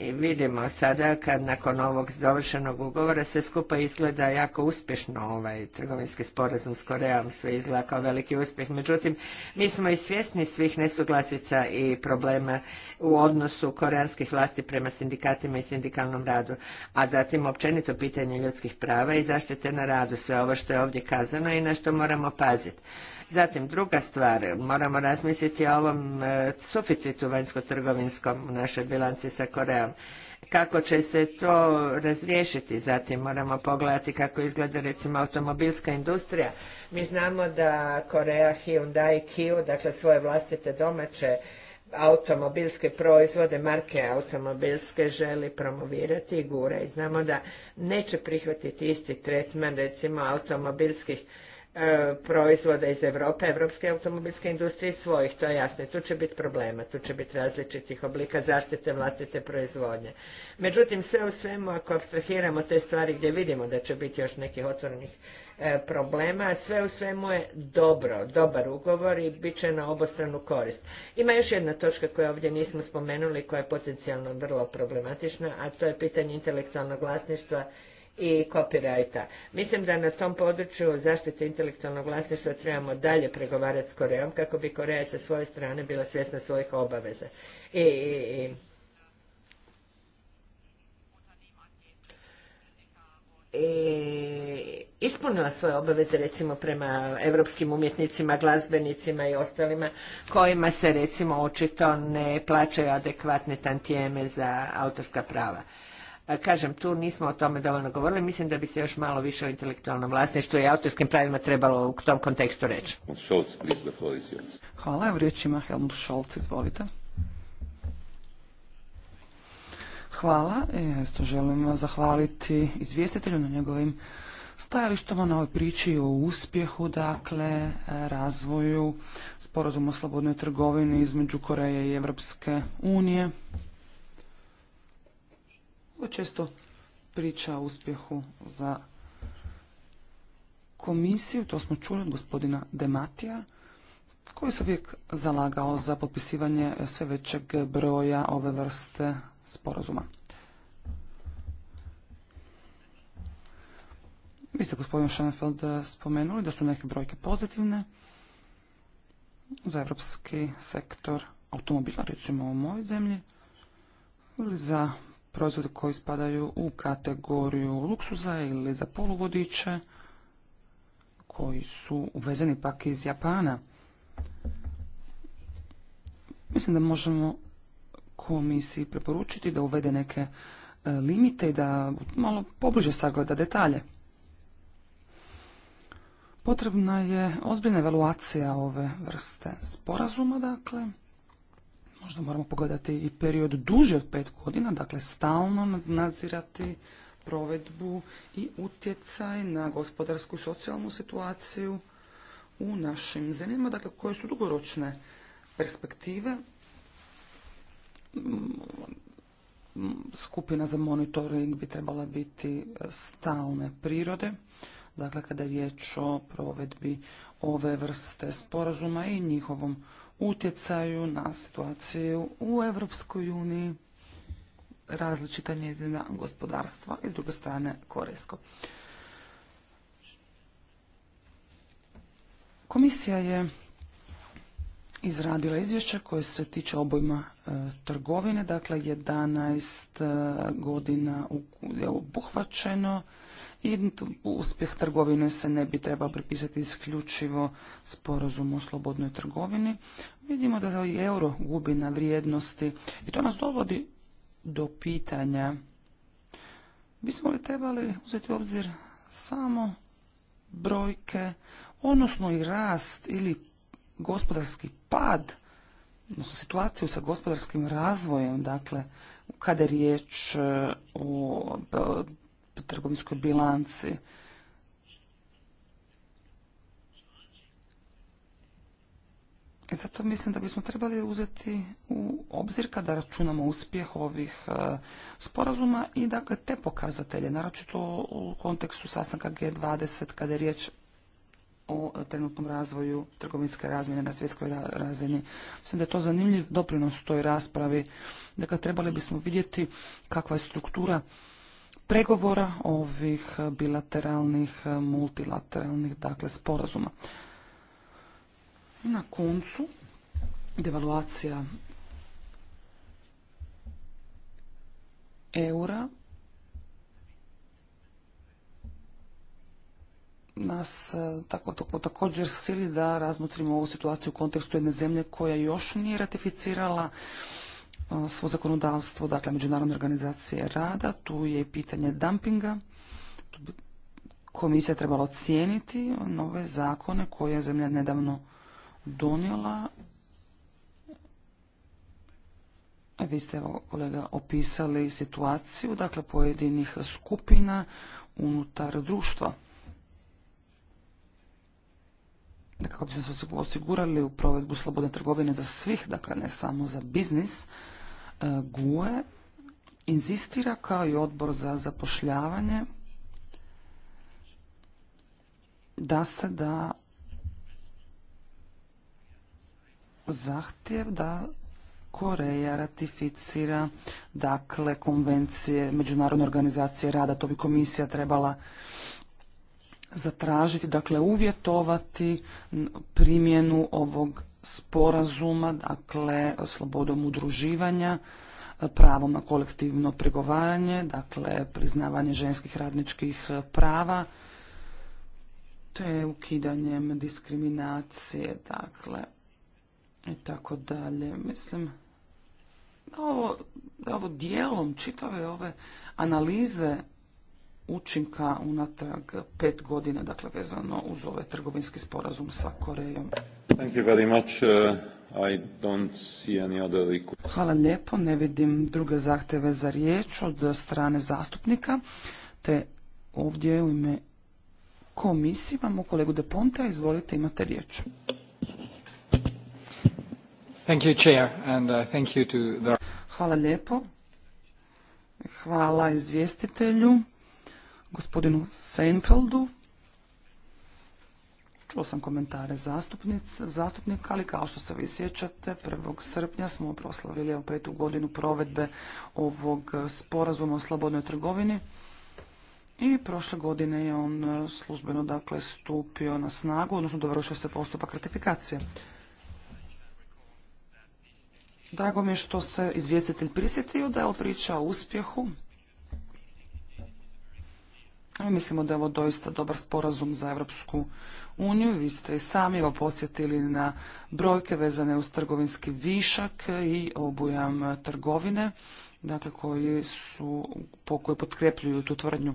I vidimo sada kad nakon ovog dovršenog ugovora sve skupa izgleda jako uspješno ovaj trgovinski sporazum s Korejom, sve izgleda kao veliki uspjeh. Međutim, mi smo i svjesni svih nesuglasica i problema u odnosu koreanskih vlasti prema sindikatima i sindikalnom radu, a zatim općenito pitanje ljudskih prava i zaštite na radu, sve ovo što je ovdje kazano i na što moramo paziti. Zatim, druga stvar, moramo razmisliti o ovom e, suficitu vanjsko-trgovinskom u našoj bilanci sa Korejom kako će se to razriješiti. Zatim moramo pogledati kako izgleda recimo automobilska industrija. Mi znamo da Koreja Hyundai Kia, dakle svoje vlastite domaće automobilske proizvode, marke automobilske želi promovirati i gura. I znamo da neće prihvatiti isti tretman recimo automobilskih E, proizvoda iz Europe, evropske automobilske industrije svojih, to je jasno. tu će biti problema, tu će biti različitih oblika zaštite vlastite proizvodnje. Međutim, sve u svemu, ako abstrahiramo te stvari gdje vidimo da će biti još nekih otvornih e, problema, sve u svemu je dobro, dobar ugovor i bit će na obostranu korist. Ima još jedna točka koju ovdje nismo spomenuli, koja je potencijalno vrlo problematična, a to je pitanje intelektualnog vlasništva i copyrighta. Mislim da na tom području zaštite intelektualnog vlasništva trebamo dalje pregovarati s Korejom kako bi Koreja sa svoje strane bila svjesna svojih obaveza. i ispunila svoje obaveze recimo prema europskim umjetnicima, glazbenicima i ostalima kojima se recimo očito ne plaćaju adekvatne tantijeme za autorska prava. Kažem, tu nismo o tome dovoljno govorili. Mislim da bi se još malo više o intelektualnom vlasništvu i autorskim pravima trebalo u tom kontekstu reći. Hvala. Riječ ima Helmut Scholz. Izvolite. Hvala. Isto želim zahvaliti izvjestitelju na njegovim stajalištama na ovoj priči o uspjehu, dakle, razvoju sporazuma o slobodnoj trgovini između Koreje i Evropske unije. Ovo često priča o uspjehu za komisiju, to smo čuli od gospodina Dematija, koji se uvijek zalagao za potpisivanje sve većeg broja ove vrste sporazuma. Vi ste, gospodin Schoenfeld, spomenuli da su neke brojke pozitivne za evropski sektor automobila, recimo u mojoj zemlji, ili za proizvode koji spadaju u kategoriju luksuza ili za poluvodiče koji su uvezeni pak iz Japana. Mislim da možemo komisiji preporučiti da uvede neke e, limite i da malo pobliže sagleda detalje. Potrebna je ozbiljna evaluacija ove vrste sporazuma, dakle, Možda moramo pogledati i period duže od pet godina, dakle stalno nadzirati provedbu i utjecaj na gospodarsku i socijalnu situaciju u našim zemljama, dakle koje su dugoročne perspektive. Skupina za monitoring bi trebala biti stalne prirode, dakle kada je riječ o provedbi ove vrste sporazuma i njihovom utjecaju na situaciju u Europskoj uniji, različita njezina gospodarstva i s druge strane korejsko. Komisija je izradila izvješće koje se tiče obojma e, trgovine, dakle 11 e, godina je obuhvaćeno i uspjeh trgovine se ne bi trebao pripisati isključivo sporozumu o slobodnoj trgovini. Vidimo da i euro gubi na vrijednosti i to nas dovodi do pitanja bismo li trebali uzeti u obzir samo brojke, odnosno i rast ili gospodarski pad, odnosno situaciju sa gospodarskim razvojem, dakle, kada je riječ e, o trgovinskoj bilanci. I zato mislim da bismo trebali uzeti u obzir kada računamo uspjeh ovih e, sporazuma i dakle te pokazatelje, naročito u kontekstu sastanka G20 kada je riječ o trenutnom razvoju trgovinske razmjene na svjetskoj razini. Mislim da je to zanimljiv doprinos toj raspravi. Dakle, trebali bismo vidjeti kakva je struktura pregovora ovih bilateralnih, e, multilateralnih dakle sporazuma. Na koncu devaluacija eura nas e, tako, tako, također sili da razmotrimo ovu situaciju u kontekstu jedne zemlje koja još nije ratificirala svo zakonodavstvo, dakle međunarodne organizacije rada, tu je i pitanje dumpinga. Komisija je trebala ocijeniti nove zakone koje je zemlja nedavno donijela. Vi ste, evo, kolega, opisali situaciju, dakle, pojedinih skupina unutar društva. Dakle, kako bi se osigurali u provedbu slobodne trgovine za svih, dakle, ne samo za biznis, GUE inzistira kao i odbor za zapošljavanje da se da zahtjev da Koreja ratificira dakle konvencije Međunarodne organizacije rada, to bi komisija trebala zatražiti, dakle uvjetovati primjenu ovog sporazuma, dakle slobodom udruživanja, pravom na kolektivno pregovaranje, dakle priznavanje ženskih radničkih prava, te ukidanjem diskriminacije, dakle i tako dalje. Mislim da ovo, da ovo dijelom čitave ove analize učinka unatrag pet godina, dakle vezano uz ovaj trgovinski sporazum sa Korejom. Thank you uh, Hvala lijepo, ne vidim druge zahteve za riječ od strane zastupnika, te ovdje u ime komisije imamo kolegu De Ponta, izvolite imate riječ. Uh, Hvala lijepo. Hvala izvjestitelju gospodinu Seinfeldu. Čuo sam komentare zastupnika, ali kao što se vi sjećate, 1. srpnja smo proslavili evo petu godinu provedbe ovog sporazuma o slobodnoj trgovini. I prošle godine je on e, službeno dakle stupio na snagu, odnosno dovršio se postupak ratifikacije. Drago mi je što se izvjestitelj prisjetio da je priča o uspjehu Mislimo da je ovo doista dobar sporazum za Europsku uniju. Vi ste i sami ovo podsjetili na brojke vezane uz trgovinski višak i obujam trgovine, dakle koji su, po koje potkrepljuju tu tvrdnju.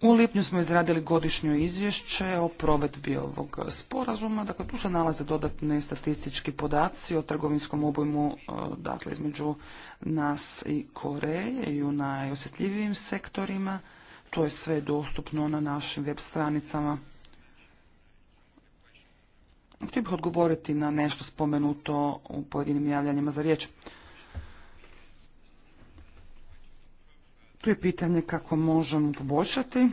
U lipnju smo izradili godišnje izvješće o provedbi ovog sporazuma. Dakle, tu se nalaze dodatni statistički podaci o trgovinskom obojmu e, dakle, između nas i Koreje i u najosjetljivijim sektorima. To je sve dostupno na našim web stranicama. Htio bih odgovoriti na nešto spomenuto u pojedinim javljanjima za riječ. Tu je pitanje kako možemo poboljšati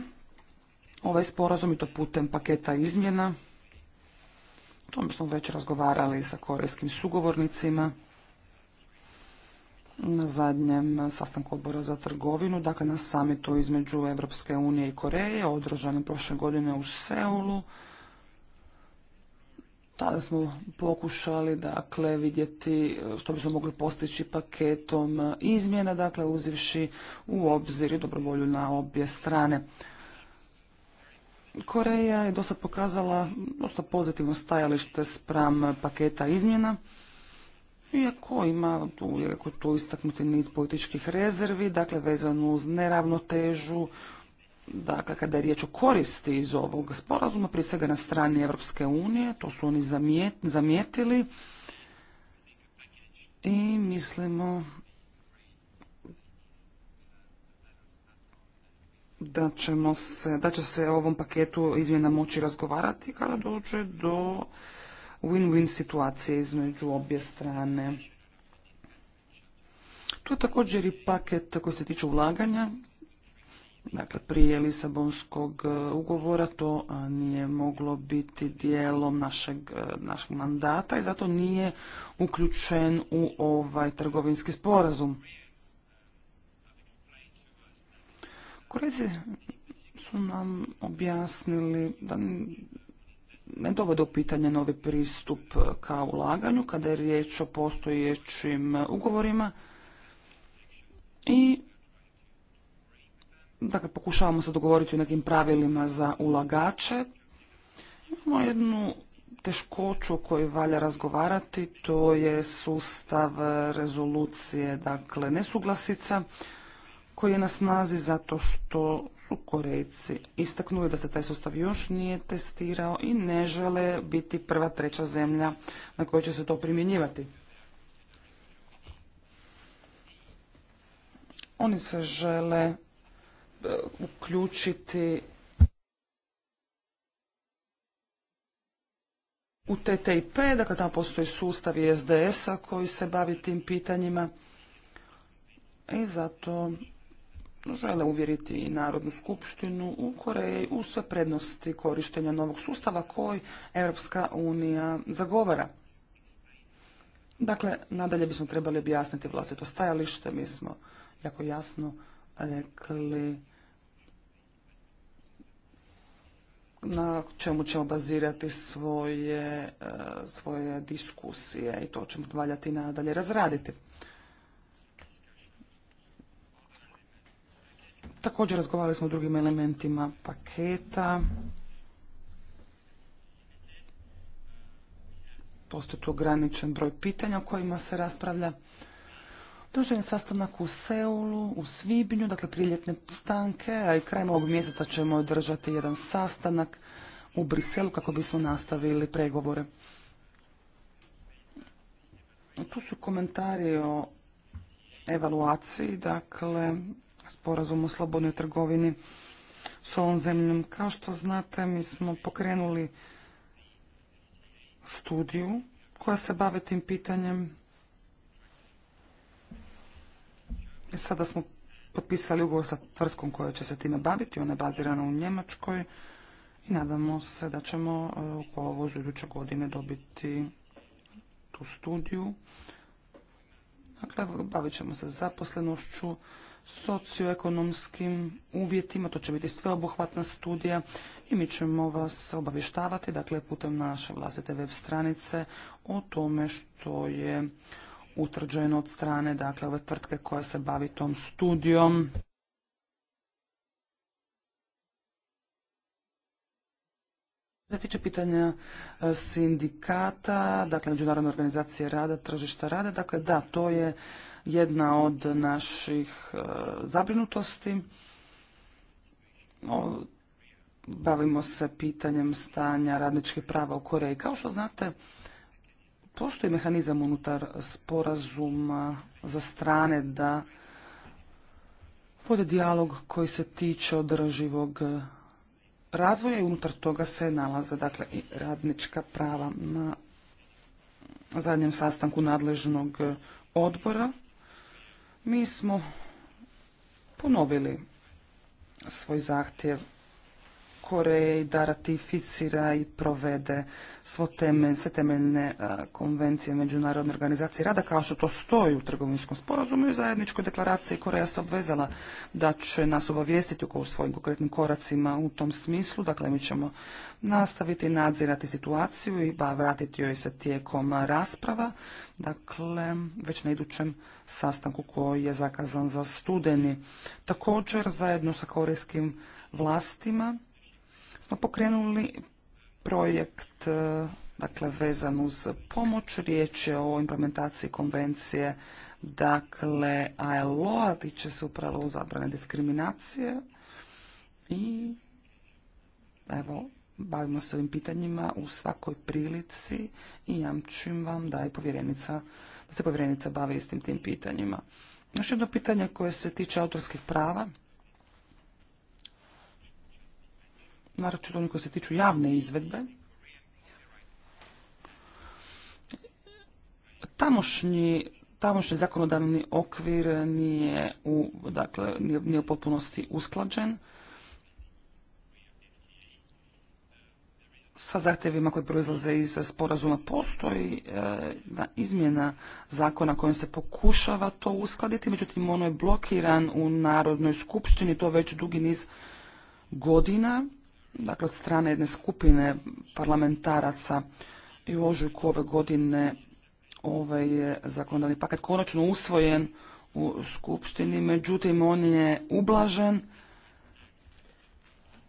ovaj sporazum i to putem paketa izmjena. O tome smo već razgovarali sa korejskim sugovornicima na zadnjem sastanku odbora za trgovinu, dakle na samitu između Evropske unije i Koreje, održanom prošle godine u Seulu. Tada smo pokušali dakle vidjeti e, što bismo mogli postići paketom e, izmjena, dakle uzivši u obzir i dobrovolju na obje strane. Koreja je dosta pokazala dosta pozitivno stajalište spram paketa izmjena. Iako ima tu, iako tu istaknuti niz političkih rezervi, dakle vezano uz neravnotežu dakle kada je riječ o koristi iz ovog sporazuma, prije svega na strani Europske unije, to su oni zamijetili i mislimo da, ćemo se, da će se o ovom paketu izmjena moći razgovarati kada dođe do win-win situacije između obje strane. Tu je također i paket koji se tiče ulaganja, Dakle, prije Lisabonskog e, ugovora to e, nije moglo biti dijelom našeg, e, našeg mandata i zato nije uključen u ovaj trgovinski sporazum. Koreci su nam objasnili da ne dovode u pitanje novi pristup ka ulaganju kada je riječ o postojećim ugovorima i Dakle, pokušavamo se dogovoriti o nekim pravilima za ulagače. Imamo jednu teškoću o kojoj valja razgovarati, to je sustav rezolucije, dakle, nesuglasica koji je na snazi zato što su Korejci istaknuli da se taj sustav još nije testirao i ne žele biti prva, treća zemlja na kojoj će se to primjenjivati. Oni se žele uključiti u TTIP, dakle tamo postoji sustav i SDS-a koji se bavi tim pitanjima i zato žele uvjeriti i Narodnu skupštinu u Koreji u sve prednosti korištenja novog sustava koji Europska unija zagovara. Dakle, nadalje bismo trebali objasniti vlastito stajalište, mi smo jako jasno rekli na čemu ćemo bazirati svoje, e, svoje diskusije i to ćemo valjati nadalje razraditi. Također razgovarali smo o drugim elementima paketa. Postoji tu ograničen broj pitanja o kojima se raspravlja je sastanak u Seulu u Svibnju, dakle priljetne stanke, a i krajem ovog mjeseca ćemo održati jedan sastanak u Briselu kako bismo nastavili pregovore. Tu su komentari o evaluaciji, dakle, sporazum o slobodnoj trgovini s ovom zemljom. Kao što znate, mi smo pokrenuli studiju koja se bave tim pitanjem. E, sada smo potpisali ugovor sa tvrtkom koja će se time baviti, ona je bazirana u Njemačkoj i nadamo se da ćemo e, u kolovozu iduće godine dobiti tu studiju. Dakle, bavit ćemo se zaposlenošću, socioekonomskim uvjetima, to će biti sveobuhvatna studija i mi ćemo vas obavještavati, dakle, putem naše vlastite web stranice o tome što je utvrđeno od strane dakle ove tvrtke koja se bavi tom studijom. Što se tiče pitanja e, sindikata, dakle Međunarodne organizacije rada, tržišta rada, dakle da, to je jedna od naših e, zabrinutosti. Bavimo se pitanjem stanja radničkih prava u Koreji. Kao što znate, postoji mehanizam unutar sporazuma za strane da vode dijalog koji se tiče održivog razvoja i unutar toga se nalaze dakle i radnička prava na zadnjem sastanku nadležnog odbora. Mi smo ponovili svoj zahtjev Koreji da ratificira i provede svo sve temeljne konvencije Međunarodne organizacije rada kao što to stoji u trgovinskom sporazumu i zajedničkoj deklaraciji Koreja se obvezala da će nas obavijestiti u svojim konkretnim koracima u tom smislu. Dakle, mi ćemo nastaviti nadzirati situaciju i ba, vratiti joj se tijekom rasprava. Dakle, već na idućem sastanku koji je zakazan za studeni. Također, zajedno sa korejskim vlastima smo pokrenuli projekt e, dakle vezan uz pomoć. Riječ je o implementaciji konvencije dakle ILO-a, tiče se upravo zabrane diskriminacije i evo bavimo se ovim pitanjima u svakoj prilici i jamčim vam da je povjerenica, da se povjerenica bavi istim tim pitanjima. Još jedno pitanje koje se tiče autorskih prava. naročito oni koji se tiču javne izvedbe, tamošnji tamošnji zakonodavni okvir nije u, dakle, nije, nije u potpunosti usklađen sa zahtjevima koji proizlaze iz sporazuma postoji e, izmjena zakona kojim se pokušava to uskladiti, međutim ono je blokiran u Narodnoj skupštini, to već dugi niz godina dakle od strane jedne skupine parlamentaraca i u ožujku ove godine ovaj je zakonodavni paket konačno usvojen u Skupštini, međutim on je ublažen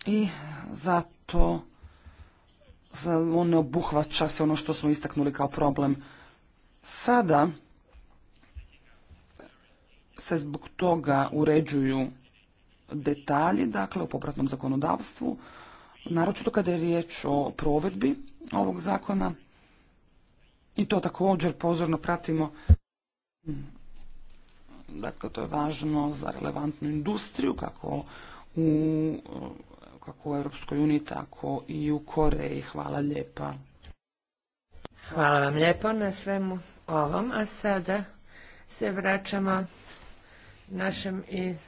i zato on ne obuhvaća se ono što smo istaknuli kao problem. Sada se zbog toga uređuju detalji, dakle, u popratnom zakonodavstvu, naročito kada je riječ o provedbi ovog zakona i to također pozorno pratimo. Dakle, to je važno za relevantnu industriju kako u, kako Europskoj uniji, tako i u Koreji. Hvala lijepa. Hvala vam lijepo na svemu ovom, a sada se vraćamo našem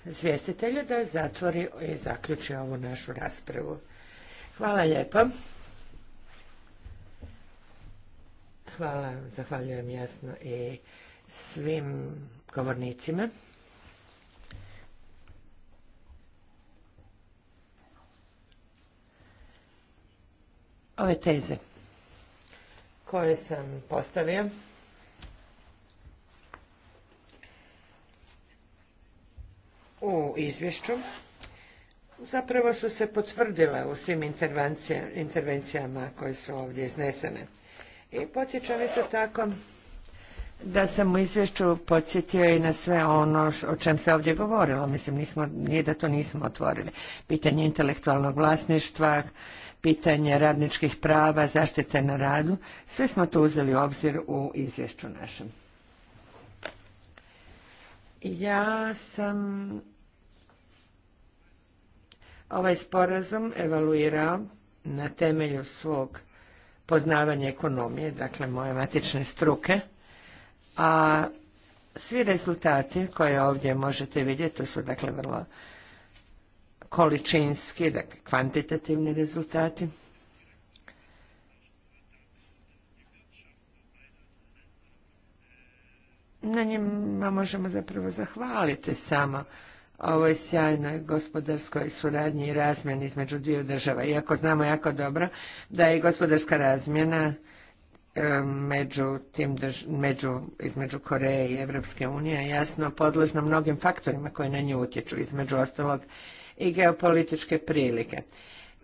izvjestitelju da zatvori i zaključi ovu našu raspravu. Hvala lijepo. Hvala, zahvaljujem jasno i svim govornicima. Ove teze koje sam postavio u izvješću zapravo su se potvrdile u svim intervencijama koje su ovdje iznesene. I podsjećam isto tako da sam u izvješću podsjetio i na sve ono o čem se ovdje govorilo. Mislim, nismo, nije da to nismo otvorili. Pitanje intelektualnog vlasništva, pitanje radničkih prava, zaštite na radu, sve smo to uzeli u obzir u izvješću našem. Ja sam ovaj sporazum evaluirao na temelju svog poznavanja ekonomije, dakle moje matične struke, a svi rezultati koje ovdje možete vidjeti, to su dakle vrlo količinski, dakle kvantitativni rezultati. Na njima možemo zapravo zahvaliti samo ovoj sjajnoj gospodarskoj suradnji i razmjeni između dviju država. Iako znamo jako dobro da je gospodarska razmjena e, među, tim drž između Koreje i Evropske unije jasno podložna mnogim faktorima koji na nju utječu, između ostalog i geopolitičke prilike.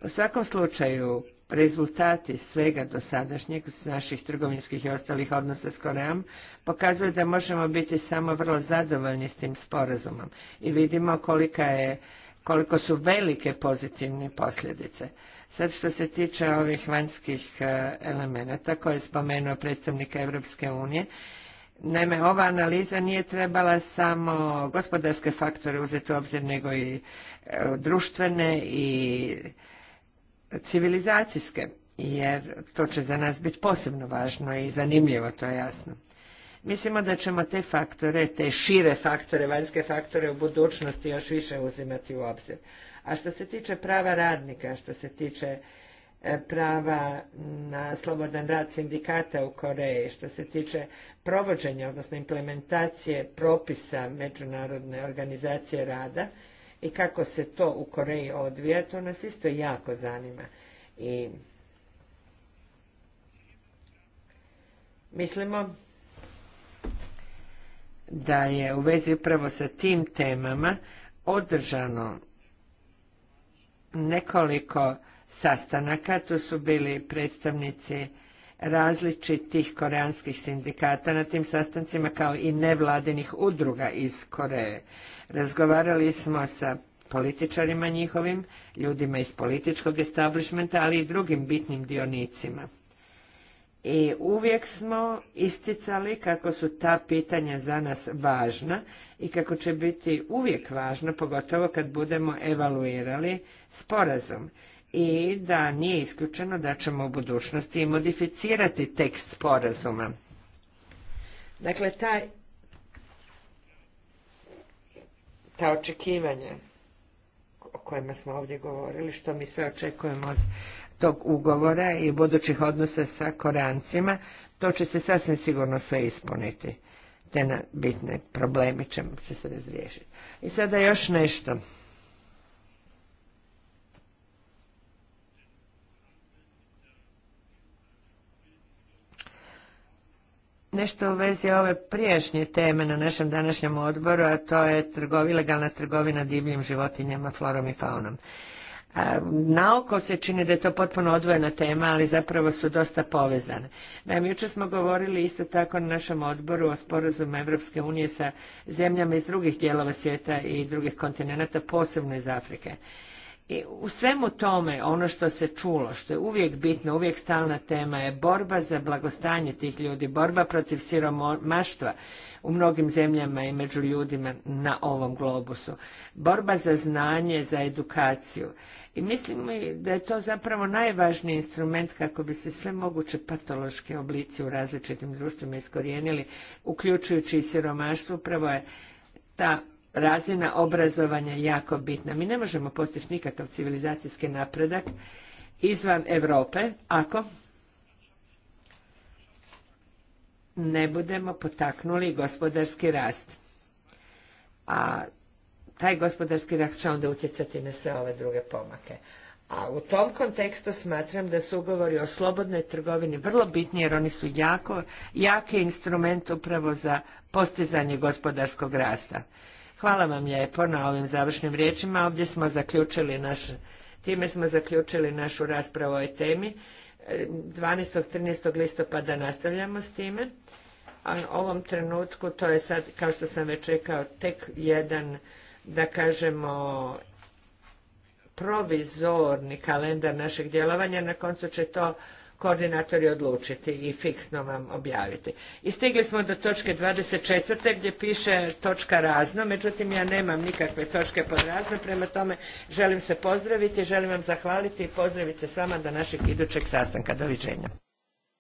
U svakom slučaju rezultati svega dosadašnjeg naših trgovinskih i ostalih odnosa s Korejom pokazuje da možemo biti samo vrlo zadovoljni s tim sporazumom i vidimo kolika je, koliko su velike pozitivne posljedice. Sad što se tiče ovih vanjskih e, elemenata koje je spomenuo predstavnik Europske unije, Naime, ova analiza nije trebala samo gospodarske faktore uzeti u obzir, nego i e, društvene i civilizacijske, jer to će za nas biti posebno važno i zanimljivo, to je jasno. Mislimo da ćemo te faktore, te šire faktore, vanjske faktore u budućnosti još više uzimati u obzir. A što se tiče prava radnika, što se tiče e, prava na slobodan rad sindikata u Koreji, što se tiče provođenja, odnosno implementacije propisa Međunarodne organizacije rada, i kako se to u Koreji odvija, to nas isto jako zanima. I mislimo da je u vezi upravo sa tim temama održano nekoliko sastanaka. Tu su bili predstavnici različitih koreanskih sindikata na tim sastancima kao i nevladinih udruga iz Koreje. Razgovarali smo sa političarima njihovim, ljudima iz političkog establishmenta, ali i drugim bitnim dionicima. I uvijek smo isticali kako su ta pitanja za nas važna i kako će biti uvijek važna, pogotovo kad budemo evaluirali sporazum. I da nije isključeno da ćemo u budućnosti modificirati tekst sporazuma. Dakle, taj ta očekivanja o kojima smo ovdje govorili, što mi sve očekujemo od tog ugovora i budućih odnosa sa Korancima, to će se sasvim sigurno sve ispuniti. Te bitne problemi će se razriješiti. I sada još nešto. nešto u vezi ove prijašnje teme na našem današnjem odboru, a to je trgovi, ilegalna trgovina divljim životinjama, florom i faunom. Naoko se čini da je to potpuno odvojena tema, ali zapravo su dosta povezane. Naime, jučer smo govorili isto tako na našem odboru o sporazumu Evropske unije sa zemljama iz drugih dijelova svijeta i drugih kontinenata, posebno iz Afrike. I u svemu tome, ono što se čulo, što je uvijek bitno, uvijek stalna tema je borba za blagostanje tih ljudi, borba protiv siromaštva u mnogim zemljama i među ljudima na ovom globusu, borba za znanje, za edukaciju. I mislim da je to zapravo najvažniji instrument kako bi se sve moguće patološke oblici u različitim društvima iskorijenili, uključujući i siromaštvo, upravo je ta razina obrazovanja jako bitna. Mi ne možemo postići nikakav civilizacijski napredak izvan Europe ako ne budemo potaknuli gospodarski rast. A taj gospodarski rast će onda utjecati na sve ove druge pomake. A u tom kontekstu smatram da su ugovori o slobodnoj trgovini vrlo bitni jer oni su jako, jaki instrument upravo za postizanje gospodarskog rasta. Hvala vam lijepo na ovim završnim riječima. Ovdje smo zaključili naš, time smo zaključili našu raspravu o ovoj temi. 12. 13. listopada nastavljamo s time. A u ovom trenutku to je sad, kao što sam već rekao, tek jedan, da kažemo, provizorni kalendar našeg djelovanja. Na koncu će to koordinatori odlučiti i fiksno vam objaviti. I stigli smo do točke 24. gdje piše točka razno, međutim ja nemam nikakve točke pod razno, prema tome želim se pozdraviti, želim vam zahvaliti i pozdraviti se s vama do našeg idućeg sastanka. Doviđenja.